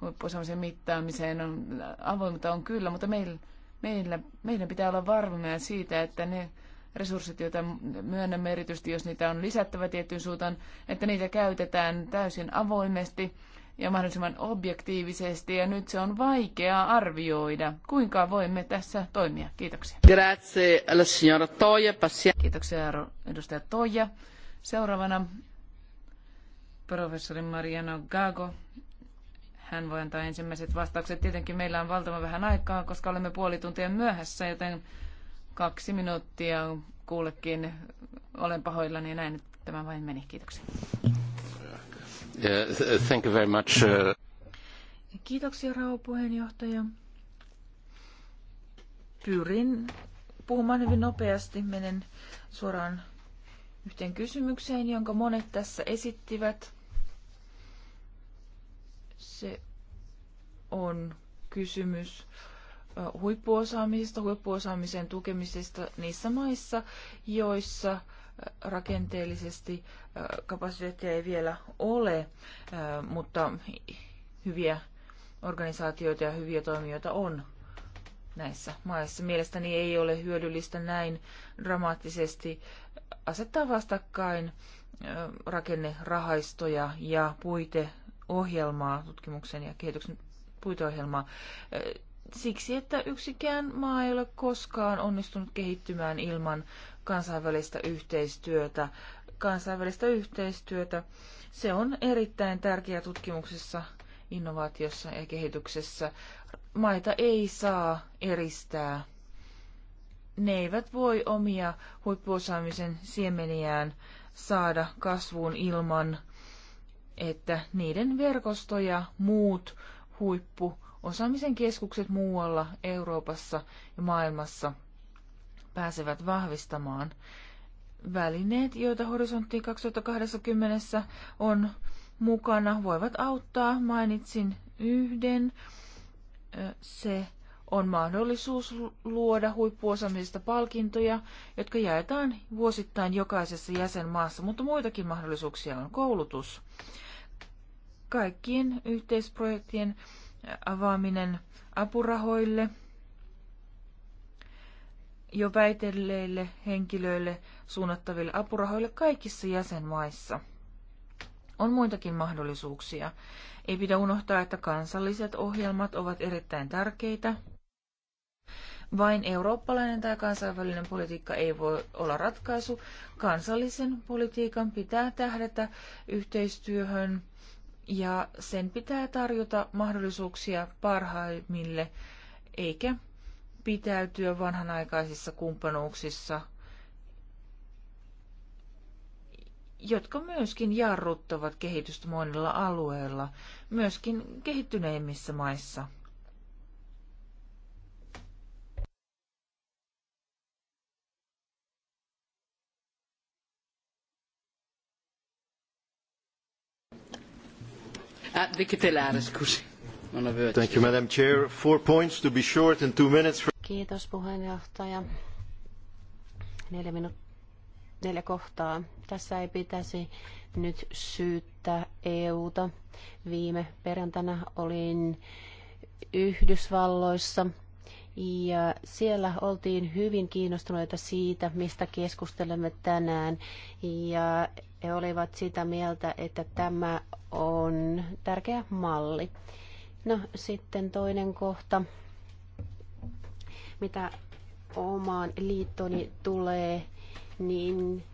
huippuosaamisen mittaamiseen? On, avointa on kyllä, mutta meillä, meillä, meidän pitää olla varmoja siitä, että ne resurssit, joita myönnämme erityisesti, jos niitä on lisättävä tiettyyn suuntaan, että niitä käytetään täysin avoimesti ja mahdollisimman objektiivisesti. Ja nyt se on vaikeaa arvioida, kuinka voimme tässä toimia. Kiitoksia. Grazie alla signora Toja. Kiitoksia edustaja Toja. Seuraavana professori Mariano Gago. Hän voi antaa ensimmäiset vastaukset. Tietenkin meillä on valtavan vähän aikaa, koska olemme puoli tuntia myöhässä, joten Kaksi minuuttia kuullekin. Olen pahoillani ja näin, että tämä vain meni. Kiitoksia. Thank you very much. Uh, Kiitoksia, rouva puheenjohtaja. Pyrin puhumaan hyvin nopeasti. Menen suoraan yhteen kysymykseen, jonka monet tässä esittivät. Se on kysymys huippuosaamisesta, huippuosaamisen tukemisesta niissä maissa, joissa rakenteellisesti kapasiteettia ei vielä ole, mutta hyviä organisaatioita ja hyviä toimijoita on näissä maissa. Mielestäni ei ole hyödyllistä näin dramaattisesti asettaa vastakkain rakennerahastoja ja puiteohjelmaa, tutkimuksen ja kehityksen puiteohjelmaa siksi, että yksikään maa ei ole koskaan onnistunut kehittymään ilman kansainvälistä yhteistyötä. Kansainvälistä yhteistyötä, se on erittäin tärkeää tutkimuksessa, innovaatiossa ja kehityksessä. Maita ei saa eristää. Ne eivät voi omia huippuosaamisen siemeniään saada kasvuun ilman, että niiden verkostoja muut huippu osaamisen keskukset muualla Euroopassa ja maailmassa pääsevät vahvistamaan välineet, joita horisontti 2020 on mukana, voivat auttaa. Mainitsin yhden. Se on mahdollisuus luoda huippuosaamisesta palkintoja, jotka jaetaan vuosittain jokaisessa jäsenmaassa, mutta muitakin mahdollisuuksia on koulutus. Kaikkien yhteisprojektien avaaminen apurahoille jo väitelleille henkilöille suunnattaville apurahoille kaikissa jäsenmaissa. On muitakin mahdollisuuksia. Ei pidä unohtaa, että kansalliset ohjelmat ovat erittäin tärkeitä. Vain eurooppalainen tai kansainvälinen politiikka ei voi olla ratkaisu. Kansallisen politiikan pitää tähdätä yhteistyöhön ja sen pitää tarjota mahdollisuuksia parhaimmille, eikä pitäytyä vanhanaikaisissa kumppanuuksissa, jotka myöskin jarruttavat kehitystä monilla alueilla, myöskin kehittyneimmissä maissa. Ah, de Ketelare, scusi. Thank you, Madam Chair. Four points to be short in two minutes. For... Kiitos puheenjohtaja. Neljä, minu... Neljä kohtaa. Tässä ei pitäisi nyt syyttää EUta. Viime perjantaina olin Yhdysvalloissa – ja siellä oltiin hyvin kiinnostuneita siitä, mistä keskustelemme tänään ja he olivat sitä mieltä, että tämä on tärkeä malli. No sitten toinen kohta, mitä omaan liittoni tulee, niin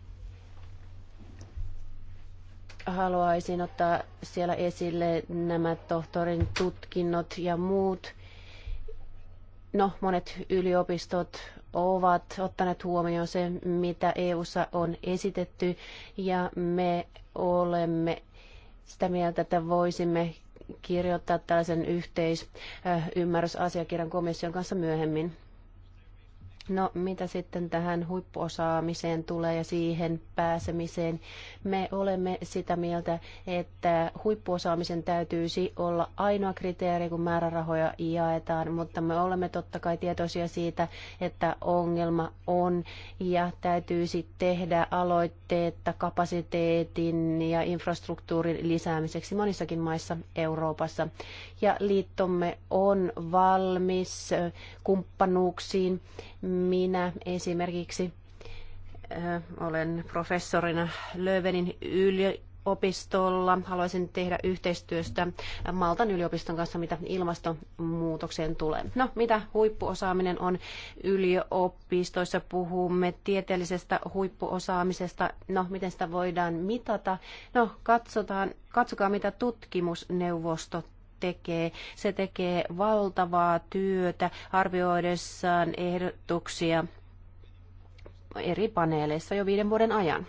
haluaisin ottaa siellä esille nämä tohtorin tutkinnot ja muut No, monet yliopistot ovat ottaneet huomioon sen, mitä EU:ssa on esitetty, ja me olemme sitä mieltä, että voisimme kirjoittaa tällaisen yhteisymmärrysasiakirjan komission kanssa myöhemmin. No mitä sitten tähän huippuosaamiseen tulee ja siihen pääsemiseen? Me olemme sitä mieltä, että huippuosaamisen täytyisi olla ainoa kriteeri, kun määrärahoja jaetaan, mutta me olemme totta kai tietoisia siitä, että ongelma on ja täytyisi tehdä aloitteetta kapasiteetin ja infrastruktuurin lisäämiseksi monissakin maissa Euroopassa. Ja liittomme on valmis kumppanuuksiin minä esimerkiksi olen professorina Löövenin yliopistolla. Haluaisin tehdä yhteistyöstä Maltan yliopiston kanssa, mitä ilmastonmuutokseen tulee. No, mitä huippuosaaminen on yliopistoissa? Puhumme tieteellisestä huippuosaamisesta. No, miten sitä voidaan mitata? No, katsotaan, katsokaa mitä tutkimusneuvosto tekee. Se tekee valtavaa työtä arvioidessaan ehdotuksia eri paneeleissa jo viiden vuoden ajan.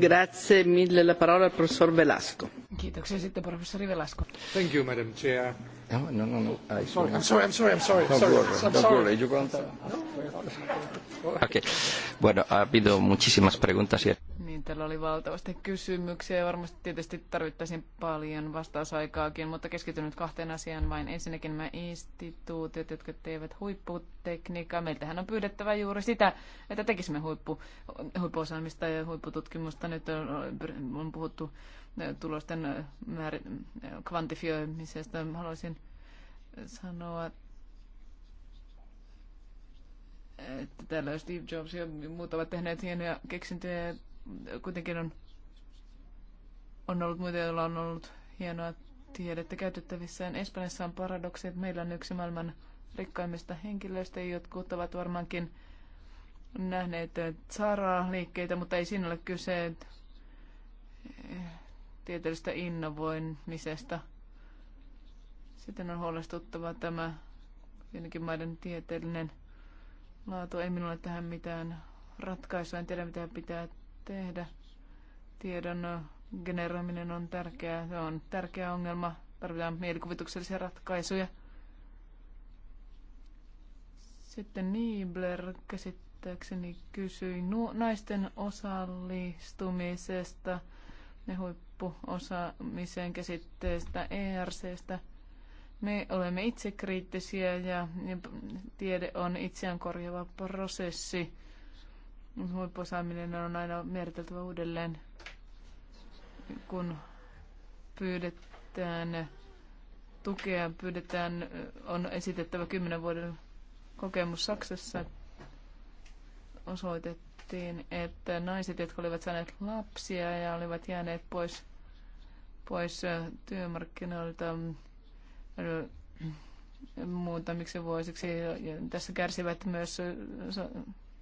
Grazie mille la parola al professor Velasco. Kiitoksia sitten professori Velasco. Thank you, Madam Chair. No, no, no, no. I sorry, I'm sorry, I'm sorry, I'm sorry. Don't sorry, worry, I'm don't sorry. worry. You can... No, no, no. Okay. Bueno, ha habido muchísimas preguntas y... Niin, täällä oli valtavasti kysymyksiä ja varmasti tietysti tarvittaisiin paljon vastausaikaakin, mutta keskityn nyt kahteen asiaan vain. Ensinnäkin nämä instituutiot, jotka teivät huipputekniikkaa. Meiltähän on pyydettävä juuri sitä, että tekisimme huippu, huippuosaamista ja huippututkimusta. Nyt on, on puhuttu äh, tulosten äh, määrin, äh, kvantifioimisesta. Haluaisin sanoa että täällä Steve Jobs ja muut ovat tehneet hienoja keksintöjä kuitenkin on, on ollut muita, joilla on ollut hienoa tiedettä käytettävissä. Espanjassa on paradoksi, että meillä on yksi maailman rikkaimmista henkilöistä. Jotkut ovat varmaankin nähneet äh, saraa liikkeitä, mutta ei siinä ole kyse äh, tieteellisestä innovoimisesta. Sitten on huolestuttava tämä jonnekin maiden tieteellinen laatu. Ei minulla tähän mitään ratkaisua. En tiedä, mitä pitää tehdä. Tiedon generoiminen on tärkeää. Se on tärkeä ongelma. Tarvitaan mielikuvituksellisia ratkaisuja. Sitten Niebler käsittääkseni kysyi naisten osallistumisesta ja huippuosaamisen käsitteestä ERCstä. Me olemme itsekriittisiä ja tiede on itseään korjava prosessi huippuosaaminen on aina määriteltävä uudelleen, kun pyydetään tukea, pyydetään, on esitettävä kymmenen vuoden kokemus Saksassa osoitettiin, että naiset, jotka olivat saaneet lapsia ja olivat jääneet pois, pois työmarkkinoilta muutamiksi vuosiksi, tässä kärsivät myös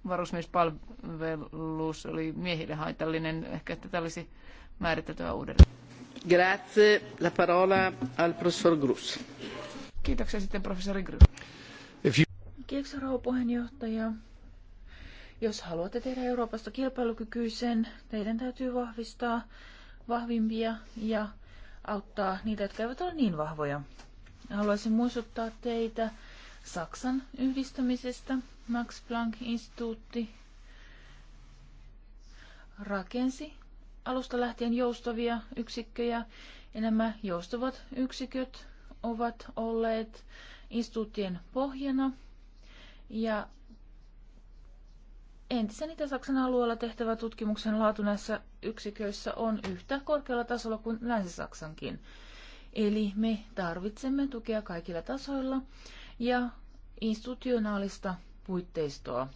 varusmiespalvelus oli miehille haitallinen. Ehkä tätä olisi määriteltävä uudelleen. Grazie. La parola al professor Grus. Kiitoksia sitten professori Grus. Kiitoksia rouva puheenjohtaja. Jos haluatte tehdä Euroopasta kilpailukykyisen, teidän täytyy vahvistaa vahvimpia ja auttaa niitä, jotka eivät ole niin vahvoja. Haluaisin muistuttaa teitä Saksan yhdistämisestä Max Planck-instituutti rakensi alusta lähtien joustavia yksikköjä, ja nämä joustavat yksiköt ovat olleet instituuttien pohjana, ja entisen Itä-Saksan alueella tehtävä tutkimuksen laatu näissä yksiköissä on yhtä korkealla tasolla kuin Länsi-Saksankin. Eli me tarvitsemme tukea kaikilla tasoilla ja institutionaalista puitteistoa.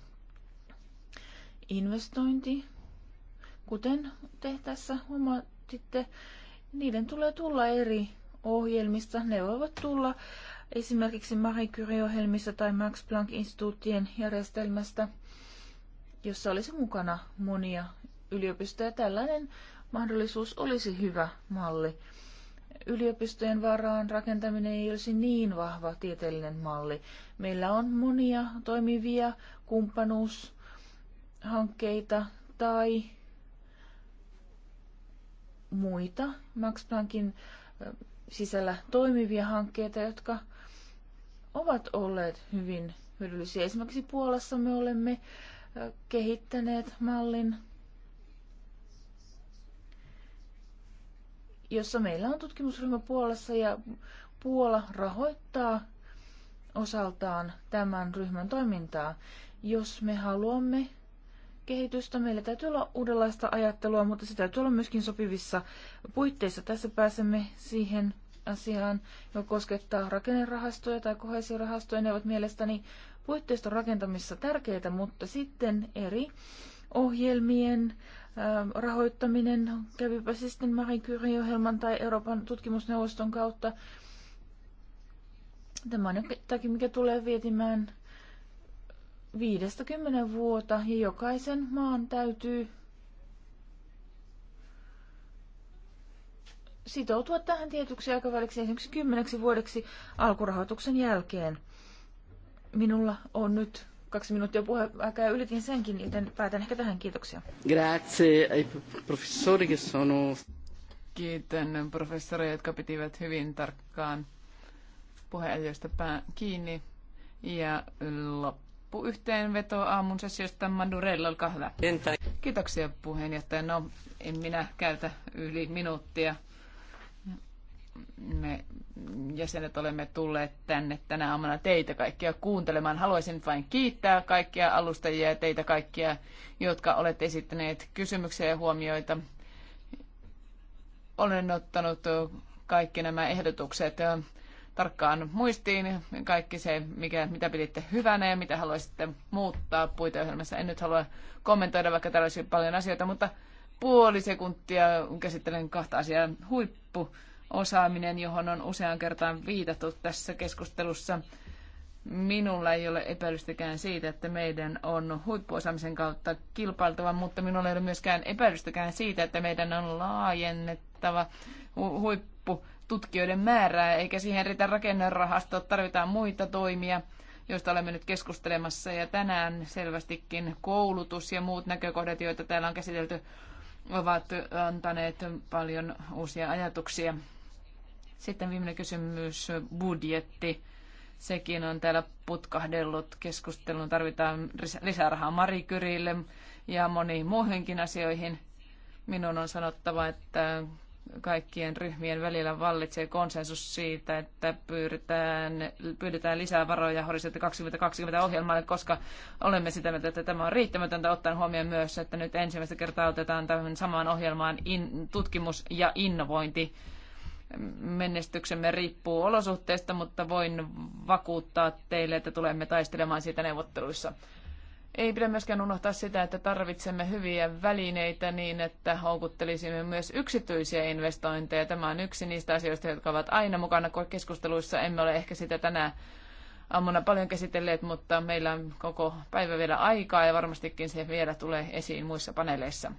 Investointi, kuten te tässä huomaatitte, niiden tulee tulla eri ohjelmista. Ne voivat tulla esimerkiksi Marie Curie-ohjelmista tai Max Planck-instituuttien järjestelmästä, jossa olisi mukana monia yliopistoja. Tällainen mahdollisuus olisi hyvä malli yliopistojen varaan rakentaminen ei olisi niin vahva tieteellinen malli. Meillä on monia toimivia kumppanuushankkeita tai muita Max Planckin sisällä toimivia hankkeita, jotka ovat olleet hyvin hyödyllisiä. Esimerkiksi Puolassa me olemme kehittäneet mallin jossa meillä on tutkimusryhmä Puolassa ja Puola rahoittaa osaltaan tämän ryhmän toimintaa. Jos me haluamme kehitystä, meillä täytyy olla uudenlaista ajattelua, mutta se täytyy olla myöskin sopivissa puitteissa. Tässä pääsemme siihen asiaan, joka koskettaa rakennerahastoja tai kohesiorahastoja. Ne ovat mielestäni puitteiston rakentamissa tärkeitä, mutta sitten eri ohjelmien ähm, rahoittaminen, kävipä se sitten Marie Curie-ohjelman tai Euroopan tutkimusneuvoston kautta. Tämä on jotakin, mikä tulee vietimään 50 vuotta ja jokaisen maan täytyy sitoutua tähän tietyksi aikaväliksi esimerkiksi kymmeneksi vuodeksi alkurahoituksen jälkeen. Minulla on nyt kaksi minuuttia puheaikaa ja ylitin senkin, joten päätän ehkä tähän. Kiitoksia. Grazie ai professori, che sono... Kiitän professoreja, jotka pitivät hyvin tarkkaan puheajoista kiinni. Ja loppu yhteenveto aamun sessiosta Madurella, olkaa hyvä. Kiitoksia puheenjohtaja. No, en minä käytä yli minuuttia me jäsenet olemme tulleet tänne tänä aamuna teitä kaikkia kuuntelemaan. Haluaisin vain kiittää kaikkia alustajia ja teitä kaikkia, jotka olette esittäneet kysymyksiä ja huomioita. Olen ottanut kaikki nämä ehdotukset tarkkaan muistiin, kaikki se, mikä, mitä piditte hyvänä ja mitä haluaisitte muuttaa puiteohjelmassa. En nyt halua kommentoida, vaikka täällä olisi paljon asioita, mutta puoli sekuntia käsittelen kahta asiaa. Huippu osaaminen, johon on useaan kertaan viitattu tässä keskustelussa. Minulla ei ole epäilystäkään siitä, että meidän on huippuosaamisen kautta kilpailtava, mutta minulla ei ole myöskään epäilystäkään siitä, että meidän on laajennettava huippututkijoiden määrää, eikä siihen riitä rakennerahasto, tarvitaan muita toimia joista olemme nyt keskustelemassa. Ja tänään selvästikin koulutus ja muut näkökohdat, joita täällä on käsitelty, ovat antaneet paljon uusia ajatuksia sitten viimeinen kysymys, budjetti. Sekin on täällä putkahdellut keskusteluun. Tarvitaan lisärahaa Marikyrille ja moniin muuhinkin asioihin. Minun on sanottava, että kaikkien ryhmien välillä vallitsee konsensus siitä, että pyydetään, pyydetään lisää varoja Horisontti 2020 ohjelmalle, koska olemme sitä mieltä, että tämä on riittämätöntä ottaen huomioon myös, että nyt ensimmäistä kertaa otetaan tämän samaan ohjelmaan in, tutkimus ja innovointi menestyksemme riippuu olosuhteista, mutta voin vakuuttaa teille, että tulemme taistelemaan siitä neuvotteluissa. Ei pidä myöskään unohtaa sitä, että tarvitsemme hyviä välineitä niin, että houkuttelisimme myös yksityisiä investointeja. Tämä on yksi niistä asioista, jotka ovat aina mukana keskusteluissa. Emme ole ehkä sitä tänä aamuna paljon käsitelleet, mutta meillä on koko päivä vielä aikaa ja varmastikin se vielä tulee esiin muissa paneeleissa.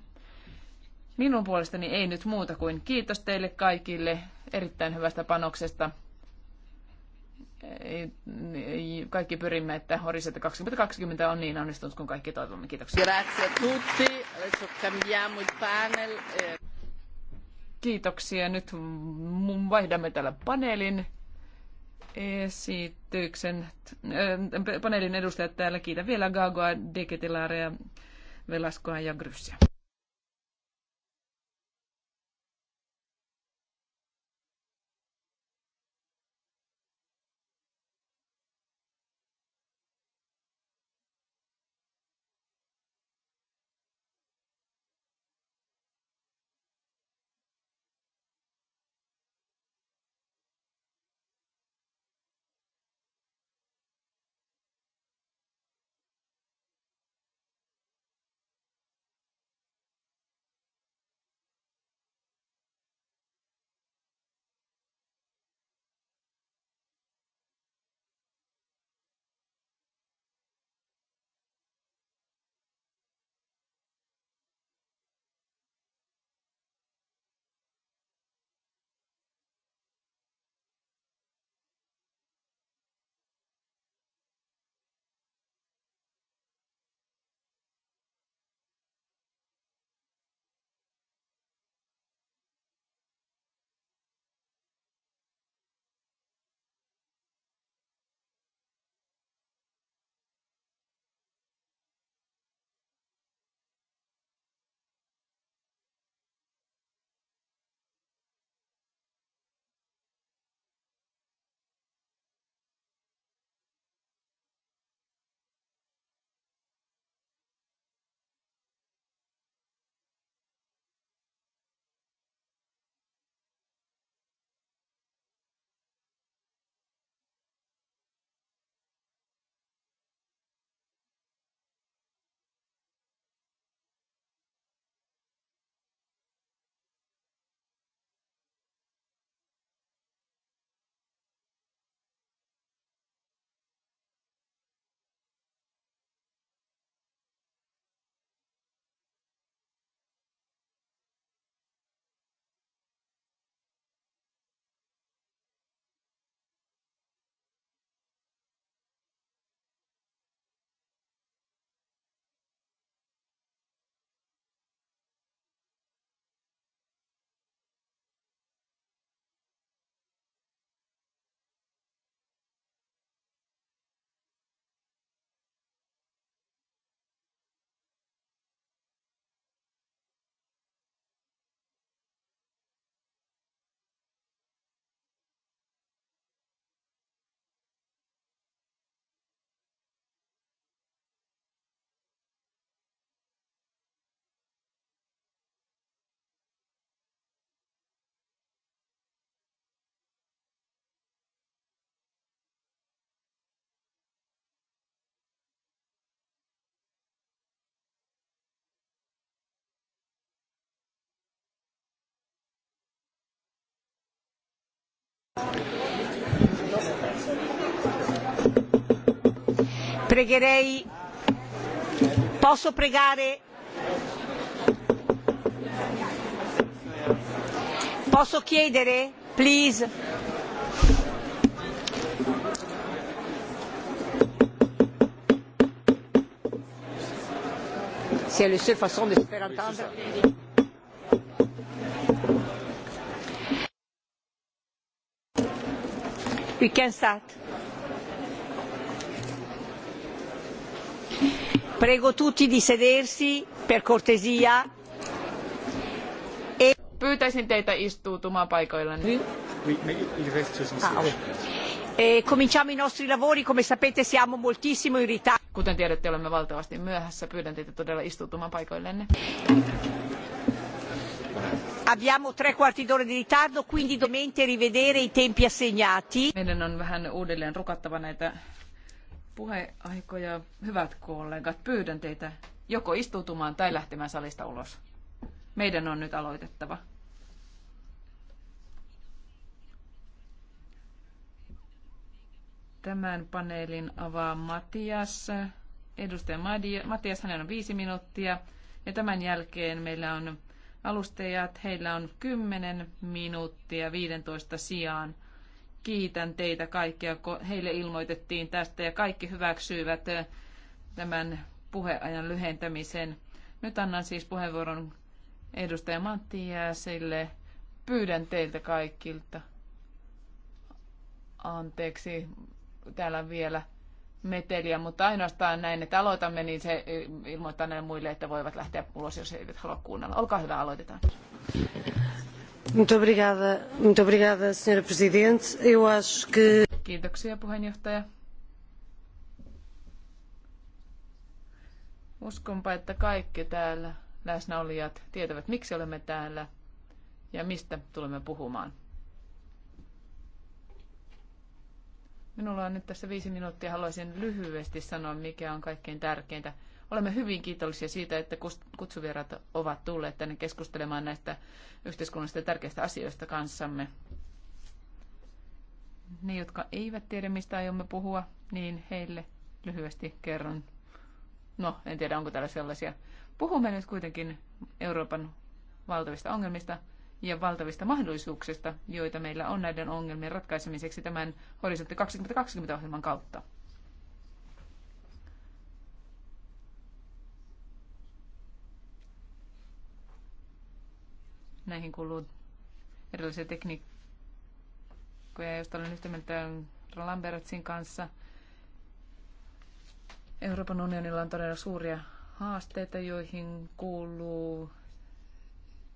Minun puolestani ei nyt muuta kuin kiitos teille kaikille erittäin hyvästä panoksesta. Kaikki pyrimme, että Horisette 2020 on niin onnistunut kuin kaikki toivomme. Kiitoksia. Grazie tutti. Adesso cambiamo il panel. Eh. Kiitoksia. Nyt vaihdamme tällä paneelin esityksen. Eh, paneelin edustajat täällä kiitän vielä Gagoa, Deketilaria, Velaskoa ja Gryssiä. Pregherei. Posso pregare? Posso chiedere? Please. C'est la seule façon de se faire entendre. We can start. Prego tutti di sedersi, per cortesia. E... Pyytäisin teitä istuutumaan paikoillanne. Niin. Ah, oui. e, cominciamo i nostri lavori, come sapete siamo moltissimo in ritardo. Kuten tiedätte, olemme valtavasti myöhässä. Pyydän teitä todella istuutumaan paikoillenne. Abbiamo tre quarti d'ora di ritardo, quindi dovete rivedere i tempi assegnati. Meidän on vähän uudelleen rukattava näitä puheaikoja. Hyvät kollegat, pyydän teitä joko istutumaan tai lähtemään salista ulos. Meidän on nyt aloitettava. Tämän paneelin avaa Matias. Edustaja Matias, hänellä on viisi minuuttia. Ja tämän jälkeen meillä on alustajat, heillä on 10 minuuttia 15 sijaan kiitän teitä kaikkia, kun heille ilmoitettiin tästä ja kaikki hyväksyivät eh, tämän puheajan lyhentämisen. Nyt annan siis puheenvuoron edustaja Matti Jääsille. Pyydän teiltä kaikilta anteeksi, täällä vielä meteliä, mutta ainoastaan näin, että aloitamme, niin se eh, ilmoittaa näille muille, että voivat lähteä ulos, jos he eivät halua kuunnella. Olkaa hyvä, aloitetaan. Muito obrigada, Kiitoksia puheenjohtaja. Uskonpa, että kaikki täällä läsnäolijat tietävät, miksi olemme täällä ja mistä tulemme puhumaan. Minulla on nyt tässä viisi minuuttia. Haluaisin lyhyesti sanoa, mikä on kaikkein tärkeintä Olemme hyvin kiitollisia siitä, että kutsuvieraat ovat tulleet tänne keskustelemaan näistä yhteiskunnallisista tärkeistä asioista kanssamme. Ne, jotka eivät tiedä, mistä aiomme puhua, niin heille lyhyesti kerron. No, en tiedä, onko täällä sellaisia. Puhumme nyt kuitenkin Euroopan valtavista ongelmista ja valtavista mahdollisuuksista, joita meillä on näiden ongelmien ratkaisemiseksi tämän Horisontti 2020-ohjelman kautta. Näihin kuuluu erilaisia tekniikkoja, joista olen yhtä mieltä Lambertsin kanssa. Euroopan unionilla on todella suuria haasteita, joihin kuuluu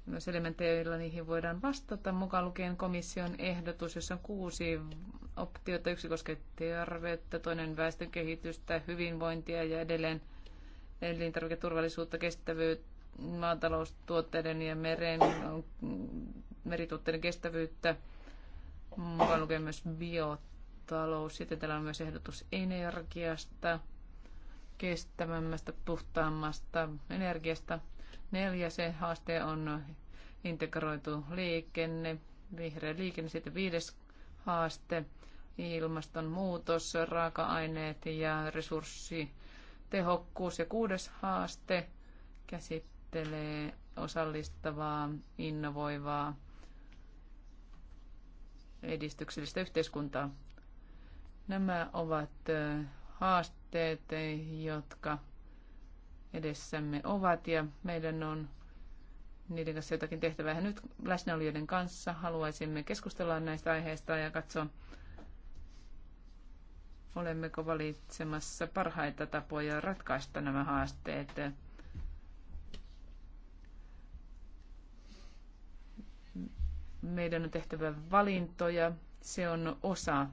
myös elementtejä, joilla niihin voidaan vastata, mukaan lukien komission ehdotus, jossa on kuusi optiota. Yksi koskee terveyttä, toinen väestön kehitystä, hyvinvointia ja edelleen elintarviketurvallisuutta, kestävyyttä maataloustuotteiden ja meren, merituotteiden kestävyyttä, mukaan lukee myös biotalous. Sitten täällä on myös ehdotus energiasta, kestävämmästä, puhtaammasta energiasta. Neljäs haaste on integroitu liikenne, vihreä liikenne. Sitten viides haaste, ilmastonmuutos, raaka-aineet ja resurssitehokkuus. Ja kuudes haaste, käsittely tavoittelee osallistavaa, innovoivaa, edistyksellistä yhteiskuntaa. Nämä ovat haasteet, jotka edessämme ovat ja meidän on niiden kanssa jotakin tehtävää. Ja nyt läsnäolijoiden kanssa haluaisimme keskustella näistä aiheista ja katsoa, olemmeko valitsemassa parhaita tapoja ratkaista nämä haasteet. Meidän on tehtävä valintoja. Se on osa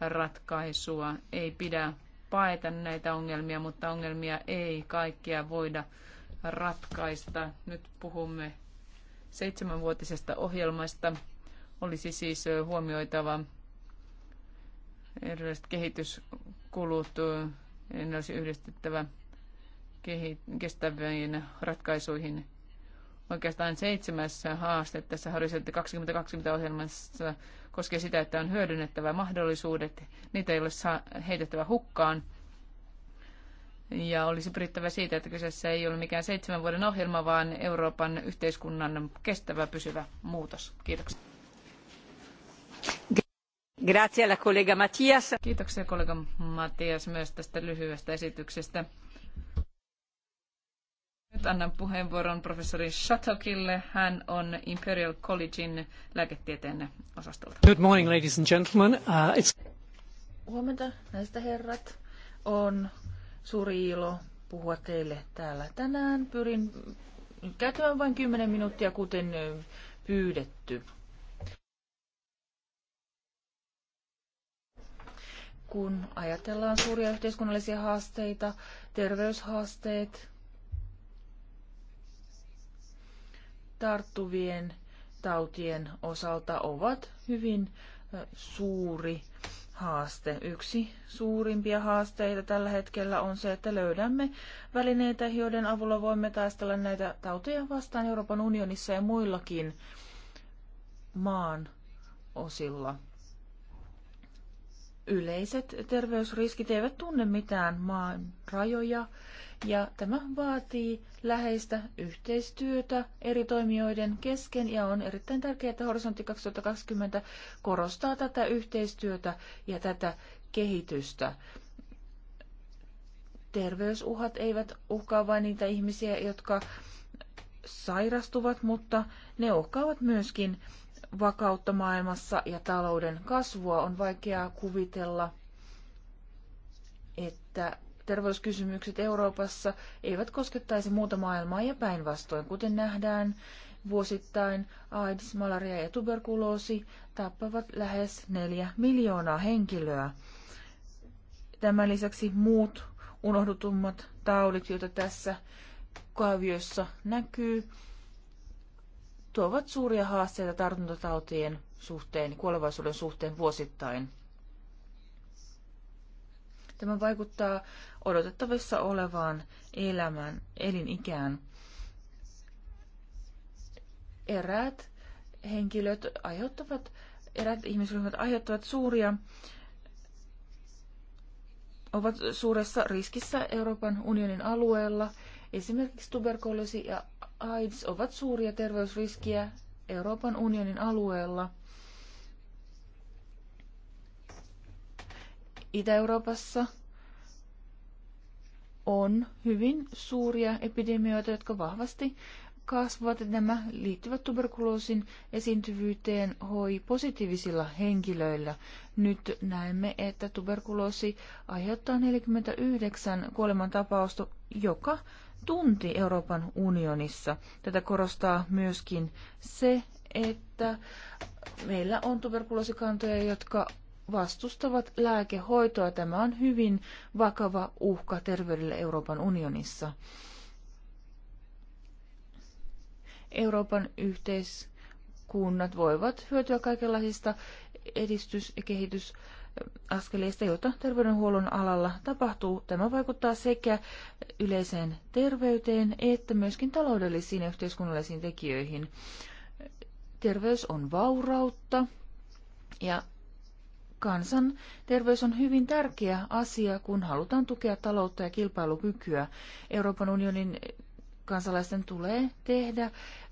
ratkaisua. Ei pidä paeta näitä ongelmia, mutta ongelmia ei kaikkia voida ratkaista. Nyt puhumme seitsemänvuotisesta ohjelmasta. Olisi siis huomioitava erilaiset kehityskulut, en olisi yhdistettävä kestäviin ratkaisuihin Oikeastaan seitsemäs haaste tässä Horisontti 2020-ohjelmassa koskee sitä, että on hyödynnettävä mahdollisuudet, niitä ei ole saa, heitettävä hukkaan. Ja olisi pyrittävä siitä, että kyseessä ei ole mikään seitsemän vuoden ohjelma, vaan Euroopan yhteiskunnan kestävä pysyvä muutos. Kiitoksia. Grazie alla collega Mattias. Kiitoksia kollega Mattias myös tästä lyhyestä esityksestä. Nyt annan puheenvuoron professori Shatokille. Hän on Imperial Collegein lääketieteen osastolta. Good morning, ladies and gentlemen. Uh, it's... Huomenta, näistä herrat. On suuri ilo puhua teille täällä tänään. Pyrin käyttämään vain 10 minuuttia, kuten pyydetty. Kun ajatellaan suuria yhteiskunnallisia haasteita, terveyshaasteet, tarttuvien tautien osalta ovat hyvin suuri haaste. Yksi suurimpia haasteita tällä hetkellä on se, että löydämme välineitä, joiden avulla voimme taistella näitä tautia vastaan Euroopan unionissa ja muillakin maan osilla. Yleiset terveysriskit eivät tunne mitään maan rajoja ja tämä vaatii läheistä yhteistyötä eri toimijoiden kesken ja on erittäin tärkeää, että Horisontti 2020 korostaa tätä yhteistyötä ja tätä kehitystä. Terveysuhat eivät uhkaa vain niitä ihmisiä, jotka sairastuvat, mutta ne uhkaavat myöskin vakautta maailmassa ja talouden kasvua. On vaikeaa kuvitella, että terveyskysymykset Euroopassa eivät koskettaisi muuta maailmaa ja päinvastoin, kuten nähdään vuosittain AIDS, malaria ja tuberkuloosi tappavat lähes neljä miljoonaa henkilöä. Tämän lisäksi muut unohdutummat taudit, joita tässä kaaviossa näkyy, tuovat suuria haasteita tartuntatautien suhteen, kuolevaisuuden suhteen vuosittain. Tämä vaikuttaa odotettavissa olevaan elämän, elinikään. Eräät henkilöt aiheuttavat, eräät ihmisryhmät aiheuttavat suuria, ovat suuressa riskissä Euroopan unionin alueella. Esimerkiksi tuberkuloosi ja AIDS ovat suuria terveysriskiä Euroopan unionin alueella – Itä-Euroopassa on hyvin suuria epidemioita, jotka vahvasti kasvavat. Nämä liittyvät tuberkuloosin esiintyvyyteen hoi positiivisilla henkilöillä. Nyt näemme, että tuberkuloosi aiheuttaa 49 kuolemantapausta joka tunti Euroopan unionissa. Tätä korostaa myöskin se, että meillä on tuberkuloosikantoja, jotka vastustavat lääkehoitoa. Tämä on hyvin vakava uhka terveydelle Euroopan unionissa. Euroopan yhteiskunnat voivat hyötyä kaikenlaisista edistys- ja kehitysaskeleista, joita terveydenhuollon alalla tapahtuu. Tämä vaikuttaa sekä yleiseen terveyteen että myöskin taloudellisiin ja yhteiskunnallisiin tekijöihin. Terveys on vaurautta ja Kansan terveys on hyvin tärkeä asia, kun halutaan tukea taloutta ja kilpailukykyä. Euroopan unionin kansalaisten tulee tehdä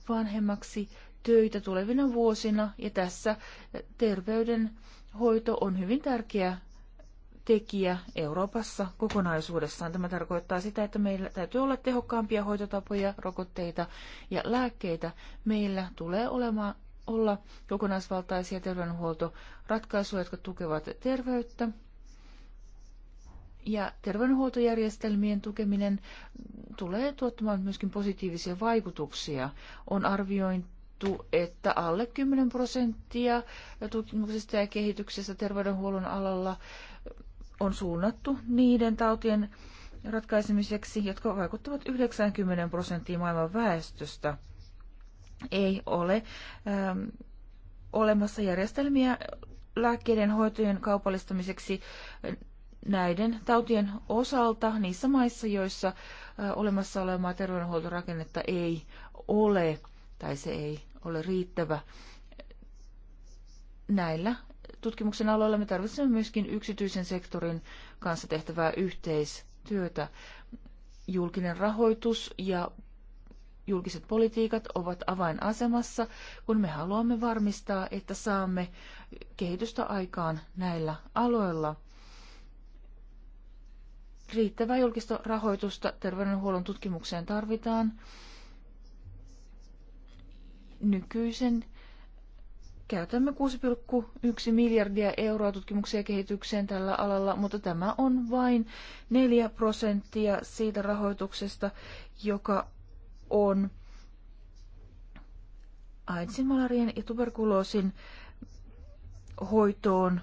vanhemmaksi töitä tulevina vuosina ja tässä terveydenhoito on hyvin tärkeä tekijä Euroopassa kokonaisuudessaan. Tämä tarkoittaa sitä, että meillä täytyy olla tehokkaampia hoitotapoja, rokotteita ja lääkkeitä. Meillä tulee olemaan olla kokonaisvaltaisia terveydenhuoltoratkaisuja, jotka tukevat terveyttä. Ja terveydenhuoltojärjestelmien tukeminen tulee tuottamaan myöskin positiivisia vaikutuksia. On arviointu, että alle 10 prosenttia tutkimuksesta ja kehityksestä terveydenhuollon alalla on suunnattu niiden tautien ratkaisemiseksi, jotka vaikuttavat 90 prosenttia maailman väestöstä ei ole ähm, olemassa järjestelmiä lääkkeiden hoitojen kaupallistamiseksi näiden tautien osalta niissä maissa, joissa äh, olemassa olevaa terveydenhuoltorakennetta ei ole tai se ei ole riittävä. Näillä tutkimuksen aloilla me tarvitsemme myöskin yksityisen sektorin kanssa tehtävää yhteistyötä. Julkinen rahoitus ja julkiset politiikat ovat avainasemassa, kun me haluamme varmistaa, että saamme kehitystä aikaan näillä aloilla. Riittävää julkista rahoitusta terveydenhuollon tutkimukseen tarvitaan. Nykyisen käytämme 6,1 miljardia euroa tutkimukseen ja kehitykseen tällä alalla, mutta tämä on vain 4 prosenttia siitä rahoituksesta, joka on AIDSin, malarien ja tuberkuloosin hoitoon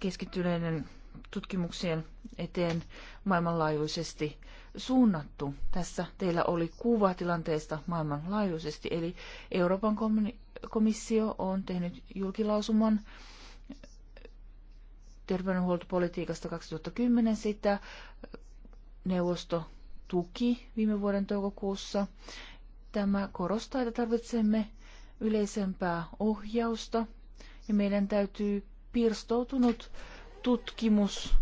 keskittyneiden tutkimuksien eteen maailmanlaajuisesti suunnattu. Tässä teillä oli kuva tilanteesta maailmanlaajuisesti, eli Euroopan komissio on tehnyt julkilausuman terveydenhuoltopolitiikasta 2010 sitä. Neuvosto tuki viime vuoden toukokuussa. Tämä korostaa, että tarvitsemme yleisempää ohjausta ja meidän täytyy pirstoutunut tutkimus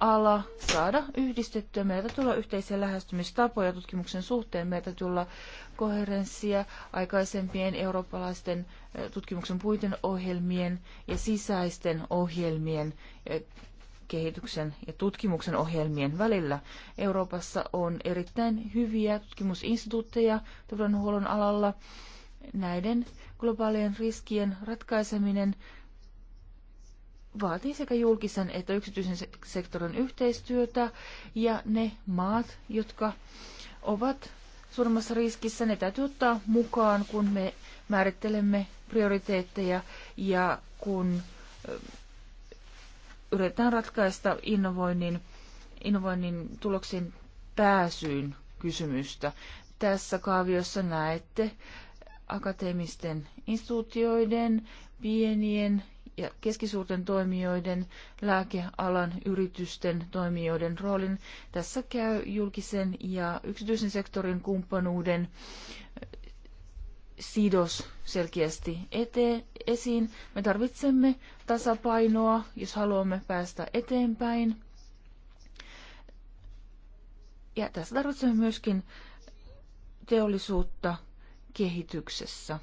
ala saada yhdistettyä. Meillä täytyy olla yhteisiä lähestymistapoja tutkimuksen suhteen. Meillä täytyy olla koherenssia aikaisempien eurooppalaisten eh, tutkimuksen puiten ohjelmien ja sisäisten ohjelmien eh, kehityksen ja tutkimuksen ohjelmien välillä. Euroopassa on erittäin hyviä tutkimusinstituutteja terveydenhuollon alalla. Näiden globaalien riskien ratkaiseminen vaatii sekä julkisen että yksityisen sektorin yhteistyötä ja ne maat, jotka ovat suuremmassa riskissä, ne täytyy ottaa mukaan, kun me määrittelemme prioriteetteja ja kun yritetään ratkaista innovoinnin, innovoinnin tuloksiin pääsyyn kysymystä. Tässä kaaviossa näette akateemisten instituutioiden, pienien ja keskisuurten toimijoiden, lääkealan yritysten toimijoiden roolin. Tässä käy julkisen ja yksityisen sektorin kumppanuuden sidos selkeästi eteen, esiin. Me tarvitsemme tasapainoa, jos haluamme päästä eteenpäin. Ja tässä tarvitsemme myöskin teollisuutta kehityksessä.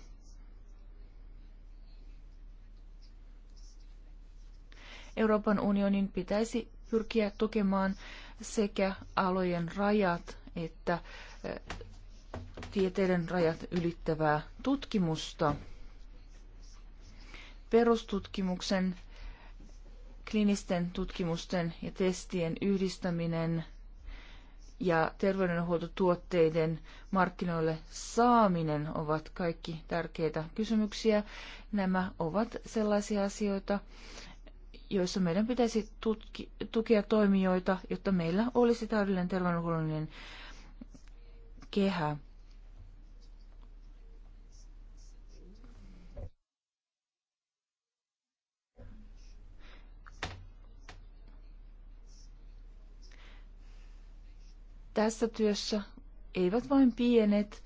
Euroopan unionin pitäisi pyrkiä tukemaan sekä alojen rajat että tieteiden rajat ylittävää tutkimusta. Perustutkimuksen, klinisten tutkimusten ja testien yhdistäminen ja terveydenhuoltotuotteiden markkinoille saaminen ovat kaikki tärkeitä kysymyksiä. Nämä ovat sellaisia asioita, joissa meidän pitäisi tutki, tukea toimijoita, jotta meillä olisi täydellinen terveydenhuollollinen kehä. tässä työssä eivät vain pienet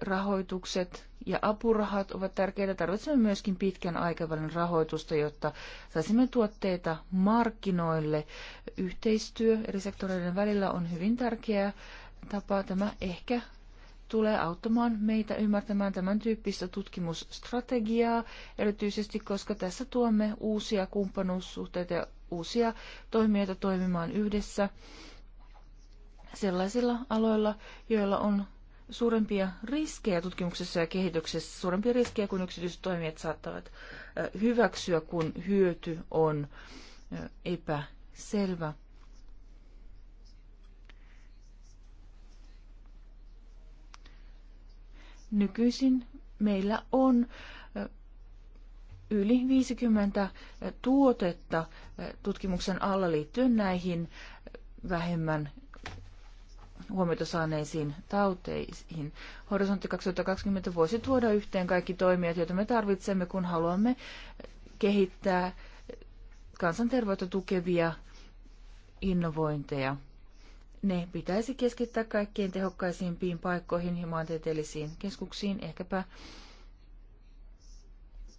rahoitukset ja apurahat ovat tärkeitä. Tarvitsemme myöskin pitkän aikavälin rahoitusta, jotta saisimme tuotteita markkinoille. Yhteistyö eri sektoreiden välillä on hyvin tärkeä tapa. Tämä ehkä tulee auttamaan meitä ymmärtämään tämän tyyppistä tutkimusstrategiaa, erityisesti koska tässä tuomme uusia kumppanuussuhteita ja uusia toimijoita toimimaan yhdessä sellaisilla aloilla, joilla on suurempia riskejä tutkimuksessa ja kehityksessä, suurempia riskejä kuin yksityiset toimijat saattavat hyväksyä, kun hyöty on epäselvä. Nykyisin meillä on yli 50 tuotetta tutkimuksen alla liittyen näihin vähemmän huomiota saaneisiin tauteihin. Horisontti 2020 voisi tuoda yhteen kaikki toimijat, joita me tarvitsemme, kun haluamme kehittää kansanterveyttä tukevia innovointeja. Ne pitäisi keskittää kaikkein tehokkaisimpiin paikkoihin ja maantieteellisiin keskuksiin. Ehkäpä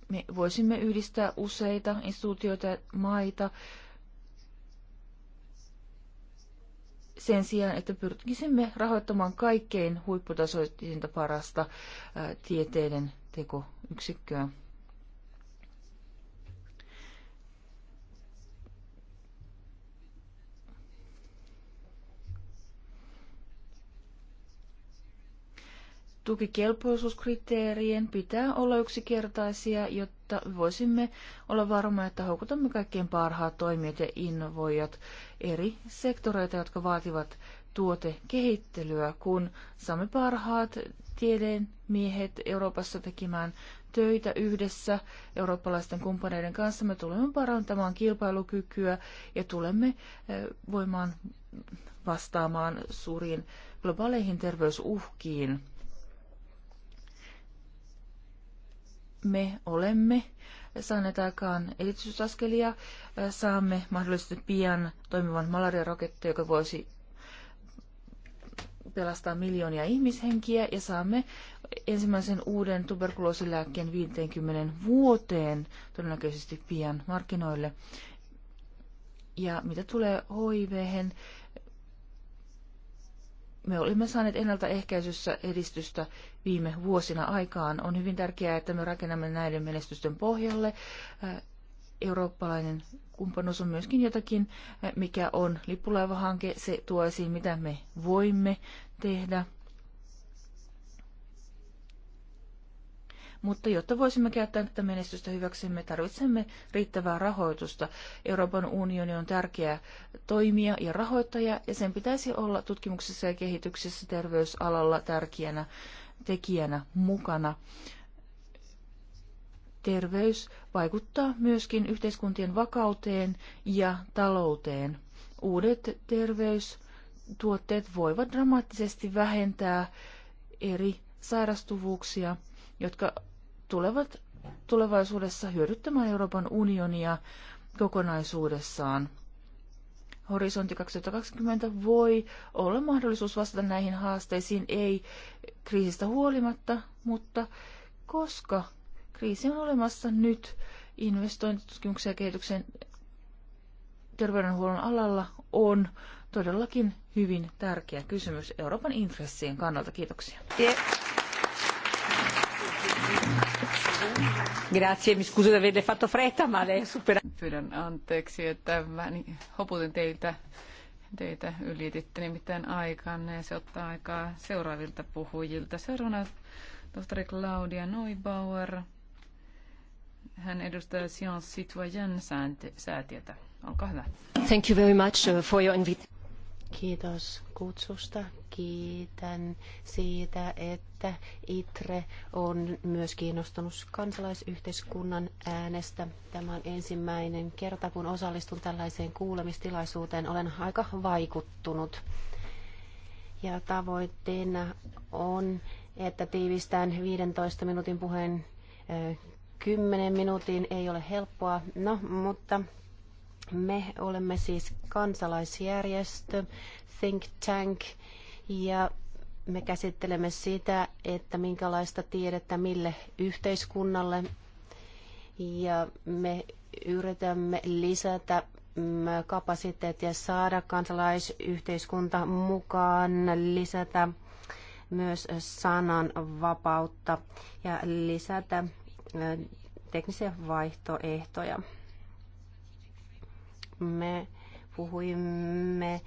me voisimme yhdistää useita instituutioita ja maita sen sijaan, että pyrkisimme rahoittamaan kaikkein huipputasoisinta parasta tieteiden tekoyksikköä. tukikelpoisuuskriteerien pitää olla yksinkertaisia, jotta voisimme olla varma, että houkutamme kaikkien parhaat toimijat ja innovoijat eri sektoreita, jotka vaativat tuotekehittelyä, kun saamme parhaat tieteen miehet Euroopassa tekemään töitä yhdessä eurooppalaisten kumppaneiden kanssa. Me tulemme parantamaan kilpailukykyä ja tulemme eh, voimaan vastaamaan suuriin globaaleihin terveysuhkiin. me olemme saaneet aikaan edistysaskelia. Saamme mahdollisesti pian toimivan malariaroketteen, joka voisi pelastaa miljoonia ihmishenkiä ja saamme ensimmäisen uuden tuberkuloosilääkkeen 50 vuoteen todennäköisesti pian markkinoille. Ja mitä tulee hiv me olemme saaneet ennaltaehkäisyssä edistystä viime vuosina aikaan. On hyvin tärkeää, että me rakennamme näiden menestysten pohjalle. Äh, eurooppalainen kumppanuus on myöskin jotakin, äh, mikä on lippulaivahanke. Se tuo esiin, mitä me voimme tehdä. mutta jotta voisimme käyttää tätä menestystä hyväksemme, tarvitsemme riittävää rahoitusta. Euroopan unioni on tärkeä toimija ja rahoittaja, ja sen pitäisi olla tutkimuksessa ja kehityksessä terveysalalla tärkeänä tekijänä mukana. Terveys vaikuttaa myöskin yhteiskuntien vakauteen ja talouteen. Uudet terveystuotteet voivat dramaattisesti vähentää eri sairastuvuuksia, jotka tulevat tulevaisuudessa hyödyttämään Euroopan unionia kokonaisuudessaan. Horisontti 2020 voi olla mahdollisuus vastata näihin haasteisiin, ei kriisistä huolimatta, mutta koska kriisi on olemassa nyt, investointitutkimuksen ja kehityksen terveydenhuollon alalla on todellakin hyvin tärkeä kysymys Euroopan intressien kannalta. Kiitoksia. Yeah. Grazie, mi scuso di averle fatto fretta, ma le supera... Pyydän anteeksi, että vähän niin hoputin teiltä, teitä ylititte nimittäin aikanne ja se ottaa aikaa seuraavilta puhujilta. Seuraavana tohtori Claudia Neubauer. Hän edustaa Science Citoyen säätiötä. Olkaa hyvä. Thank you very much uh, for your invitation. Kiitos kutsusta. Kiitän siitä, että ITRE on myös kiinnostunut kansalaisyhteiskunnan äänestä. Tämä on ensimmäinen kerta, kun osallistun tällaiseen kuulemistilaisuuteen. Olen aika vaikuttunut. Ja tavoitteena on, että tiivistään 15 minuutin puheen 10 minuutin. Ei ole helppoa, no, mutta me olemme siis kansalaisjärjestö, think tank, ja me käsittelemme sitä, että minkälaista tiedettä mille yhteiskunnalle. Ja me yritämme lisätä mm, kapasiteettia saada kansalaisyhteiskunta mukaan, lisätä myös sananvapautta ja lisätä teknisiä vaihtoehtoja me puhuimme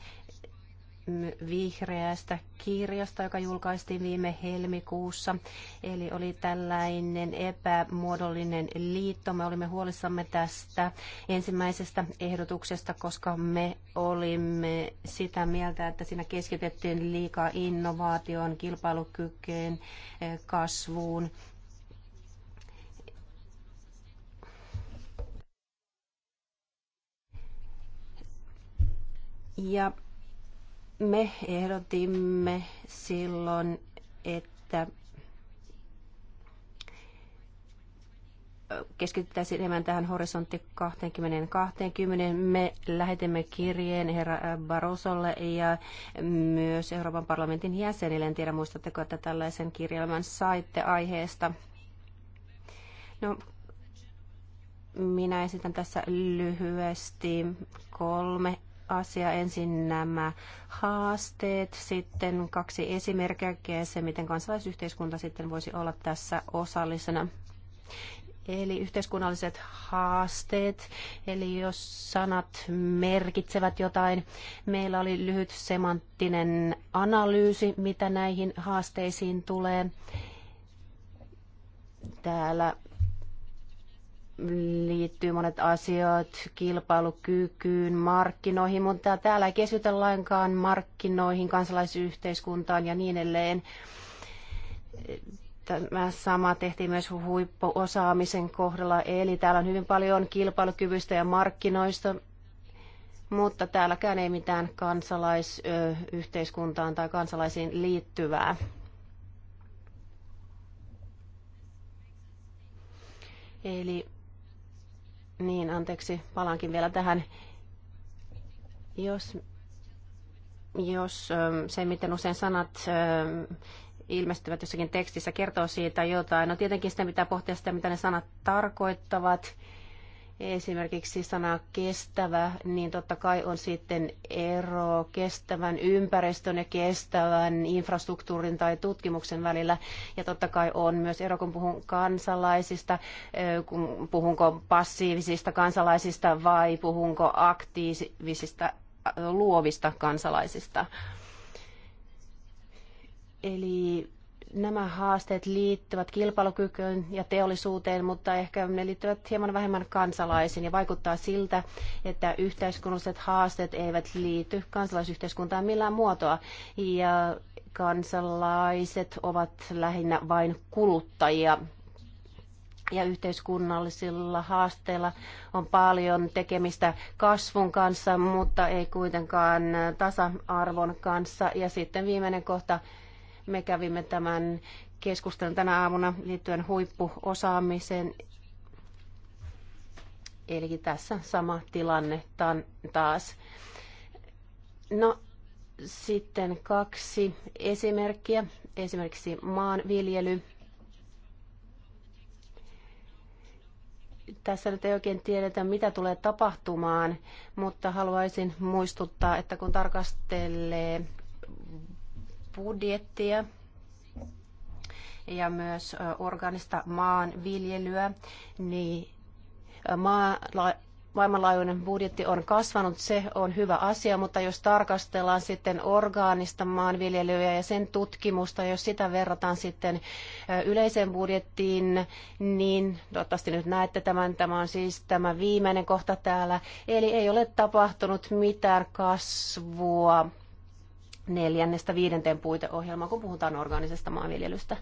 vihreästä kirjasta, joka julkaistiin viime helmikuussa. Eli oli tällainen epämuodollinen liitto. Me olimme huolissamme tästä ensimmäisestä ehdotuksesta, koska me olimme sitä mieltä, että siinä keskitettiin liikaa innovaatioon, kilpailukykyyn eh, kasvuun Ja me ehdotimme silloin, että keskityttäisiin enemmän tähän horisontti 2020. Me lähetimme kirjeen herra Barosolle ja myös Euroopan parlamentin jäsenille. En tiedä, muistatteko, että tällaisen kirjelmän saitte aiheesta. No, minä esitän tässä lyhyesti kolme asia. Ensin nämä haasteet, sitten kaksi esimerkkiä se, miten kansalaisyhteiskunta sitten voisi olla tässä osallisena. Eli yhteiskunnalliset haasteet, eli jos sanat merkitsevät jotain. Meillä oli lyhyt semanttinen analyysi, mitä näihin haasteisiin tulee. Täällä liittyy monet asiat kilpailukykyyn, markkinoihin, mutta täällä ei keskitytä lainkaan markkinoihin, kansalaisyhteiskuntaan ja niin edelleen. Tämä sama tehtiin myös huippuosaamisen kohdalla, eli täällä on hyvin paljon kilpailukyvystä ja markkinoista, mutta täälläkään ei mitään kansalaisyhteiskuntaan tai kansalaisiin liittyvää. Eli niin, anteeksi, palaankin vielä tähän. Jos, jos ähm, se, miten usein sanat ähm, ilmestyvät jossakin tekstissä, kertoo siitä jotain. No tietenkin sitä pitää pohtia sitä, mitä ne sanat tarkoittavat esimerkiksi sana kestävä, niin totta kai on sitten ero kestävän ympäristön ja kestävän infrastruktuurin tai tutkimuksen välillä. Ja totta kai on myös ero, kun puhun kansalaisista, kun puhunko passiivisista kansalaisista vai puhunko aktiivisista luovista kansalaisista. Eli Nämä haasteet liittyvät kilpailukykyyn ja teollisuuteen, mutta ehkä ne liittyvät hieman vähemmän kansalaisiin ja vaikuttaa siltä, että yhteiskunnalliset haasteet eivät liity kansalaisyhteiskuntaan millään muotoa. Ja kansalaiset ovat lähinnä vain kuluttajia ja yhteiskunnallisilla haasteilla on paljon tekemistä kasvun kanssa, mutta ei kuitenkaan tasa-arvon kanssa. Ja sitten viimeinen kohta me kävimme tämän keskustelun tänä aamuna liittyen huippuosaamiseen. Eli tässä sama tilanne taas. No sitten kaksi esimerkkiä. Esimerkiksi maanviljely. Tässä nyt ei oikein tiedetä, mitä tulee tapahtumaan, mutta haluaisin muistuttaa, että kun tarkastelee budjettia ja myös organista maanviljelyä, niin maa, maailmanlaajuinen budjetti on kasvanut, se on hyvä asia, mutta jos tarkastellaan sitten orgaanista maanviljelyä ja sen tutkimusta, jos sitä verrataan sitten yleiseen budjettiin, niin toivottavasti nyt näette tämän, tämä on siis tämä viimeinen kohta täällä, eli ei ole tapahtunut mitään kasvua neljännestä viidenteen puiteohjelmaa, kun puhutaan orgaanisesta maanviljelystä.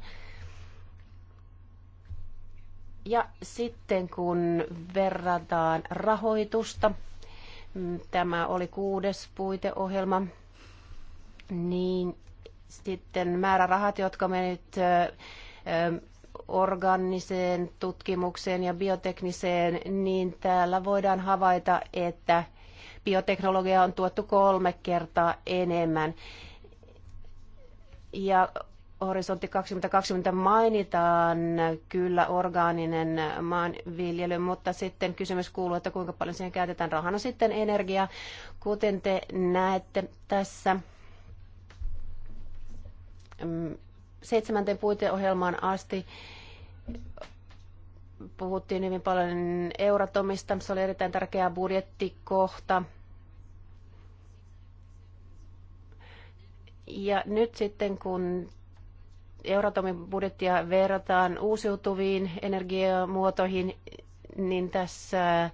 Ja sitten kun verrataan rahoitusta, mm, tämä oli kuudes puiteohjelma, niin sitten määrärahat, jotka menivät organiseen tutkimukseen ja biotekniseen, niin täällä voidaan havaita, että bioteknologiaa on tuotu kolme kertaa enemmän. Ja Horisontti 2020 mainitaan kyllä orgaaninen maanviljely, mutta sitten kysymys kuuluu, että kuinka paljon siihen käytetään rahana no sitten energiaa. Kuten te näette tässä mm, seitsemänteen puiteohjelmaan asti puhuttiin hyvin paljon Euratomista, se oli erittäin tärkeä budjettikohta. Ja nyt sitten kun Euratomin budjettia verrataan uusiutuviin energiamuotoihin, niin tässä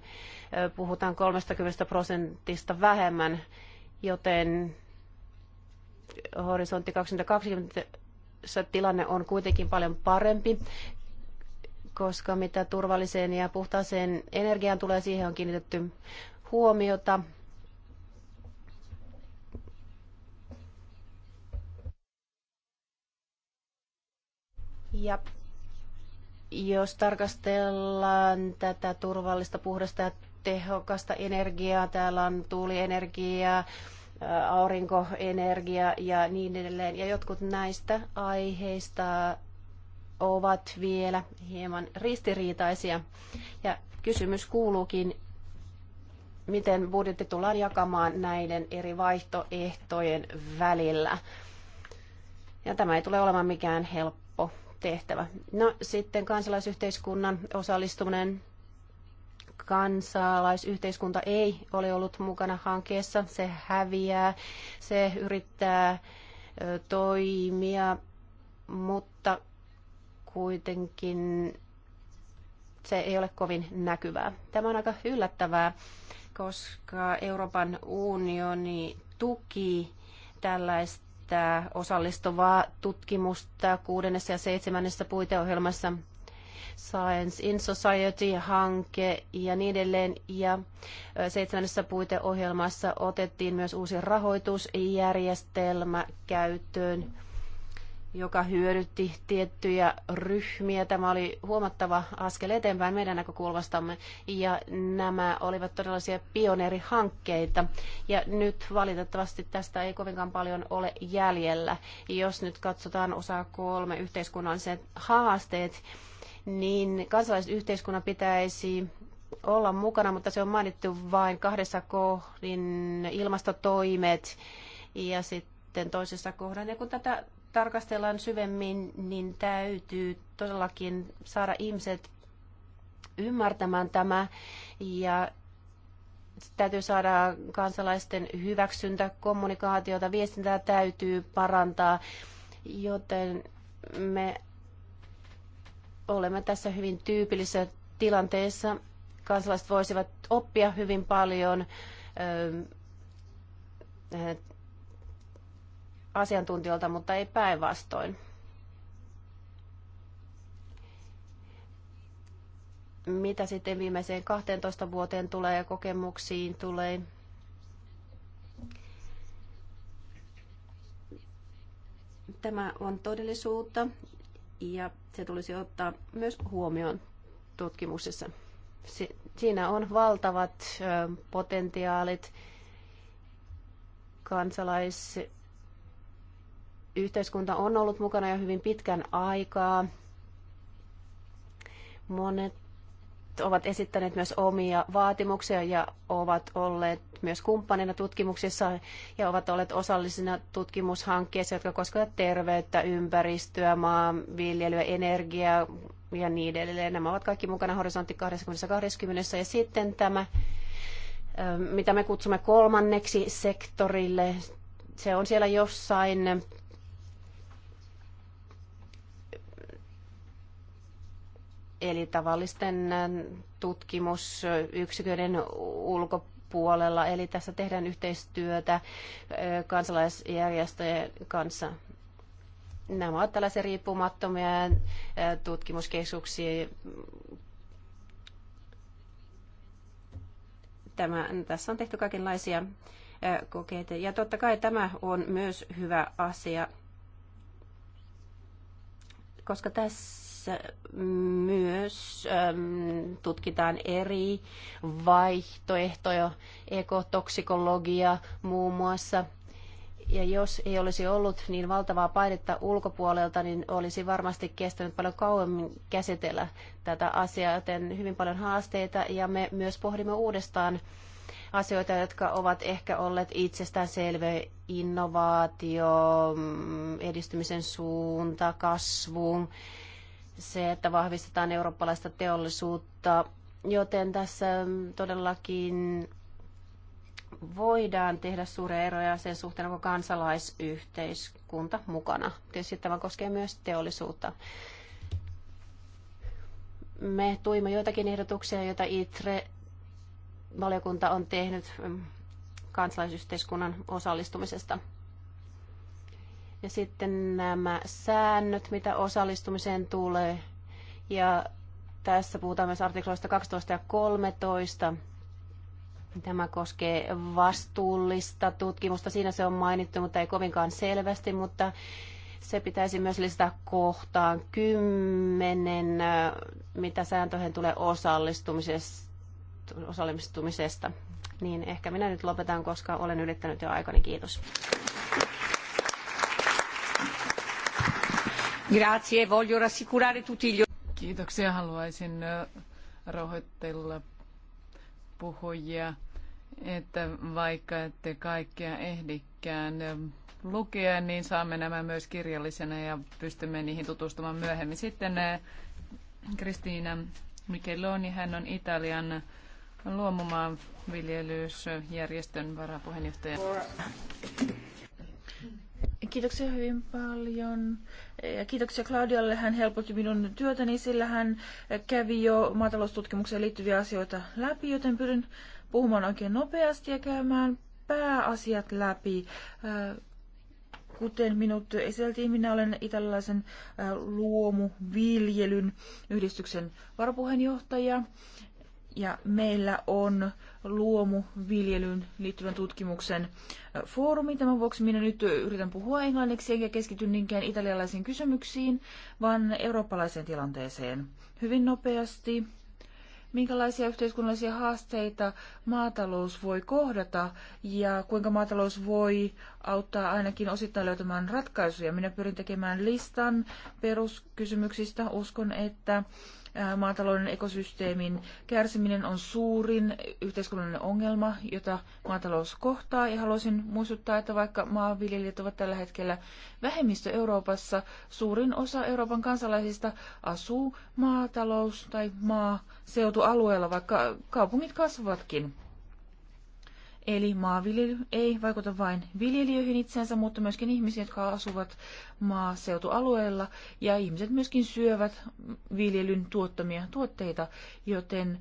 puhutaan 30 prosentista vähemmän, joten horisontti 2020 tilanne on kuitenkin paljon parempi koska mitä turvalliseen ja puhtaaseen energiaan tulee, siihen on kiinnitetty huomiota. Ja jos tarkastellaan tätä turvallista, puhdasta ja tehokasta energiaa, täällä on tuulienergiaa, aurinkoenergia ja niin edelleen. Ja jotkut näistä aiheista ovat vielä hieman ristiriitaisia. Ja kysymys kuuluukin, miten budjetti tullaan jakamaan näiden eri vaihtoehtojen välillä. Ja tämä ei tule olemaan mikään helppo tehtävä. No sitten kansalaisyhteiskunnan osallistuminen. Kansalaisyhteiskunta ei ole ollut mukana hankkeessa. Se häviää, se yrittää toimia, mutta kuitenkin se ei ole kovin näkyvää. Tämä on aika yllättävää, koska Euroopan unioni tuki tällaista osallistuvaa tutkimusta kuudennessa ja seitsemännessä puiteohjelmassa Science in Society-hanke ja niin edelleen. Ja seitsemännessä puiteohjelmassa otettiin myös uusi rahoitusjärjestelmä käyttöön joka hyödytti tiettyjä ryhmiä. Tämä oli huomattava askel eteenpäin meidän näkökulmastamme ja nämä olivat todellisia pioneerihankkeita. Ja nyt valitettavasti tästä ei kovinkaan paljon ole jäljellä. Jos nyt katsotaan osaa kolme yhteiskunnalliset haasteet, niin kansalaisyhteiskunnan pitäisi olla mukana, mutta se on mainittu vain kahdessa kohdin ilmastotoimet ja sitten toisessa kohdassa. Ja kun tätä tarkastellaan syvemmin, niin täytyy todellakin saada ihmiset ymmärtämään tämä ja täytyy saada kansalaisten hyväksyntä, kommunikaatiota, viestintää täytyy parantaa, joten me olemme tässä hyvin tyypillisessä tilanteessa. Kansalaiset voisivat oppia hyvin paljon asiantuntijoilta, mutta ei päinvastoin. Mitä sitten viimeiseen 12 vuoteen tulee ja kokemuksiin tulee? Tämä on todellisuutta ja se tulisi ottaa myös huomioon tutkimuksessa. Siinä on valtavat potentiaalit kansalais- yhteiskunta on ollut mukana jo hyvin pitkän aikaa. Monet ovat esittäneet myös omia vaatimuksia ja ovat olleet myös kumppanina tutkimuksissa ja ovat olleet osallisina tutkimushankkeissa, jotka koskevat terveyttä, ympäristöä, maanviljelyä, energiaa ja niin edelleen. Nämä ovat kaikki mukana horisontti 2020 ja sitten tämä, mitä me kutsumme kolmanneksi sektorille, se on siellä jossain eli tavallisten äh, tutkimusyksiköiden ulkopuolella. Eli tässä tehdään yhteistyötä äh, kansalaisjärjestöjen kanssa. Nämä ovat tällaisia riippumattomia äh, tutkimuskeskuksia. Tämä, tässä on tehty kaikenlaisia kokeita. Ja totta kai tämä on myös hyvä asia, koska tässä tässä myös ähm, tutkitaan eri vaihtoehtoja, ekotoksikologia muun muassa. Ja jos ei olisi ollut niin valtavaa painetta ulkopuolelta, niin olisi varmasti kestänyt paljon kauemmin käsitellä tätä asiaa, joten hyvin paljon haasteita. Ja me myös pohdimme uudestaan asioita, jotka ovat ehkä olleet itsestäänselviä, innovaatio, mm, edistymisen suunta, kasvu, se, että vahvistetaan eurooppalaista teollisuutta, joten tässä todellakin voidaan tehdä suuria eroja sen suhteen, onko kansalaisyhteiskunta mukana. Tietysti tämä koskee myös teollisuutta. Me tuimme joitakin ehdotuksia, joita ITRE-valiokunta on tehnyt mm, kansalaisyhteiskunnan osallistumisesta. Ja sitten nämä säännöt, mitä osallistumiseen tulee. Ja tässä puhutaan myös artikloista 12 ja 13. Tämä koskee vastuullista tutkimusta. Siinä se on mainittu, mutta ei kovinkaan selvästi, mutta se pitäisi myös lisätä kohtaan kymmenen, mitä sääntöihin tulee osallistumisesta. Niin ehkä minä nyt lopetan, koska olen ylittänyt jo aikani. Kiitos. Kiitoksia, haluaisin rauhoitella puhujia, että vaikka ette kaikkea ehdikään lukea, niin saamme nämä myös kirjallisena ja pystymme niihin tutustumaan myöhemmin. Sitten Kristiina Micheloni, hän on Italian luomumaan viljelysjärjestön varapuheenjohtaja. Kiitoksia hyvin paljon. Ja kiitoksia Claudialle. Hän helpotti minun työtäni, sillä hän kävi jo maataloustutkimukseen liittyviä asioita läpi, joten pyrin puhumaan oikein nopeasti ja käymään pääasiat läpi. Äh, kuten minut esiteltiin, minä olen italialaisen äh, luomuviljelyn yhdistyksen varapuheenjohtaja. Ja meillä on luomuviljelyyn liittyvän tutkimuksen äh, foorumi. Tämän vuoksi minä nyt äh, yritän puhua englanniksi eikä keskity niinkään italialaisiin kysymyksiin, vaan eurooppalaiseen tilanteeseen. Hyvin nopeasti, minkälaisia yhteiskunnallisia haasteita maatalous voi kohdata ja kuinka maatalous voi auttaa ainakin osittain löytämään ratkaisuja. Minä pyrin tekemään listan peruskysymyksistä. Uskon, että maatalouden ekosysteemin kärsiminen on suurin yhteiskunnallinen ongelma, jota maatalous kohtaa. Ja haluaisin muistuttaa, että vaikka maanviljelijät ovat tällä hetkellä vähemmistö Euroopassa, suurin osa Euroopan kansalaisista asuu maatalous- tai maaseutualueella, vaikka kaupungit kasvavatkin. Eli maanviljely ei vaikuta vain viljelijöihin itseensä, mutta myöskin ihmisiin, jotka asuvat maaseutualueella. Ja ihmiset myöskin syövät viljelyn tuottamia tuotteita, joten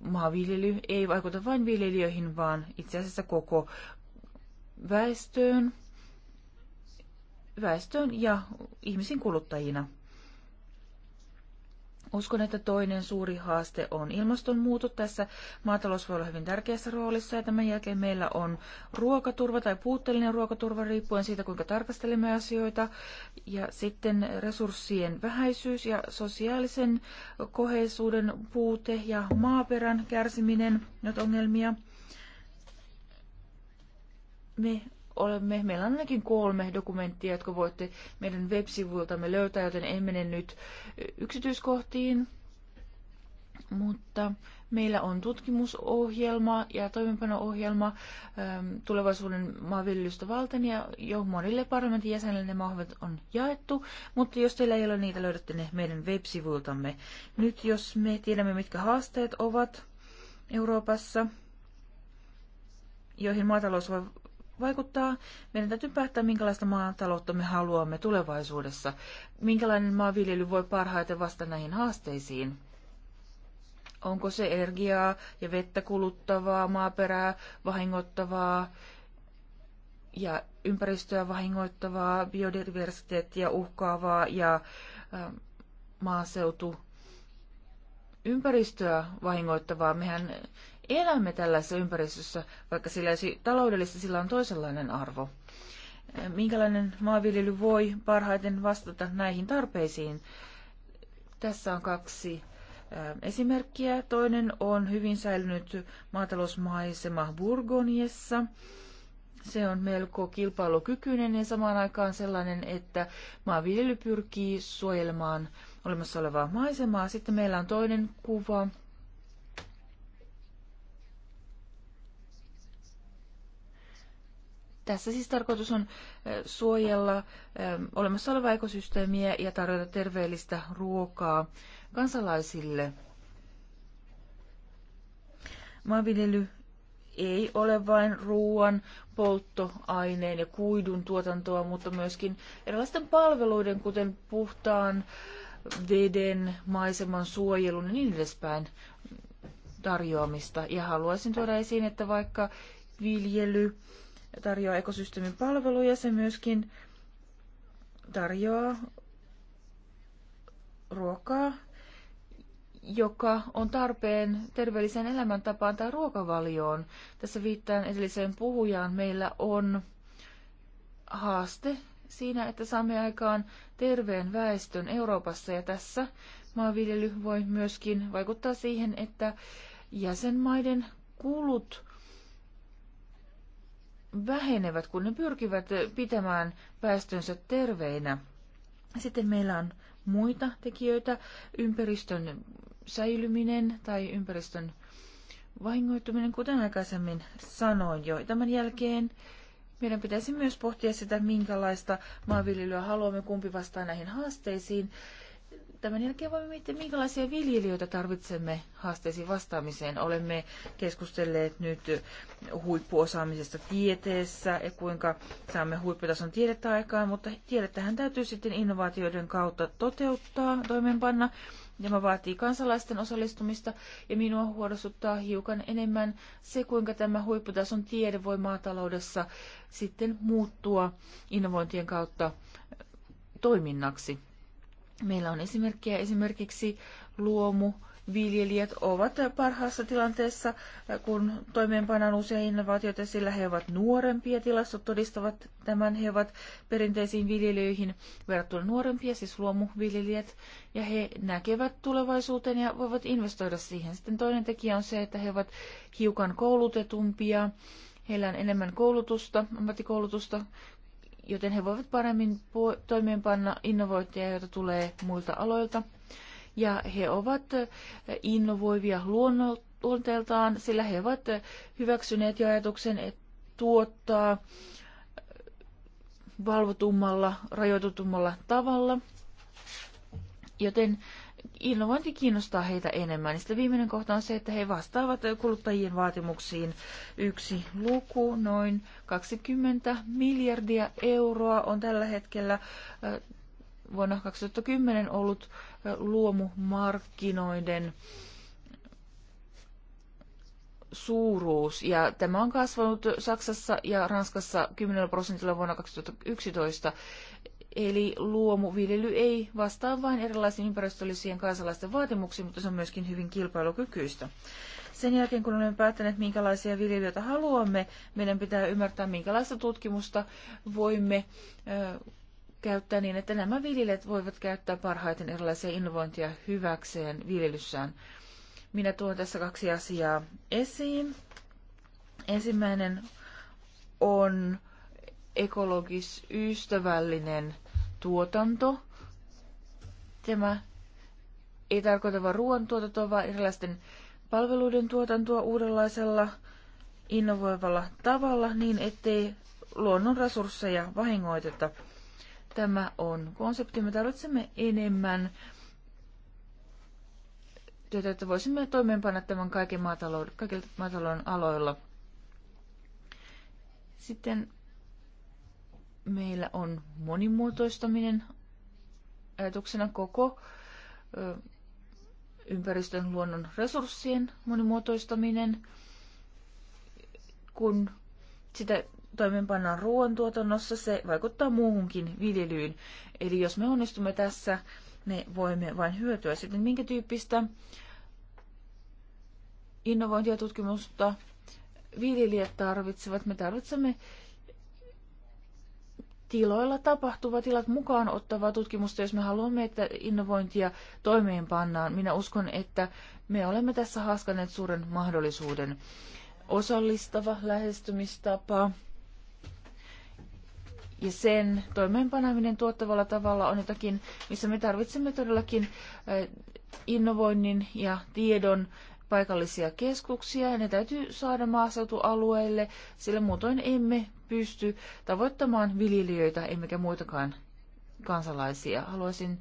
maanviljely ei vaikuta vain viljelijöihin, vaan itse asiassa koko väestöön, väestöön ja ihmisiin kuluttajina. Uskon, että toinen suuri haaste on ilmastonmuutos. Tässä maatalous voi olla hyvin tärkeässä roolissa ja tämän jälkeen meillä on ruokaturva tai puutteellinen ruokaturva riippuen siitä, kuinka tarkastelemme asioita. Ja sitten resurssien vähäisyys ja sosiaalisen koheisuuden puute ja maaperän kärsiminen, nyt ongelmia. Me olemme, meillä on ainakin kolme dokumenttia, jotka voitte meidän web-sivuiltamme löytää, joten en mene nyt yksityiskohtiin. Mutta meillä on tutkimusohjelma ja toimenpanoohjelma ähm, tulevaisuuden maanviljelystä valten ja jo monille parlamentin jäsenille ne mahdollisuudet on jaettu, mutta jos teillä ei ole niitä, löydätte ne meidän web-sivuiltamme. Nyt jos me tiedämme, mitkä haasteet ovat Euroopassa, joihin maatalous vaikuttaa. Meidän täytyy päättää, minkälaista maataloutta me haluamme tulevaisuudessa. Minkälainen maanviljely voi parhaiten vastata näihin haasteisiin. Onko se energiaa ja vettä kuluttavaa, maaperää vahingoittavaa ja ympäristöä vahingoittavaa, biodiversiteettiä uhkaavaa ja ähm, maaseutu ympäristöä vahingoittavaa. Mehän elämme tällaisessa ympäristössä, vaikka sillä taloudellisesti taloudellista, sillä on toisenlainen arvo. Eh, minkälainen maanviljely voi parhaiten vastata näihin tarpeisiin? Tässä on kaksi eh, esimerkkiä. Toinen on hyvin säilynyt maatalousmaisema Burgoniessa. Se on melko kilpailukykyinen ja samaan aikaan sellainen, että maanviljely pyrkii suojelemaan olemassa olevaa maisemaa. Sitten meillä on toinen kuva, Tässä siis tarkoitus on suojella olemassa olevaa ekosysteemiä ja tarjota terveellistä ruokaa kansalaisille. Maanviljely ei ole vain ruoan, polttoaineen ja kuidun tuotantoa, mutta myöskin erilaisten palveluiden, kuten puhtaan veden, maiseman suojelun ja niin edespäin tarjoamista. Ja haluaisin tuoda esiin, että vaikka viljely tarjoaa ekosysteemin palveluja. Se myöskin tarjoaa ruokaa, joka on tarpeen terveelliseen elämäntapaan tai ruokavalioon. Tässä viittaan edelliseen puhujaan. Meillä on haaste siinä, että saamme aikaan terveen väestön Euroopassa ja tässä maanviljely voi myöskin vaikuttaa siihen, että jäsenmaiden kulut vähenevät, kun ne pyrkivät pitämään päästönsä terveinä. Sitten meillä on muita tekijöitä, ympäristön säilyminen tai ympäristön vahingoittuminen, kuten aikaisemmin sanoin jo. Tämän jälkeen meidän pitäisi myös pohtia sitä, minkälaista maanviljelyä haluamme, kumpi vastaa näihin haasteisiin. Tämän jälkeen voimme miettiä, minkälaisia viljelijöitä tarvitsemme haasteisiin vastaamiseen. Olemme keskustelleet nyt huippuosaamisesta tieteessä ja kuinka saamme huipputason tiedettä aikaan, mutta tiedettähän täytyy sitten innovaatioiden kautta toteuttaa, toimeenpanna. Tämä vaatii kansalaisten osallistumista ja minua huolestuttaa hiukan enemmän se, kuinka tämä huipputason tiede voi maataloudessa sitten muuttua innovointien kautta toiminnaksi. Meillä on esimerkkejä esimerkiksi luomu, viljelijät ovat parhaassa tilanteessa, kun toimeenpannaan uusia innovaatioita, sillä he ovat nuorempia. Tilastot todistavat tämän. He ovat perinteisiin viljelijöihin verrattuna nuorempia, siis luomuviljelijät, ja he näkevät tulevaisuuteen ja voivat investoida siihen. Sitten toinen tekijä on se, että he ovat hiukan koulutetumpia. Heillä on enemmän koulutusta, ammattikoulutusta joten he voivat paremmin toimeenpanna innovointeja, joita tulee muilta aloilta. Ja he ovat innovoivia luonteeltaan, sillä he ovat hyväksyneet jo ajatuksen, että tuottaa valvotummalla, rajoitutummalla tavalla. Joten innovointi kiinnostaa heitä enemmän. Niin sitten viimeinen kohta on se, että he vastaavat kuluttajien vaatimuksiin. Yksi luku, noin 20 miljardia euroa on tällä hetkellä äh, vuonna 2010 ollut äh, luomumarkkinoiden suuruus. Ja tämä on kasvanut Saksassa ja Ranskassa 10 prosentilla vuonna 2011. Eli luomuviljely ei vastaa vain erilaisiin ympäristöllisiin kansalaisten vaatimuksiin, mutta se on myöskin hyvin kilpailukykyistä. Sen jälkeen, kun olemme päättäneet, minkälaisia viljelijöitä haluamme, meidän pitää ymmärtää, minkälaista tutkimusta voimme käyttää niin, että nämä viljelijät voivat käyttää parhaiten erilaisia innovointia hyväkseen viljelyssään. Minä tuon tässä kaksi asiaa esiin. Ensimmäinen on ekologis-ystävällinen tuotanto. Tämä ei tarkoita vain ruoantuotantoa, vaan erilaisten palveluiden tuotantoa uudenlaisella innovoivalla tavalla niin, ettei luonnon resursseja vahingoiteta. Tämä on konsepti. Me tarvitsemme enemmän työtä, että voisimme toimeenpanna tämän kaiken maatalouden, kaikilla maatalouden aloilla. Sitten meillä on monimuotoistaminen ajatuksena koko ympäristön luonnon resurssien monimuotoistaminen, kun sitä toimeenpannaan ruoantuotannossa, se vaikuttaa muuhunkin viljelyyn. Eli jos me onnistumme tässä, me voimme vain hyötyä. Sitten minkä tyyppistä innovointia ja tutkimusta viljelijät tarvitsevat? Me tarvitsemme tiloilla tapahtuva tilat mukaan ottavaa tutkimusta, jos me haluamme, että innovointia toimeenpannaan. Minä uskon, että me olemme tässä haskanneet suuren mahdollisuuden. Osallistava lähestymistapa ja sen toimeenpaneminen tuottavalla tavalla on jotakin, missä me tarvitsemme todellakin äh, innovoinnin ja tiedon paikallisia keskuksia ja ne täytyy saada maaseutualueille, sillä muutoin emme pysty tavoittamaan viljelijöitä emmekä muitakaan kansalaisia. Haluaisin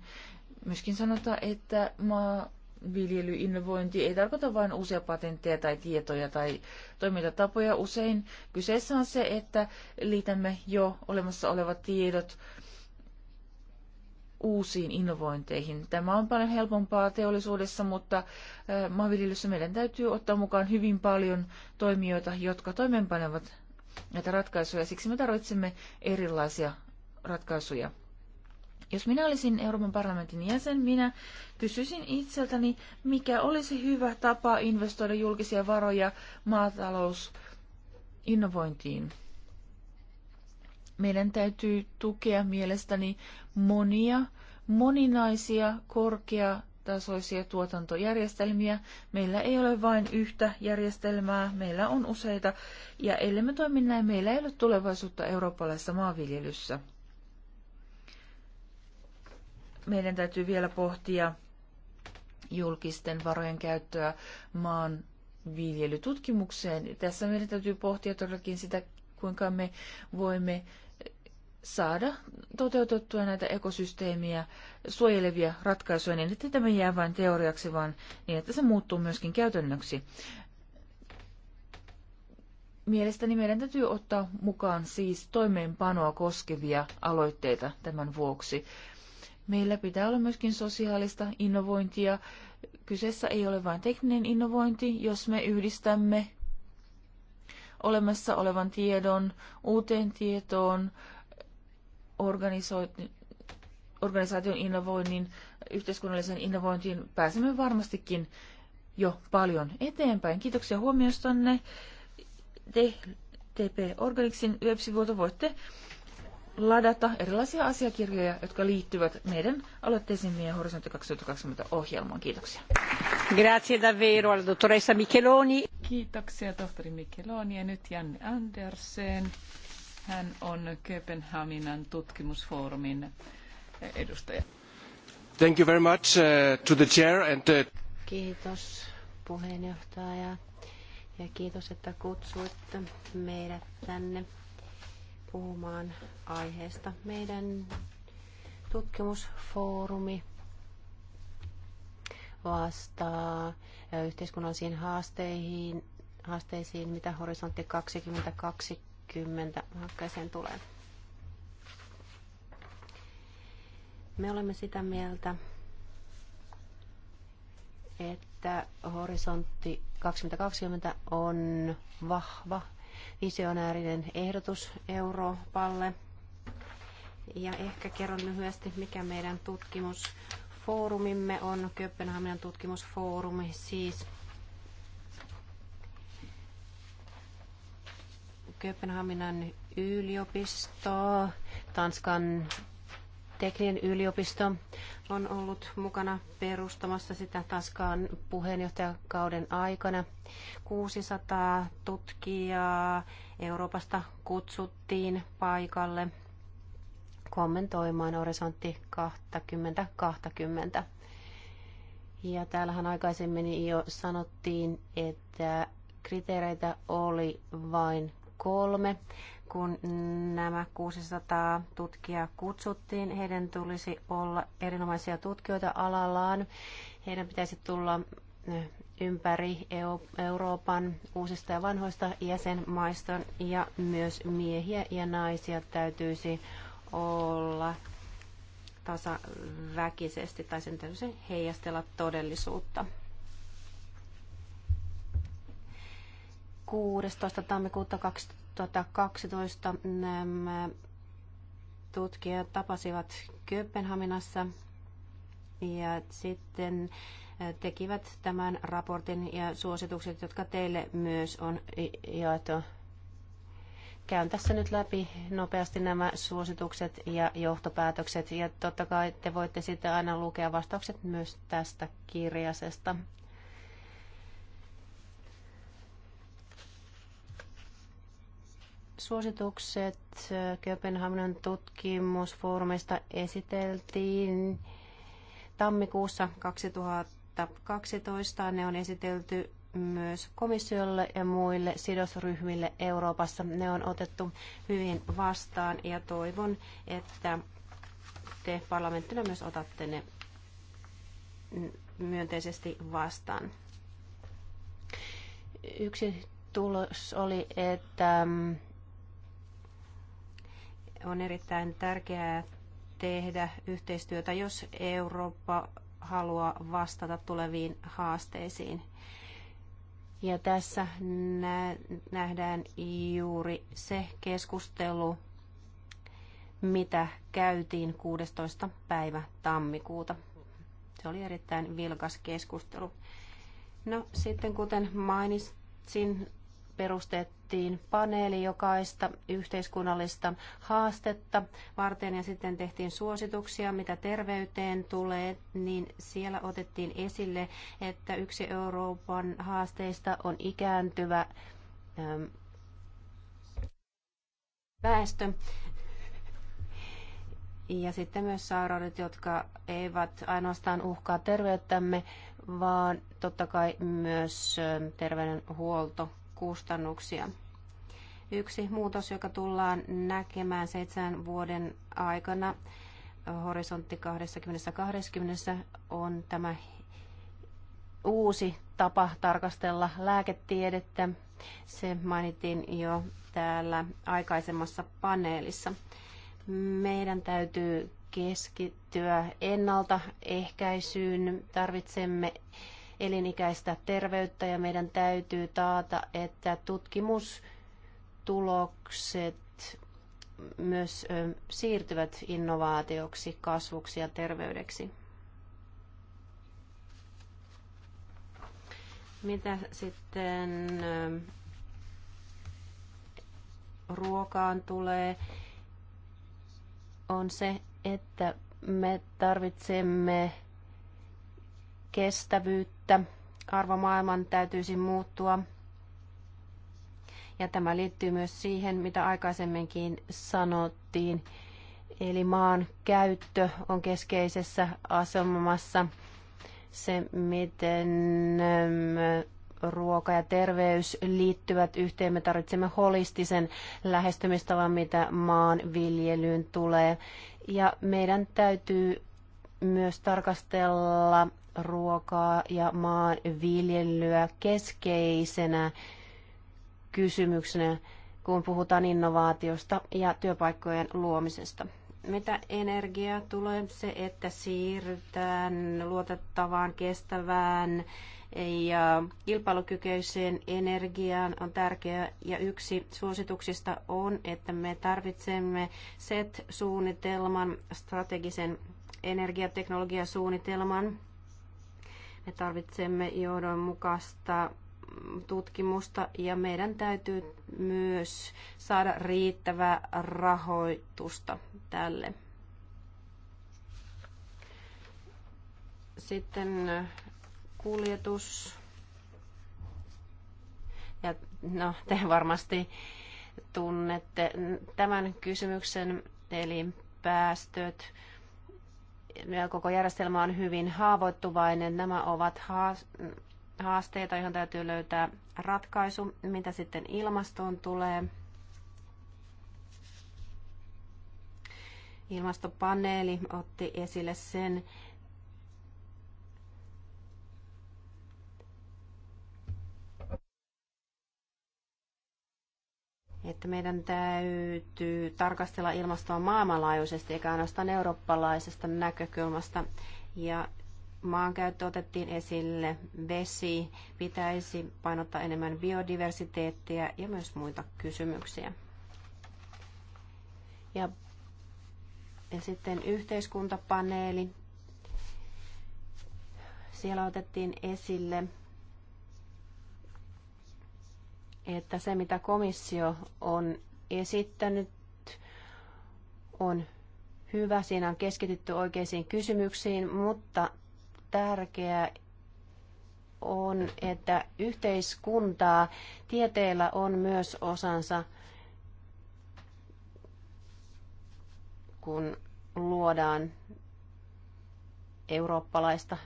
myöskin sanota, että maa viljelyinnovointi ei tarkoita vain uusia patentteja tai tietoja tai toimintatapoja. Usein kyseessä on se, että liitämme jo olemassa olevat tiedot uusiin innovointeihin. Tämä on paljon helpompaa teollisuudessa, mutta maanviljelyssä meidän täytyy ottaa mukaan hyvin paljon toimijoita, jotka toimeenpanevat näitä ratkaisuja. Siksi me tarvitsemme erilaisia ratkaisuja. Jos minä olisin Euroopan parlamentin jäsen, minä kysyisin itseltäni, mikä olisi hyvä tapa investoida julkisia varoja maatalousinnovointiin. Meidän täytyy tukea mielestäni monia, moninaisia, tasoisia tuotantojärjestelmiä. Meillä ei ole vain yhtä järjestelmää, meillä on useita, ja ellei me toimi näin, meillä ei ole tulevaisuutta eurooppalaisessa maanviljelyssä. Meidän täytyy vielä pohtia julkisten varojen käyttöä maanviljelytutkimukseen. Tässä meidän täytyy pohtia todellakin sitä, kuinka me voimme saada toteutettua näitä ekosysteemiä suojelevia ratkaisuja niin, että tämä jää vain teoriaksi, vaan niin, että se muuttuu myöskin käytännöksi. Mielestäni meidän täytyy ottaa mukaan siis toimeenpanoa koskevia aloitteita tämän vuoksi. Meillä pitää olla myöskin sosiaalista innovointia. Kyseessä ei ole vain tekninen innovointi, jos me yhdistämme olemassa olevan tiedon uuteen tietoon, organisaation innovoinnin, yhteiskunnallisen innovointiin pääsemme varmastikin jo paljon eteenpäin. Kiitoksia huomiostanne. Te TP Organixin web-sivuilta voitte ladata erilaisia asiakirjoja, jotka liittyvät meidän aloitteisiin ja Horisontti 2020 ohjelmaan. Kiitoksia. Grazie davvero alla dottoressa Micheloni. Kiitoksia tohtori Micheloni ja nyt Janne Andersen. Hän on Kööpenhaminan tutkimusfoorumin edustaja. Thank you very much uh, to the chair and to... Uh, kiitos puheenjohtaja ja kiitos, että kutsuitte meidät tänne puhumaan aiheesta. Meidän tutkimusfoorumi vastaa uh, yhteiskunnallisiin haasteisiin, haasteisiin mitä horisontti 2020 2020 hankkeeseen tulee. Me olemme sitä mieltä, että horisontti 2020 on vahva visionäärinen ehdotus Euroopalle. Ja ehkä kerron lyhyesti, mikä meidän tutkimusfoorumimme on, Kööpenhaminan tutkimusfoorumi siis. Kööpenhaminan yliopisto, Tanskan tekninen yliopisto on ollut mukana perustamassa sitä Tanskan puheenjohtajakauden aikana. 600 tutkijaa Euroopasta kutsuttiin paikalle kommentoimaan horisontti 2020. Ja täällähän aikaisemmin jo sanottiin, että kriteereitä oli vain Kolme, kun nämä 600 tutkijaa kutsuttiin. Heidän tulisi olla erinomaisia tutkijoita alallaan. Heidän pitäisi tulla eh, ympäri Euroopan uusista ja vanhoista jäsenmaista ja myös miehiä ja naisia täytyisi olla tasaväkisesti tai sen täytyisi heijastella todellisuutta. 16. tammikuuta 2012 tutkijat tapasivat Kööpenhaminassa ja sitten äh, tekivät tämän raportin ja suositukset, jotka teille myös on jaettu. Käyn tässä nyt läpi nopeasti nämä suositukset ja johtopäätökset ja totta kai te voitte sitten aina lukea vastaukset myös tästä kirjasesta. Suositukset äh, Kööpenhaminan tutkimusfoorumista esiteltiin tammikuussa 2012. Ne on esitelty myös komissiolle ja muille sidosryhmille Euroopassa. Ne on otettu hyvin vastaan ja toivon, että te parlamenttina myös otatte ne myönteisesti vastaan. Yksi tulos oli, että mm, on erittäin tärkeää tehdä yhteistyötä, jos Eurooppa haluaa vastata tuleviin haasteisiin. Ja tässä nähdään juuri se keskustelu, mitä käytiin 16. päivä tammikuuta. Se oli erittäin vilkas keskustelu. No sitten kuten mainitsin, perustettiin paneeli jokaista yhteiskunnallista haastetta varten ja sitten tehtiin suosituksia, mitä terveyteen tulee, niin siellä otettiin esille, että yksi Euroopan haasteista on ikääntyvä ähm, väestö. Ja sitten myös sairaudet, jotka eivät ainoastaan uhkaa terveyttämme, vaan totta kai myös ähm, terveydenhuolto kustannuksia. Yksi muutos, joka tullaan näkemään seitsemän vuoden aikana horisontti 2020 on tämä uusi tapa tarkastella lääketiedettä. Se mainittiin jo täällä aikaisemmassa paneelissa. Meidän täytyy keskittyä ennaltaehkäisyyn. Tarvitsemme elinikäistä terveyttä ja meidän täytyy taata, että tutkimustulokset myös siirtyvät innovaatioksi, kasvuksi ja terveydeksi. Mitä sitten ruokaan tulee, on se, että me tarvitsemme kestävyyttä. Arvomaailman täytyisi muuttua. Ja tämä liittyy myös siihen, mitä aikaisemminkin sanottiin. Eli maan käyttö on keskeisessä asemassa. Se, miten ähm, ruoka ja terveys liittyvät yhteen. Me tarvitsemme holistisen lähestymistavan, mitä maan viljelyyn tulee. Ja meidän täytyy myös tarkastella ruokaa ja maanviljelyä keskeisenä kysymyksenä, kun puhutaan innovaatiosta ja työpaikkojen luomisesta. Mitä energiaa tulee? Se, että siirrytään luotettavaan, kestävään ja kilpailukykyiseen energiaan on tärkeää. Ja yksi suosituksista on, että me tarvitsemme SET-suunnitelman, strategisen energiateknologiasuunnitelman. Me tarvitsemme johdonmukaista tutkimusta ja meidän täytyy myös saada riittävää rahoitusta tälle. Sitten äh, kuljetus. Ja no, te varmasti tunnette tämän kysymyksen, eli päästöt koko järjestelmä on hyvin haavoittuvainen. Nämä ovat haasteita, joihin täytyy löytää ratkaisu, mitä sitten ilmastoon tulee. Ilmastopaneeli otti esille sen, että meidän täytyy tarkastella ilmastoa maailmanlaajuisesti eikä ainoastaan eurooppalaisesta näkökulmasta. Ja maankäyttö otettiin esille, vesi, pitäisi painottaa enemmän biodiversiteettiä ja myös muita kysymyksiä. Ja, ja sitten yhteiskuntapaneeli. Siellä otettiin esille että se mitä komissio on esittänyt on hyvä. Siinä on keskitytty oikeisiin kysymyksiin, mutta tärkeää on, että yhteiskuntaa tieteellä on myös osansa, kun luodaan eurooppalaista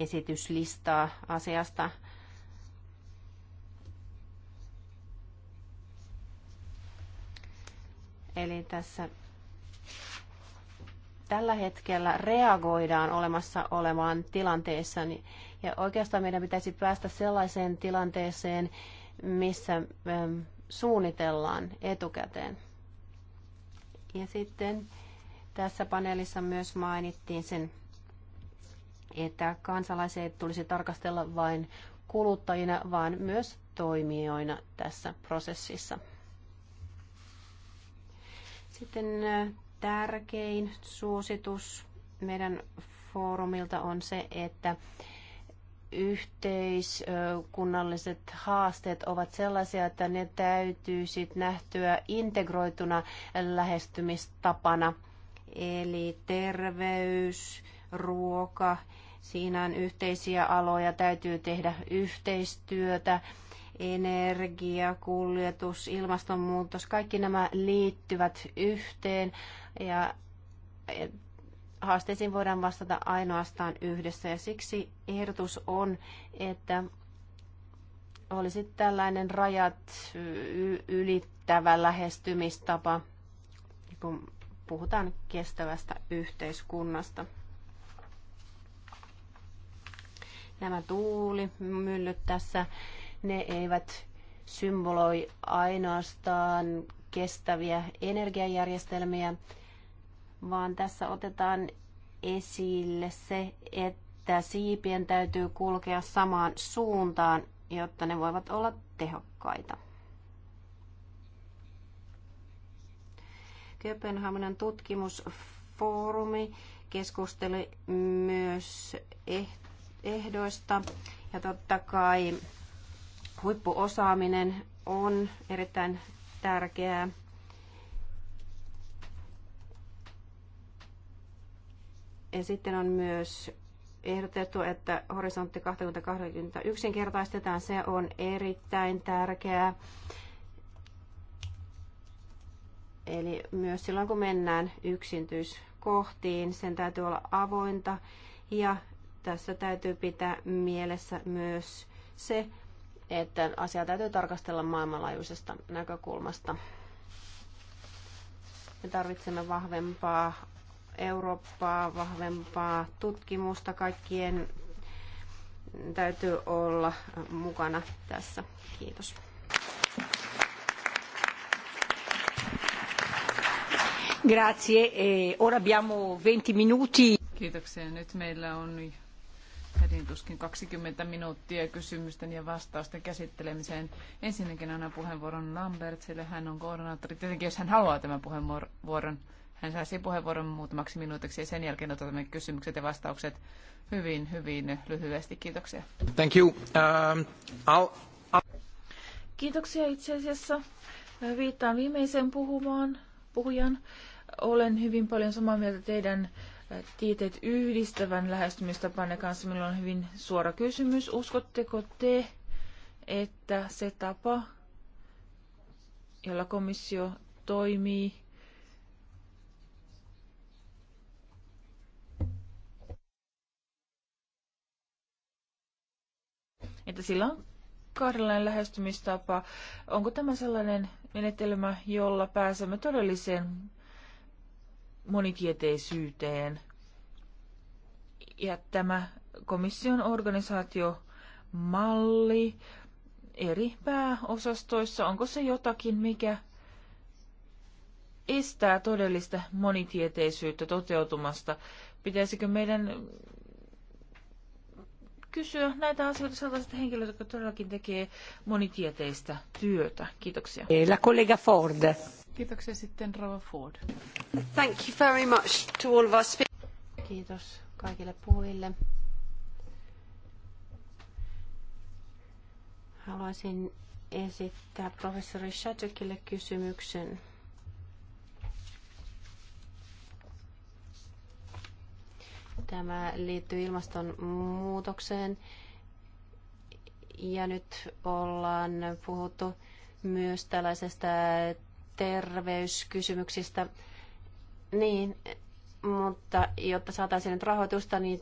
esityslistaa asiasta. Eli tässä tällä hetkellä reagoidaan olemassa olevaan tilanteessa. Ja oikeastaan meidän pitäisi päästä sellaiseen tilanteeseen, missä ähm, suunnitellaan etukäteen. Ja sitten tässä paneelissa myös mainittiin sen, että kansalaisia tulisi tarkastella vain kuluttajina, vaan myös toimijoina tässä prosessissa. Sitten tärkein suositus meidän foorumilta on se, että yhteiskunnalliset haasteet ovat sellaisia, että ne täytyy sitten nähtyä integroituna lähestymistapana. Eli terveys, ruoka, siinä on yhteisiä aloja, täytyy tehdä yhteistyötä energia, kuljetus, ilmastonmuutos, kaikki nämä liittyvät yhteen ja haasteisiin voidaan vastata ainoastaan yhdessä ja siksi ehdotus on, että olisi tällainen rajat ylittävä lähestymistapa, kun puhutaan kestävästä yhteiskunnasta. Nämä tuulimyllyt tässä ne eivät symboloi ainoastaan kestäviä energiajärjestelmiä, vaan tässä otetaan esille se, että siipien täytyy kulkea samaan suuntaan, jotta ne voivat olla tehokkaita. Kööpenhaminan tutkimusfoorumi keskusteli myös eh-, ehdoista ja totta kai huippuosaaminen on erittäin tärkeää. Ja sitten on myös ehdotettu, että horisontti 2020 yksinkertaistetaan. Se on erittäin tärkeää. Eli myös silloin, kun mennään yksityiskohtiin, sen täytyy olla avointa. Ja tässä täytyy pitää mielessä myös se, että asiaa täytyy tarkastella maailmanlaajuisesta näkökulmasta. Me tarvitsemme vahvempaa Eurooppaa, vahvempaa tutkimusta. Kaikkien täytyy olla mukana tässä. Kiitos. Grazie. Eh, ora abbiamo 20 minuti. Kiitoksia. Nyt meillä on Hädin tuskin 20 minuuttia kysymysten ja vastausten käsittelemiseen. Ensinnäkin aina puheenvuoron Lambertsille. Hän on koordinaattori. Tietenkin jos hän haluaa tämän puheenvuoron, hän saisi puheenvuoron muutamaksi minuutiksi ja sen jälkeen otamme kysymykset ja vastaukset hyvin, hyvin lyhyesti. Kiitoksia. Thank you. Um, I'll, I'll... Kiitoksia itse asiassa. Viittaan viimeiseen puhumaan, puhujan. Olen hyvin paljon samaa mieltä teidän tieteet yhdistävän lähestymistapanne kanssa. Minulla on hyvin suora kysymys. Uskotteko te, että se tapa, jolla komissio toimii, että sillä on kahdenlainen lähestymistapa. Onko tämä sellainen menetelmä, jolla pääsemme todelliseen monitieteisyyteen. Ja tämä komission organisaatiomalli eri pääosastoissa, onko se jotakin, mikä estää todellista monitieteisyyttä toteutumasta? Pitäisikö meidän kysyä näitä asioita sellaisilta henkilöiltä, jotka todellakin tekee monitieteistä työtä. Kiitoksia. Eh, la collega Ford. Kiitoksia sitten Rova Ford. Thank you very much to all of us. Kiitos kaikille puhujille. Haluaisin esittää professori Shadokille kysymyksen. Tämä liittyy ilmastonmuutokseen. Ja nyt ollaan puhuttu myös tällaisesta terveyskysymyksistä. Niin, mutta jotta saataisiin nyt rahoitusta, niin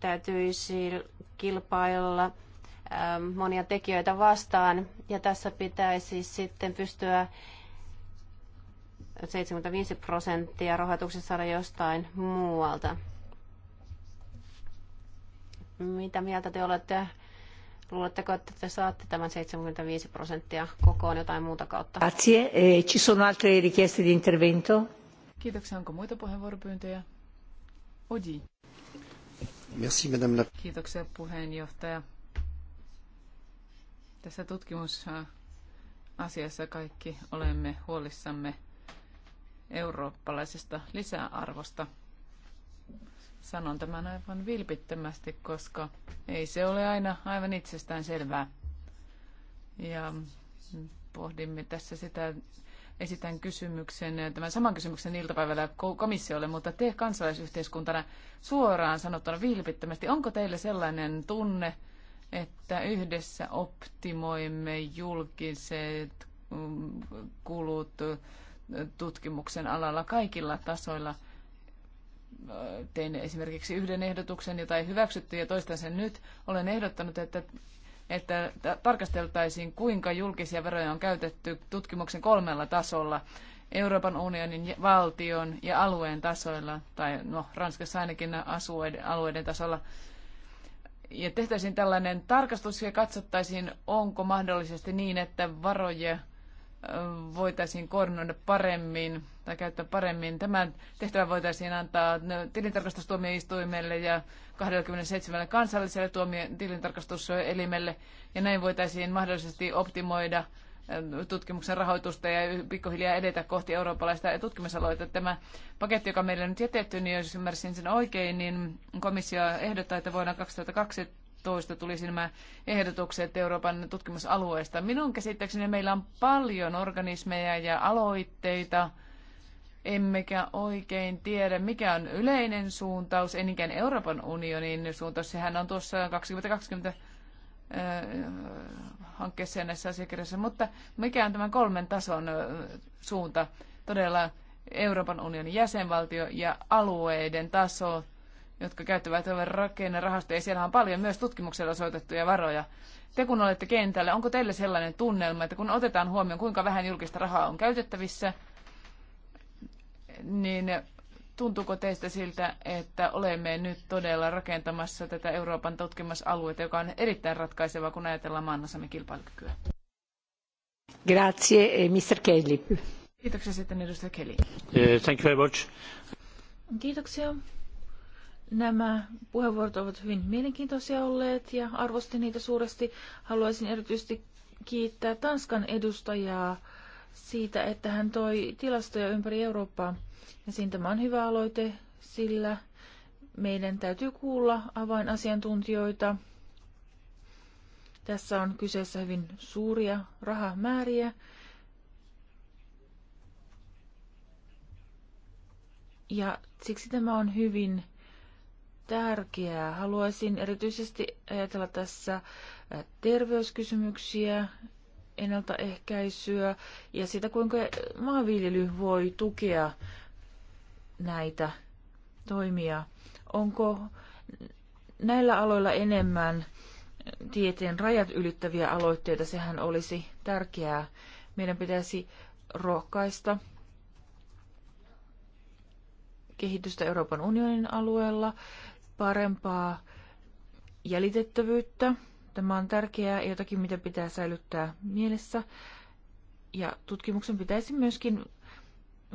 täytyisi kilpailla ähm, monia tekijöitä vastaan. Ja tässä pitäisi sitten pystyä 75 prosenttia rahoituksessa saada jostain muualta. Mitä mieltä te olette? Luuletteko, että te saatte tämän 75 prosenttia kokoon jotain muuta kautta? Grazie. E, ci sono altre richieste di intervento? Kiitoksia. Onko muita puheenvuoropyyntöjä? Oji. Merci, madame la... Kiitoksia puheenjohtaja. Tässä tutkimusasiassa kaikki olemme huolissamme eurooppalaisesta lisäarvosta – Sanon tämän aivan vilpittömästi, koska ei se ole aina aivan itsestään selvää. Ja pohdimme tässä sitä, esitän kysymyksen, tämän saman kysymyksen iltapäivällä komissiolle, mutta te kansalaisyhteiskuntana suoraan sanottuna vilpittömästi, onko teille sellainen tunne, että yhdessä optimoimme julkiset mm, kulut tutkimuksen alalla kaikilla tasoilla – tein esimerkiksi yhden ehdotuksen, jota ei hyväksytty ja toistan sen nyt. Olen ehdottanut, että, että tarkasteltaisiin, kuinka julkisia veroja on käytetty tutkimuksen kolmella tasolla. Euroopan unionin valtion ja alueen tasoilla, tai no Ranskassa ainakin asuiden, alueiden tasolla. Ja tehtäisiin tällainen tarkastus ja katsottaisiin, onko mahdollisesti niin, että varoja voitaisiin koordinoida paremmin tai käyttää paremmin. Tämä tehtävä voitaisiin antaa tilintarkastustuomioistuimelle ja 27 kansalliselle tuomio- tilintarkastuselimelle, ja näin voitaisiin mahdollisesti optimoida eh, tutkimuksen rahoitusta ja pikkuhiljaa edetä kohti eurooppalaista tutkimusaloita. Tämä paketti, joka meillä on nyt jätetty, niin jos ymmärsin sen oikein, niin komissio ehdottaa, että vuonna 2020 2016 tulisi nämä ehdotukset Euroopan tutkimusalueesta. Minun käsittääkseni meillä on paljon organismeja ja aloitteita, emmekä oikein tiedä, mikä on yleinen suuntaus, enikään Euroopan unionin suuntaus. Sehän on tuossa 2020 hankkeessa ja näissä asiakirjoissa, mutta mikä on tämän kolmen tason suunta? Todella Euroopan unionin jäsenvaltio ja alueiden taso jotka käyttävät rakennerahastoja. Siellä on paljon myös tutkimuksella osoitettuja varoja. Te kun olette kentällä, onko teille sellainen tunnelma, että kun otetaan huomioon, kuinka vähän julkista rahaa on käytettävissä, niin tuntuuko teistä siltä, että olemme nyt todella rakentamassa tätä Euroopan tutkimusalueita, joka on erittäin ratkaiseva, kun ajatellaan maannossamme kilpailukykyä? Grazie, eh, Mr. Kelly. Kiitoksia sitten edustaja Kelly. Eh, thank you very much. Kiitoksia. Nämä puheenvuorot ovat hyvin mielenkiintoisia olleet ja arvostin niitä suuresti. Haluaisin erityisesti kiittää Tanskan edustajaa siitä, että hän toi tilastoja ympäri Eurooppaa. Ja siinä tämä on hyvä aloite, sillä meidän täytyy kuulla avainasiantuntijoita. Tässä on kyseessä hyvin suuria rahamääriä. Ja siksi tämä on hyvin tärkeää. Haluaisin erityisesti ajatella tässä terveyskysymyksiä, ennaltaehkäisyä ja sitä, kuinka maanviljely voi tukea näitä toimia. Onko näillä aloilla enemmän tieteen rajat ylittäviä aloitteita? Sehän olisi tärkeää. Meidän pitäisi rohkaista kehitystä Euroopan unionin alueella parempaa jäljitettävyyttä. Tämä on tärkeää ja jotakin, mitä pitää säilyttää mielessä. Ja tutkimuksen pitäisi myöskin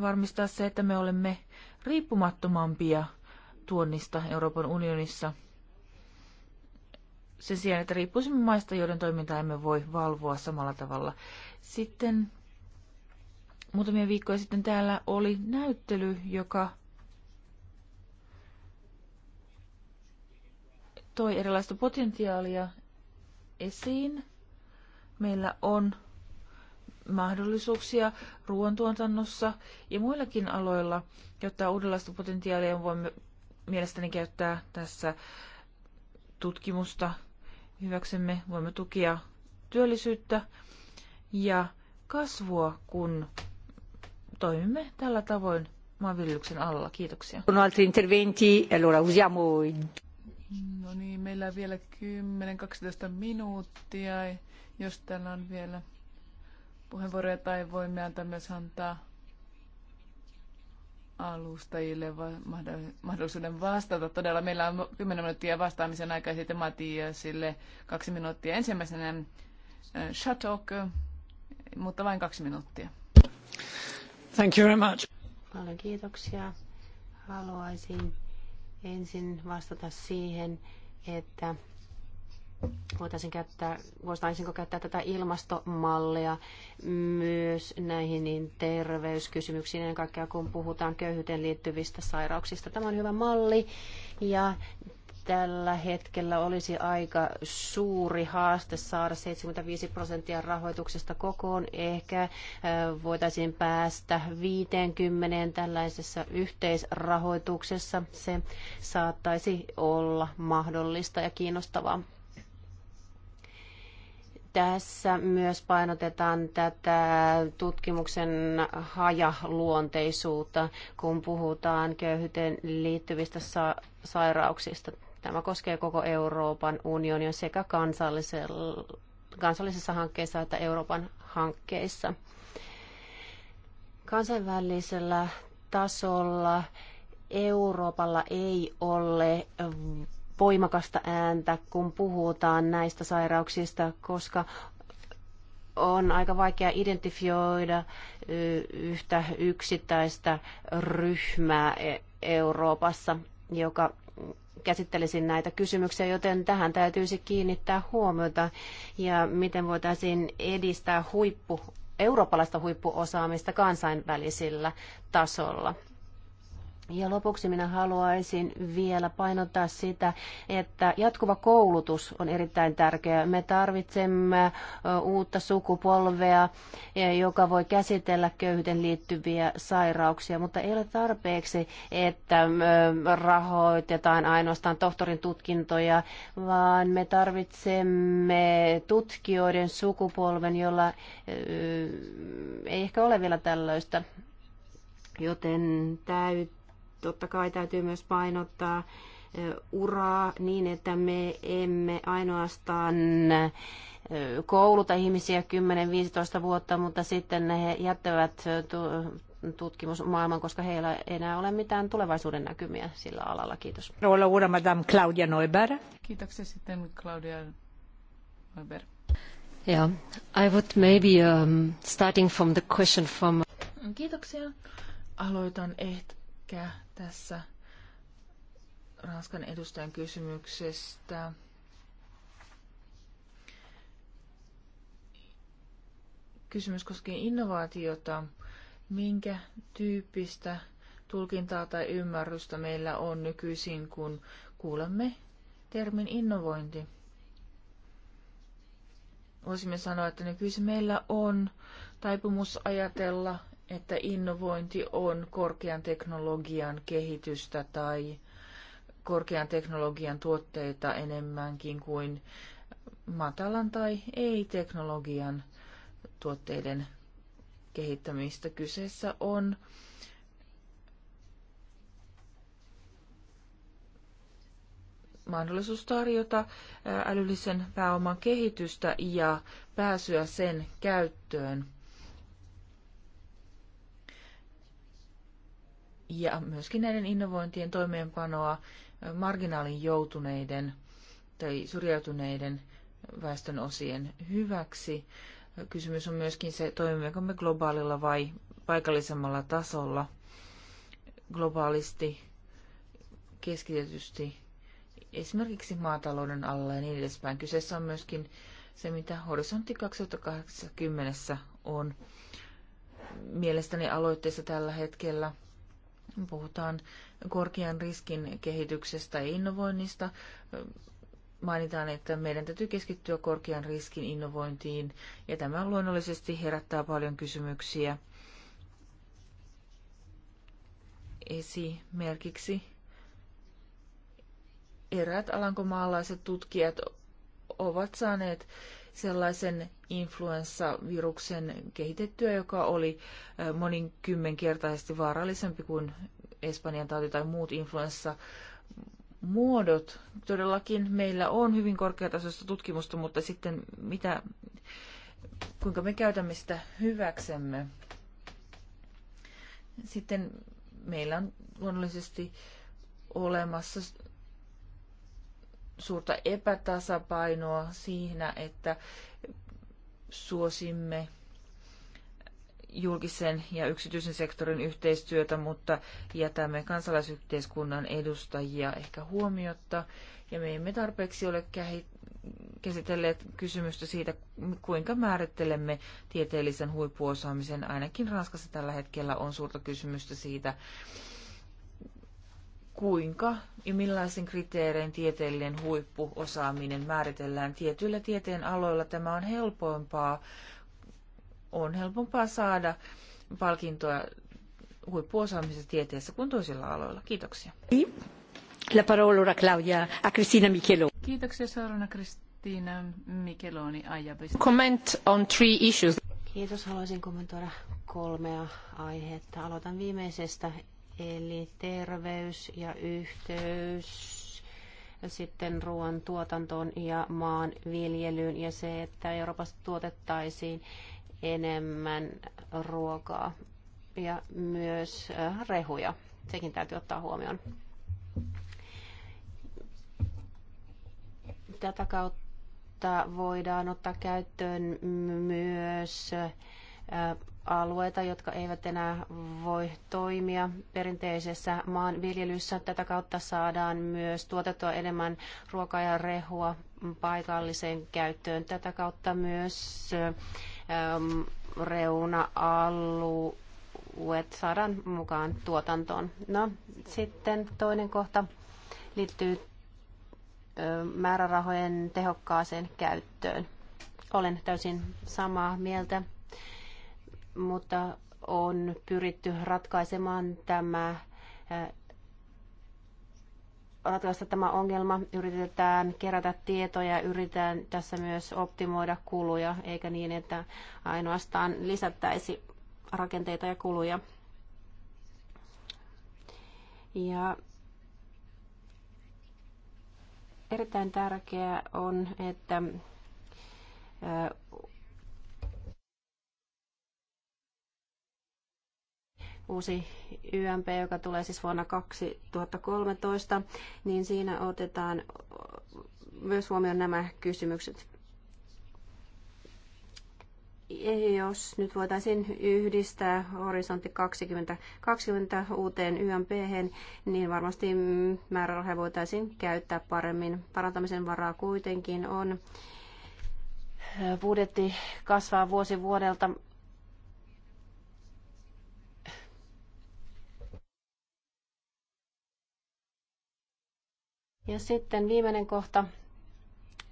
varmistaa se, että me olemme riippumattomampia tuonnista Euroopan unionissa sen sijaan, että riippuisimme maista, joiden toimintaa emme voi valvoa samalla tavalla. Sitten muutamia viikkoja sitten täällä oli näyttely, joka toi erilaista potentiaalia esiin. Meillä on mahdollisuuksia ruoantuotannossa ja muillakin aloilla, jotta uudenlaista potentiaalia voimme mielestäni käyttää tässä tutkimusta hyväksemme. Voimme tukea työllisyyttä ja kasvua, kun toimimme tällä tavoin maanviljelyksen alla. Kiitoksia. Sono altri interventi, allora usiamo No niin, meillä on vielä 10-12 minuuttia, jos täällä on vielä puheenvuoroja tai voimme antaa myös antaa alustajille va- mahdollisuuden vastata. Todella meillä on 10 minuuttia vastaamisen aikaa sitten Matiasille kaksi minuuttia. Ensimmäisenä äh, Shatok, mutta vain kaksi minuuttia. Thank you very much. Paljon kiitoksia. Haluaisin ensin vastata siihen, että voitaisiin käyttää, voitaisiinko käyttää tätä ilmastomallia myös näihin niin terveyskysymyksiin, ennen kaikkea kun puhutaan köyhyyteen liittyvistä sairauksista. Tämä on hyvä malli ja tällä hetkellä olisi aika suuri haaste saada 75 prosenttia rahoituksesta kokoon. Ehkä voitaisiin päästä 50 tällaisessa yhteisrahoituksessa. Se saattaisi olla mahdollista ja kiinnostavaa. Tässä myös painotetaan tätä tutkimuksen hajaluonteisuutta, kun puhutaan köyhyyteen liittyvistä sa- sairauksista Tämä koskee koko Euroopan unionia sekä kansallisessa hankkeessa että Euroopan hankkeissa. Kansainvälisellä tasolla Euroopalla ei ole voimakasta ääntä, kun puhutaan näistä sairauksista, koska on aika vaikea identifioida yhtä yksittäistä ryhmää e, Euroopassa, joka käsittelisin näitä kysymyksiä, joten tähän täytyisi kiinnittää huomiota ja miten voitaisiin edistää huippu, eurooppalaista huippuosaamista kansainvälisillä tasolla. Ja lopuksi minä haluaisin vielä painottaa sitä, että jatkuva koulutus on erittäin tärkeää. Me tarvitsemme uutta sukupolvea, e, joka voi käsitellä köyhyyden liittyviä sairauksia, mutta ei ole tarpeeksi, että rahoitetaan ainoastaan tohtorin tutkintoja, vaan me tarvitsemme tutkijoiden sukupolven, jolla ei ehkä ole vielä tällaista joten täytyy totta kai täytyy myös painottaa uraa niin, että me emme ainoastaan kouluta ihmisiä 10-15 vuotta, mutta sitten he jättävät tutkimusmaailman, koska heillä ei enää ole mitään tulevaisuuden näkymiä sillä alalla. Kiitos. Olla uura Madame Claudia Neuber. Kiitoksia sitten Claudia Neuber. Yeah, I would maybe um, starting from the question from... Kiitoksia. Aloitan ehkä tässä Ranskan edustajan kysymyksestä. Kysymys koskee innovaatiota. Minkä tyyppistä tulkintaa tai ymmärrystä meillä on nykyisin, kun kuulemme termin innovointi? Voisimme sanoa, että nykyisin meillä on taipumus ajatella – että innovointi on korkean teknologian kehitystä tai korkean teknologian tuotteita enemmänkin kuin matalan tai ei-teknologian tuotteiden kehittämistä. Kyseessä on mahdollisuus tarjota älyllisen pääoman kehitystä ja pääsyä sen käyttöön. ja myöskin näiden innovointien toimeenpanoa marginaalin joutuneiden tai syrjäytyneiden väestön osien hyväksi. Kysymys on myöskin se, toimimmeko me globaalilla vai paikallisemmalla tasolla globaalisti, keskitetysti, esimerkiksi maatalouden alla ja niin edespäin. Kyseessä on myöskin se, mitä horisontti 2080 on mielestäni aloitteessa tällä hetkellä – Puhutaan korkean riskin kehityksestä ja innovoinnista. Mainitaan, että meidän täytyy keskittyä korkean riskin innovointiin, ja tämä luonnollisesti herättää paljon kysymyksiä. Esimerkiksi eräät alankomaalaiset tutkijat ovat saaneet sellaisen influenssaviruksen kehitettyä, joka oli monin kymmenkertaisesti vaarallisempi kuin Espanjan tauti tai muut influenssa muodot. Todellakin meillä on hyvin korkeatasoista tutkimusta, mutta sitten mitä, kuinka me käytämme sitä hyväksemme. Sitten meillä on luonnollisesti olemassa suurta epätasapainoa siinä, että suosimme julkisen ja yksityisen sektorin yhteistyötä, mutta jätämme kansalaisyhteiskunnan edustajia ehkä huomiotta. Ja me emme tarpeeksi ole käsitelleet kysymystä siitä, kuinka määrittelemme tieteellisen huippuosaamisen. Ainakin Ranskassa tällä hetkellä on suurta kysymystä siitä, kuinka ja millaisen kriteerein tieteellinen huippuosaaminen määritellään tietyillä tieteen aloilla. Tämä on helpompaa, on helpompaa saada palkintoa huippuosaamisessa tieteessä kuin toisilla aloilla. Kiitoksia. La parola Claudia a Cristina Michelo. Kiitoksia seuraavana Cristina Micheloni Ajabis. Comment on three issues. Kiitos. Haluaisin kommentoida kolmea aihetta. Aloitan viimeisestä eli terveys ja yhteys sitten ruoan tuotantoon ja maan viljelyyn ja se, että Euroopassa tuotettaisiin enemmän ruokaa ja myös äh, rehuja. Sekin täytyy ottaa huomioon. Tätä kautta voidaan ottaa käyttöön myös äh, alueita, jotka eivät enää voi toimia perinteisessä maanviljelyssä. Tätä kautta saadaan myös tuotettua enemmän ruokaa ja rehua paikalliseen käyttöön. Tätä kautta myös äm, reuna-alueet saadaan mukaan tuotantoon. No, sitten toinen kohta liittyy ähm, määrärahojen tehokkaaseen käyttöön. Olen täysin samaa mieltä mutta on pyritty ratkaisemaan tämä ratkaista tämä ongelma. Yritetään kerätä tietoja, yritetään tässä myös optimoida kuluja, eikä niin, että ainoastaan lisättäisi rakenteita ja kuluja. Ja erittäin tärkeää on, että uusi YMP, joka tulee siis vuonna 2013, niin siinä otetaan myös huomioon nämä kysymykset. Jos nyt voitaisiin yhdistää horisontti 2020 uuteen YMP, niin varmasti määrärahoja voitaisiin käyttää paremmin. Parantamisen varaa kuitenkin on budjetti kasvaa vuosi vuodelta, Ja sitten viimeinen kohta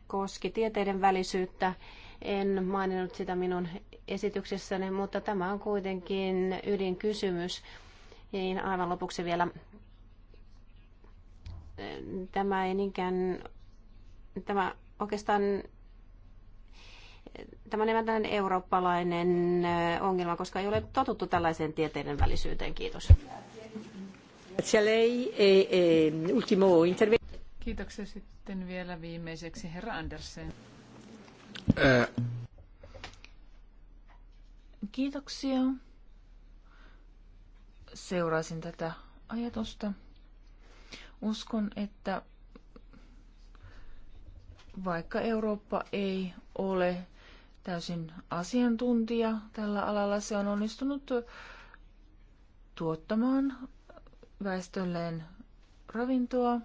koski tieteiden välisyyttä. En maininnut sitä minun esityksessäni, mutta tämä on kuitenkin ydinkysymys. Niin aivan lopuksi vielä tämä ei niinkään, tämä oikeastaan tämä on enemmän eurooppalainen ongelma, koska ei ole totuttu tällaiseen tieteiden välisyyteen. Kiitos. Grazie a lei. E, e, ultimo intervento. Kiitoksia sitten vielä viimeiseksi herra Andersen. Äh. Kiitoksia. Seurasin tätä ajatusta. Uskon, että vaikka Eurooppa ei ole täysin asiantuntija tällä alalla, se on onnistunut tuottamaan väestölleen ravintoa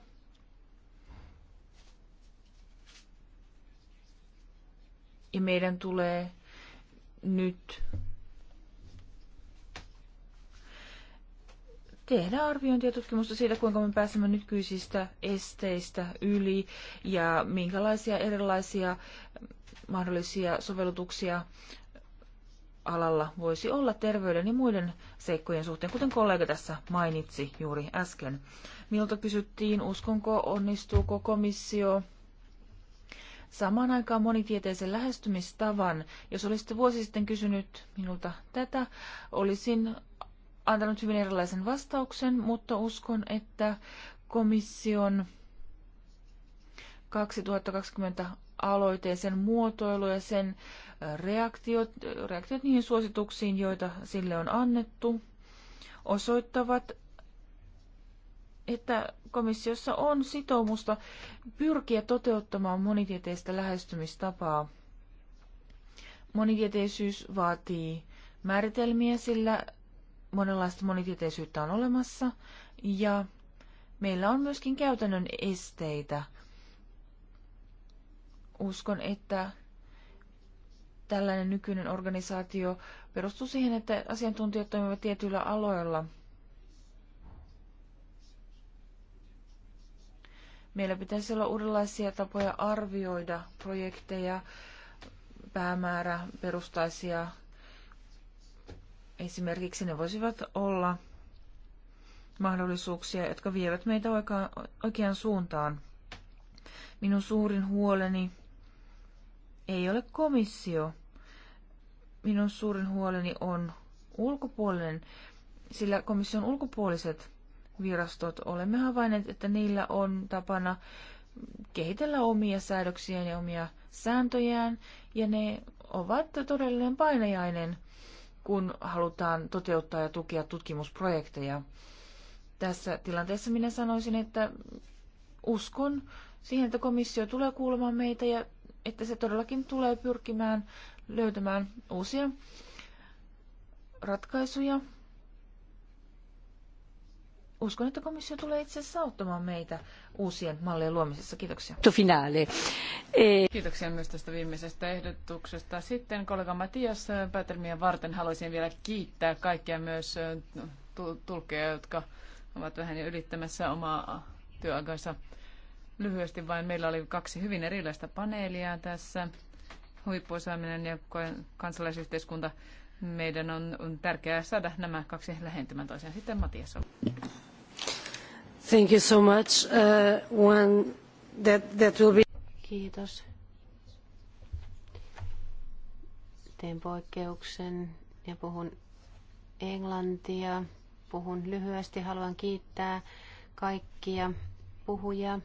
Ja meidän tulee nyt tehdä arviointia tutkimusta siitä, kuinka me pääsemme nykyisistä esteistä yli ja minkälaisia erilaisia mahdollisia sovellutuksia alalla voisi olla terveyden ja muiden seikkojen suhteen, kuten kollega tässä mainitsi juuri äsken. Miltä kysyttiin, uskonko, onnistuuko komissio samaan aikaan monitieteisen lähestymistavan. Jos olisitte vuosi sitten kysynyt minulta tätä, olisin antanut hyvin erilaisen vastauksen, mutta uskon, että komission 2020 aloite ja sen muotoilu ja sen reaktiot, reaktiot niihin suosituksiin, joita sille on annettu, osoittavat, että komissiossa on sitoumusta pyrkiä toteuttamaan monitieteistä lähestymistapaa. Monitieteisyys vaatii määritelmiä, sillä monenlaista monitieteisyyttä on olemassa ja meillä on myöskin käytännön esteitä. Uskon, että tällainen nykyinen organisaatio perustuu siihen, että asiantuntijat toimivat tietyillä aloilla – Meillä pitäisi olla uudenlaisia tapoja arvioida projekteja, päämäärä, perustaisia. Esimerkiksi ne voisivat olla mahdollisuuksia, jotka vievät meitä oikeaan, oikeaan suuntaan. Minun suurin huoleni ei ole komissio. Minun suurin huoleni on ulkopuolinen, sillä komission ulkopuoliset virastot. Olemme havainneet, että niillä on tapana kehitellä omia säädöksiään ja omia sääntöjään, ja ne ovat todellinen painajainen, kun halutaan toteuttaa ja tukea tutkimusprojekteja. Tässä tilanteessa minä sanoisin, että uskon siihen, että komissio tulee kuulemaan meitä ja että se todellakin tulee pyrkimään löytämään uusia ratkaisuja uskon, että komissio tulee itse asiassa auttamaan meitä uusien mallien luomisessa. Kiitoksia. E... Kiitoksia myös tästä viimeisestä ehdotuksesta. Sitten kollega Matias päätelmien varten haluaisin vielä kiittää kaikkia myös tulkkeja, jotka ovat vähän jo ylittämässä omaa työaikansa lyhyesti vain. Meillä oli kaksi hyvin erilaista paneelia tässä. Huippuosaaminen ja kansalaisyhteiskunta meidän on, on tärkeää saada nämä kaksi lähentymään toisiaan. Sitten Matias. Thank you so much. Uh, one that, that will be... Kiitos. Teen poikkeuksen ja puhun englantia. Puhun lyhyesti. Haluan kiittää kaikkia puhujia.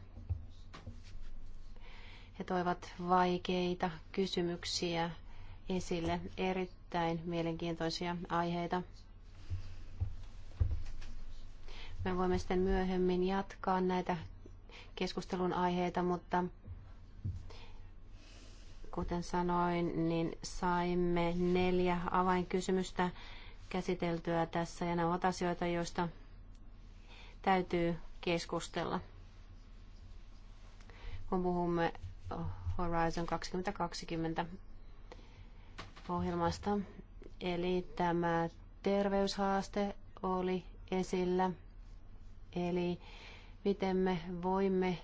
He toivat vaikeita kysymyksiä esille erittäin mielenkiintoisia aiheita. Me voimme sitten myöhemmin jatkaa näitä keskustelun aiheita, mutta kuten sanoin, niin saimme neljä avainkysymystä käsiteltyä tässä ja nämä ovat asioita, joista täytyy keskustella. Kun puhumme Horizon 2020 ohjelmasta. Eli tämä terveyshaaste oli esillä. Eli miten me voimme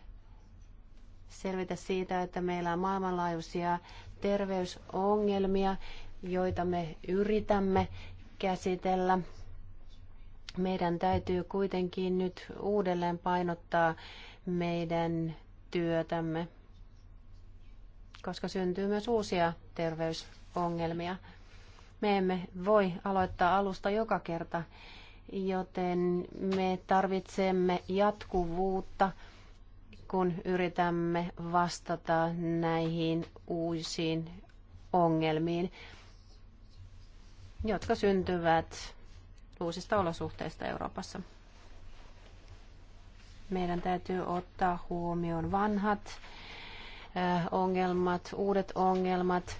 selvitä siitä, että meillä on maailmanlaajuisia terveysongelmia, joita me yritämme käsitellä. Meidän täytyy kuitenkin nyt uudelleen painottaa meidän työtämme, koska syntyy myös uusia terveys ongelmia. Me emme voi aloittaa alusta joka kerta, joten me tarvitsemme jatkuvuutta, kun yritämme vastata näihin uusiin ongelmiin, jotka syntyvät uusista olosuhteista Euroopassa. Meidän täytyy ottaa huomioon vanhat ongelmat, uudet ongelmat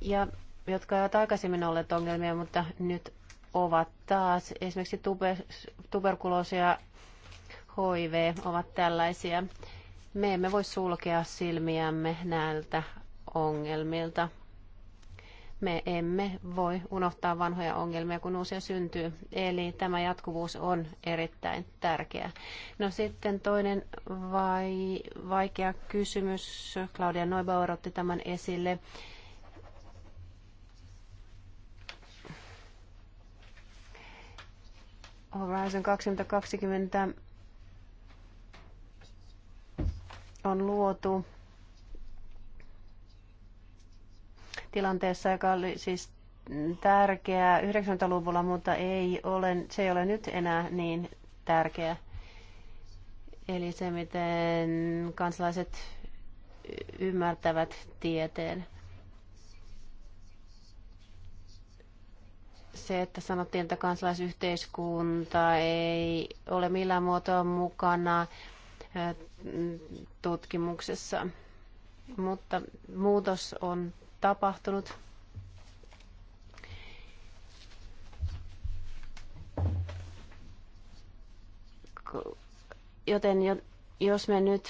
ja jotka ovat aikaisemmin olleet ongelmia, mutta nyt ovat taas. Esimerkiksi tuber, tuberkuloosi ja HIV ovat tällaisia. Me emme voi sulkea silmiämme näiltä ongelmilta. Me emme voi unohtaa vanhoja ongelmia, kun uusia syntyy. Eli tämä jatkuvuus on erittäin tärkeä. No sitten toinen vai, vaikea kysymys. Claudia Neubauer otti tämän esille Horizon 2020 on luotu tilanteessa, joka oli siis tärkeää 90-luvulla, mutta ei ole, se ei ole nyt enää niin tärkeä. Eli se, miten kansalaiset ymmärtävät tieteen. se, että sanottiin, että kansalaisyhteiskunta ei ole millään muotoa mukana tutkimuksessa. Mutta muutos on tapahtunut. Joten jos me nyt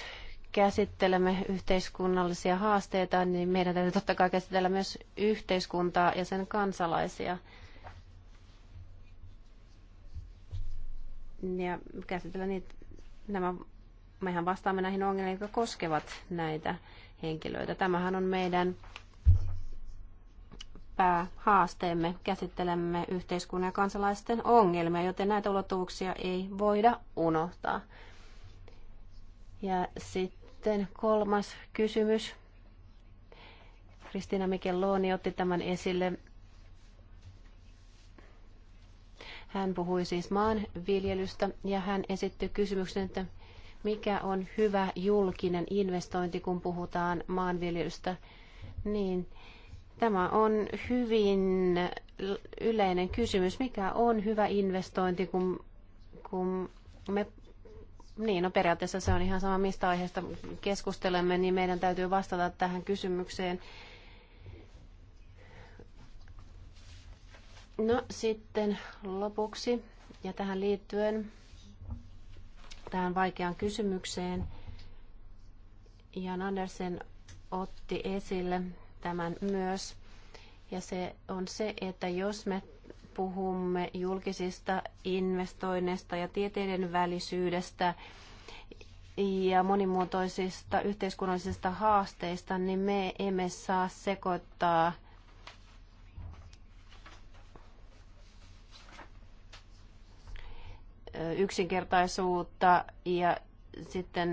käsittelemme yhteiskunnallisia haasteita, niin meidän täytyy totta kai käsitellä myös yhteiskuntaa ja sen kansalaisia – ja käsitellä niitä, nämä, mehän vastaamme näihin ongelmiin, jotka koskevat näitä henkilöitä. Tämähän on meidän päähaasteemme, käsittelemme yhteiskunnan ja kansalaisten ongelmia, joten näitä ulottuvuuksia ei voida unohtaa. Ja sitten kolmas kysymys. Kristiina Mikelloni otti tämän esille Hän puhui siis maanviljelystä ja hän esitti kysymyksen, että mikä on hyvä julkinen investointi, kun puhutaan maanviljelystä. Niin, tämä on hyvin yleinen kysymys. Mikä on hyvä investointi, kun, kun me niin, no periaatteessa se on ihan sama, mistä aiheesta keskustelemme, niin meidän täytyy vastata tähän kysymykseen No sitten lopuksi ja tähän liittyen tähän vaikeaan kysymykseen. Jan Andersen otti esille tämän myös. Ja se on se, että jos me puhumme julkisista investoinneista ja tieteiden välisyydestä ja monimuotoisista yhteiskunnallisista haasteista, niin me emme saa sekoittaa – yksinkertaisuutta ja sitten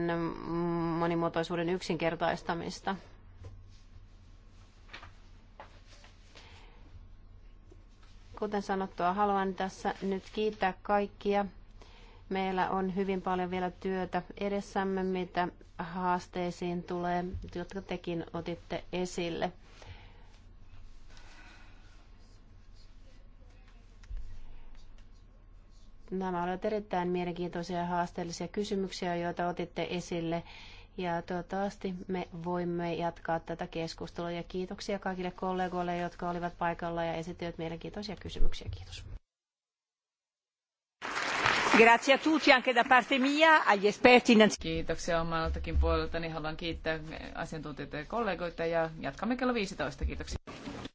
monimuotoisuuden yksinkertaistamista. Kuten sanottua, haluan tässä nyt kiittää kaikkia. Meillä on hyvin paljon vielä työtä edessämme, mitä haasteisiin tulee, jotka tekin otitte esille. Nämä olivat erittäin mielenkiintoisia ja haasteellisia kysymyksiä, joita otitte esille. Ja toivottavasti me voimme jatkaa tätä keskustelua. Ja kiitoksia kaikille kollegoille, jotka olivat paikalla ja esittivät mielenkiintoisia kysymyksiä. Kiitos. Grazie a tutti anche da parte mia, agli esperti. Kiitoksia omaltakin puoleltani. Haluan kiittää asiantuntijoita ja kollegoita ja jatkamme kello 15. Kiitoksia.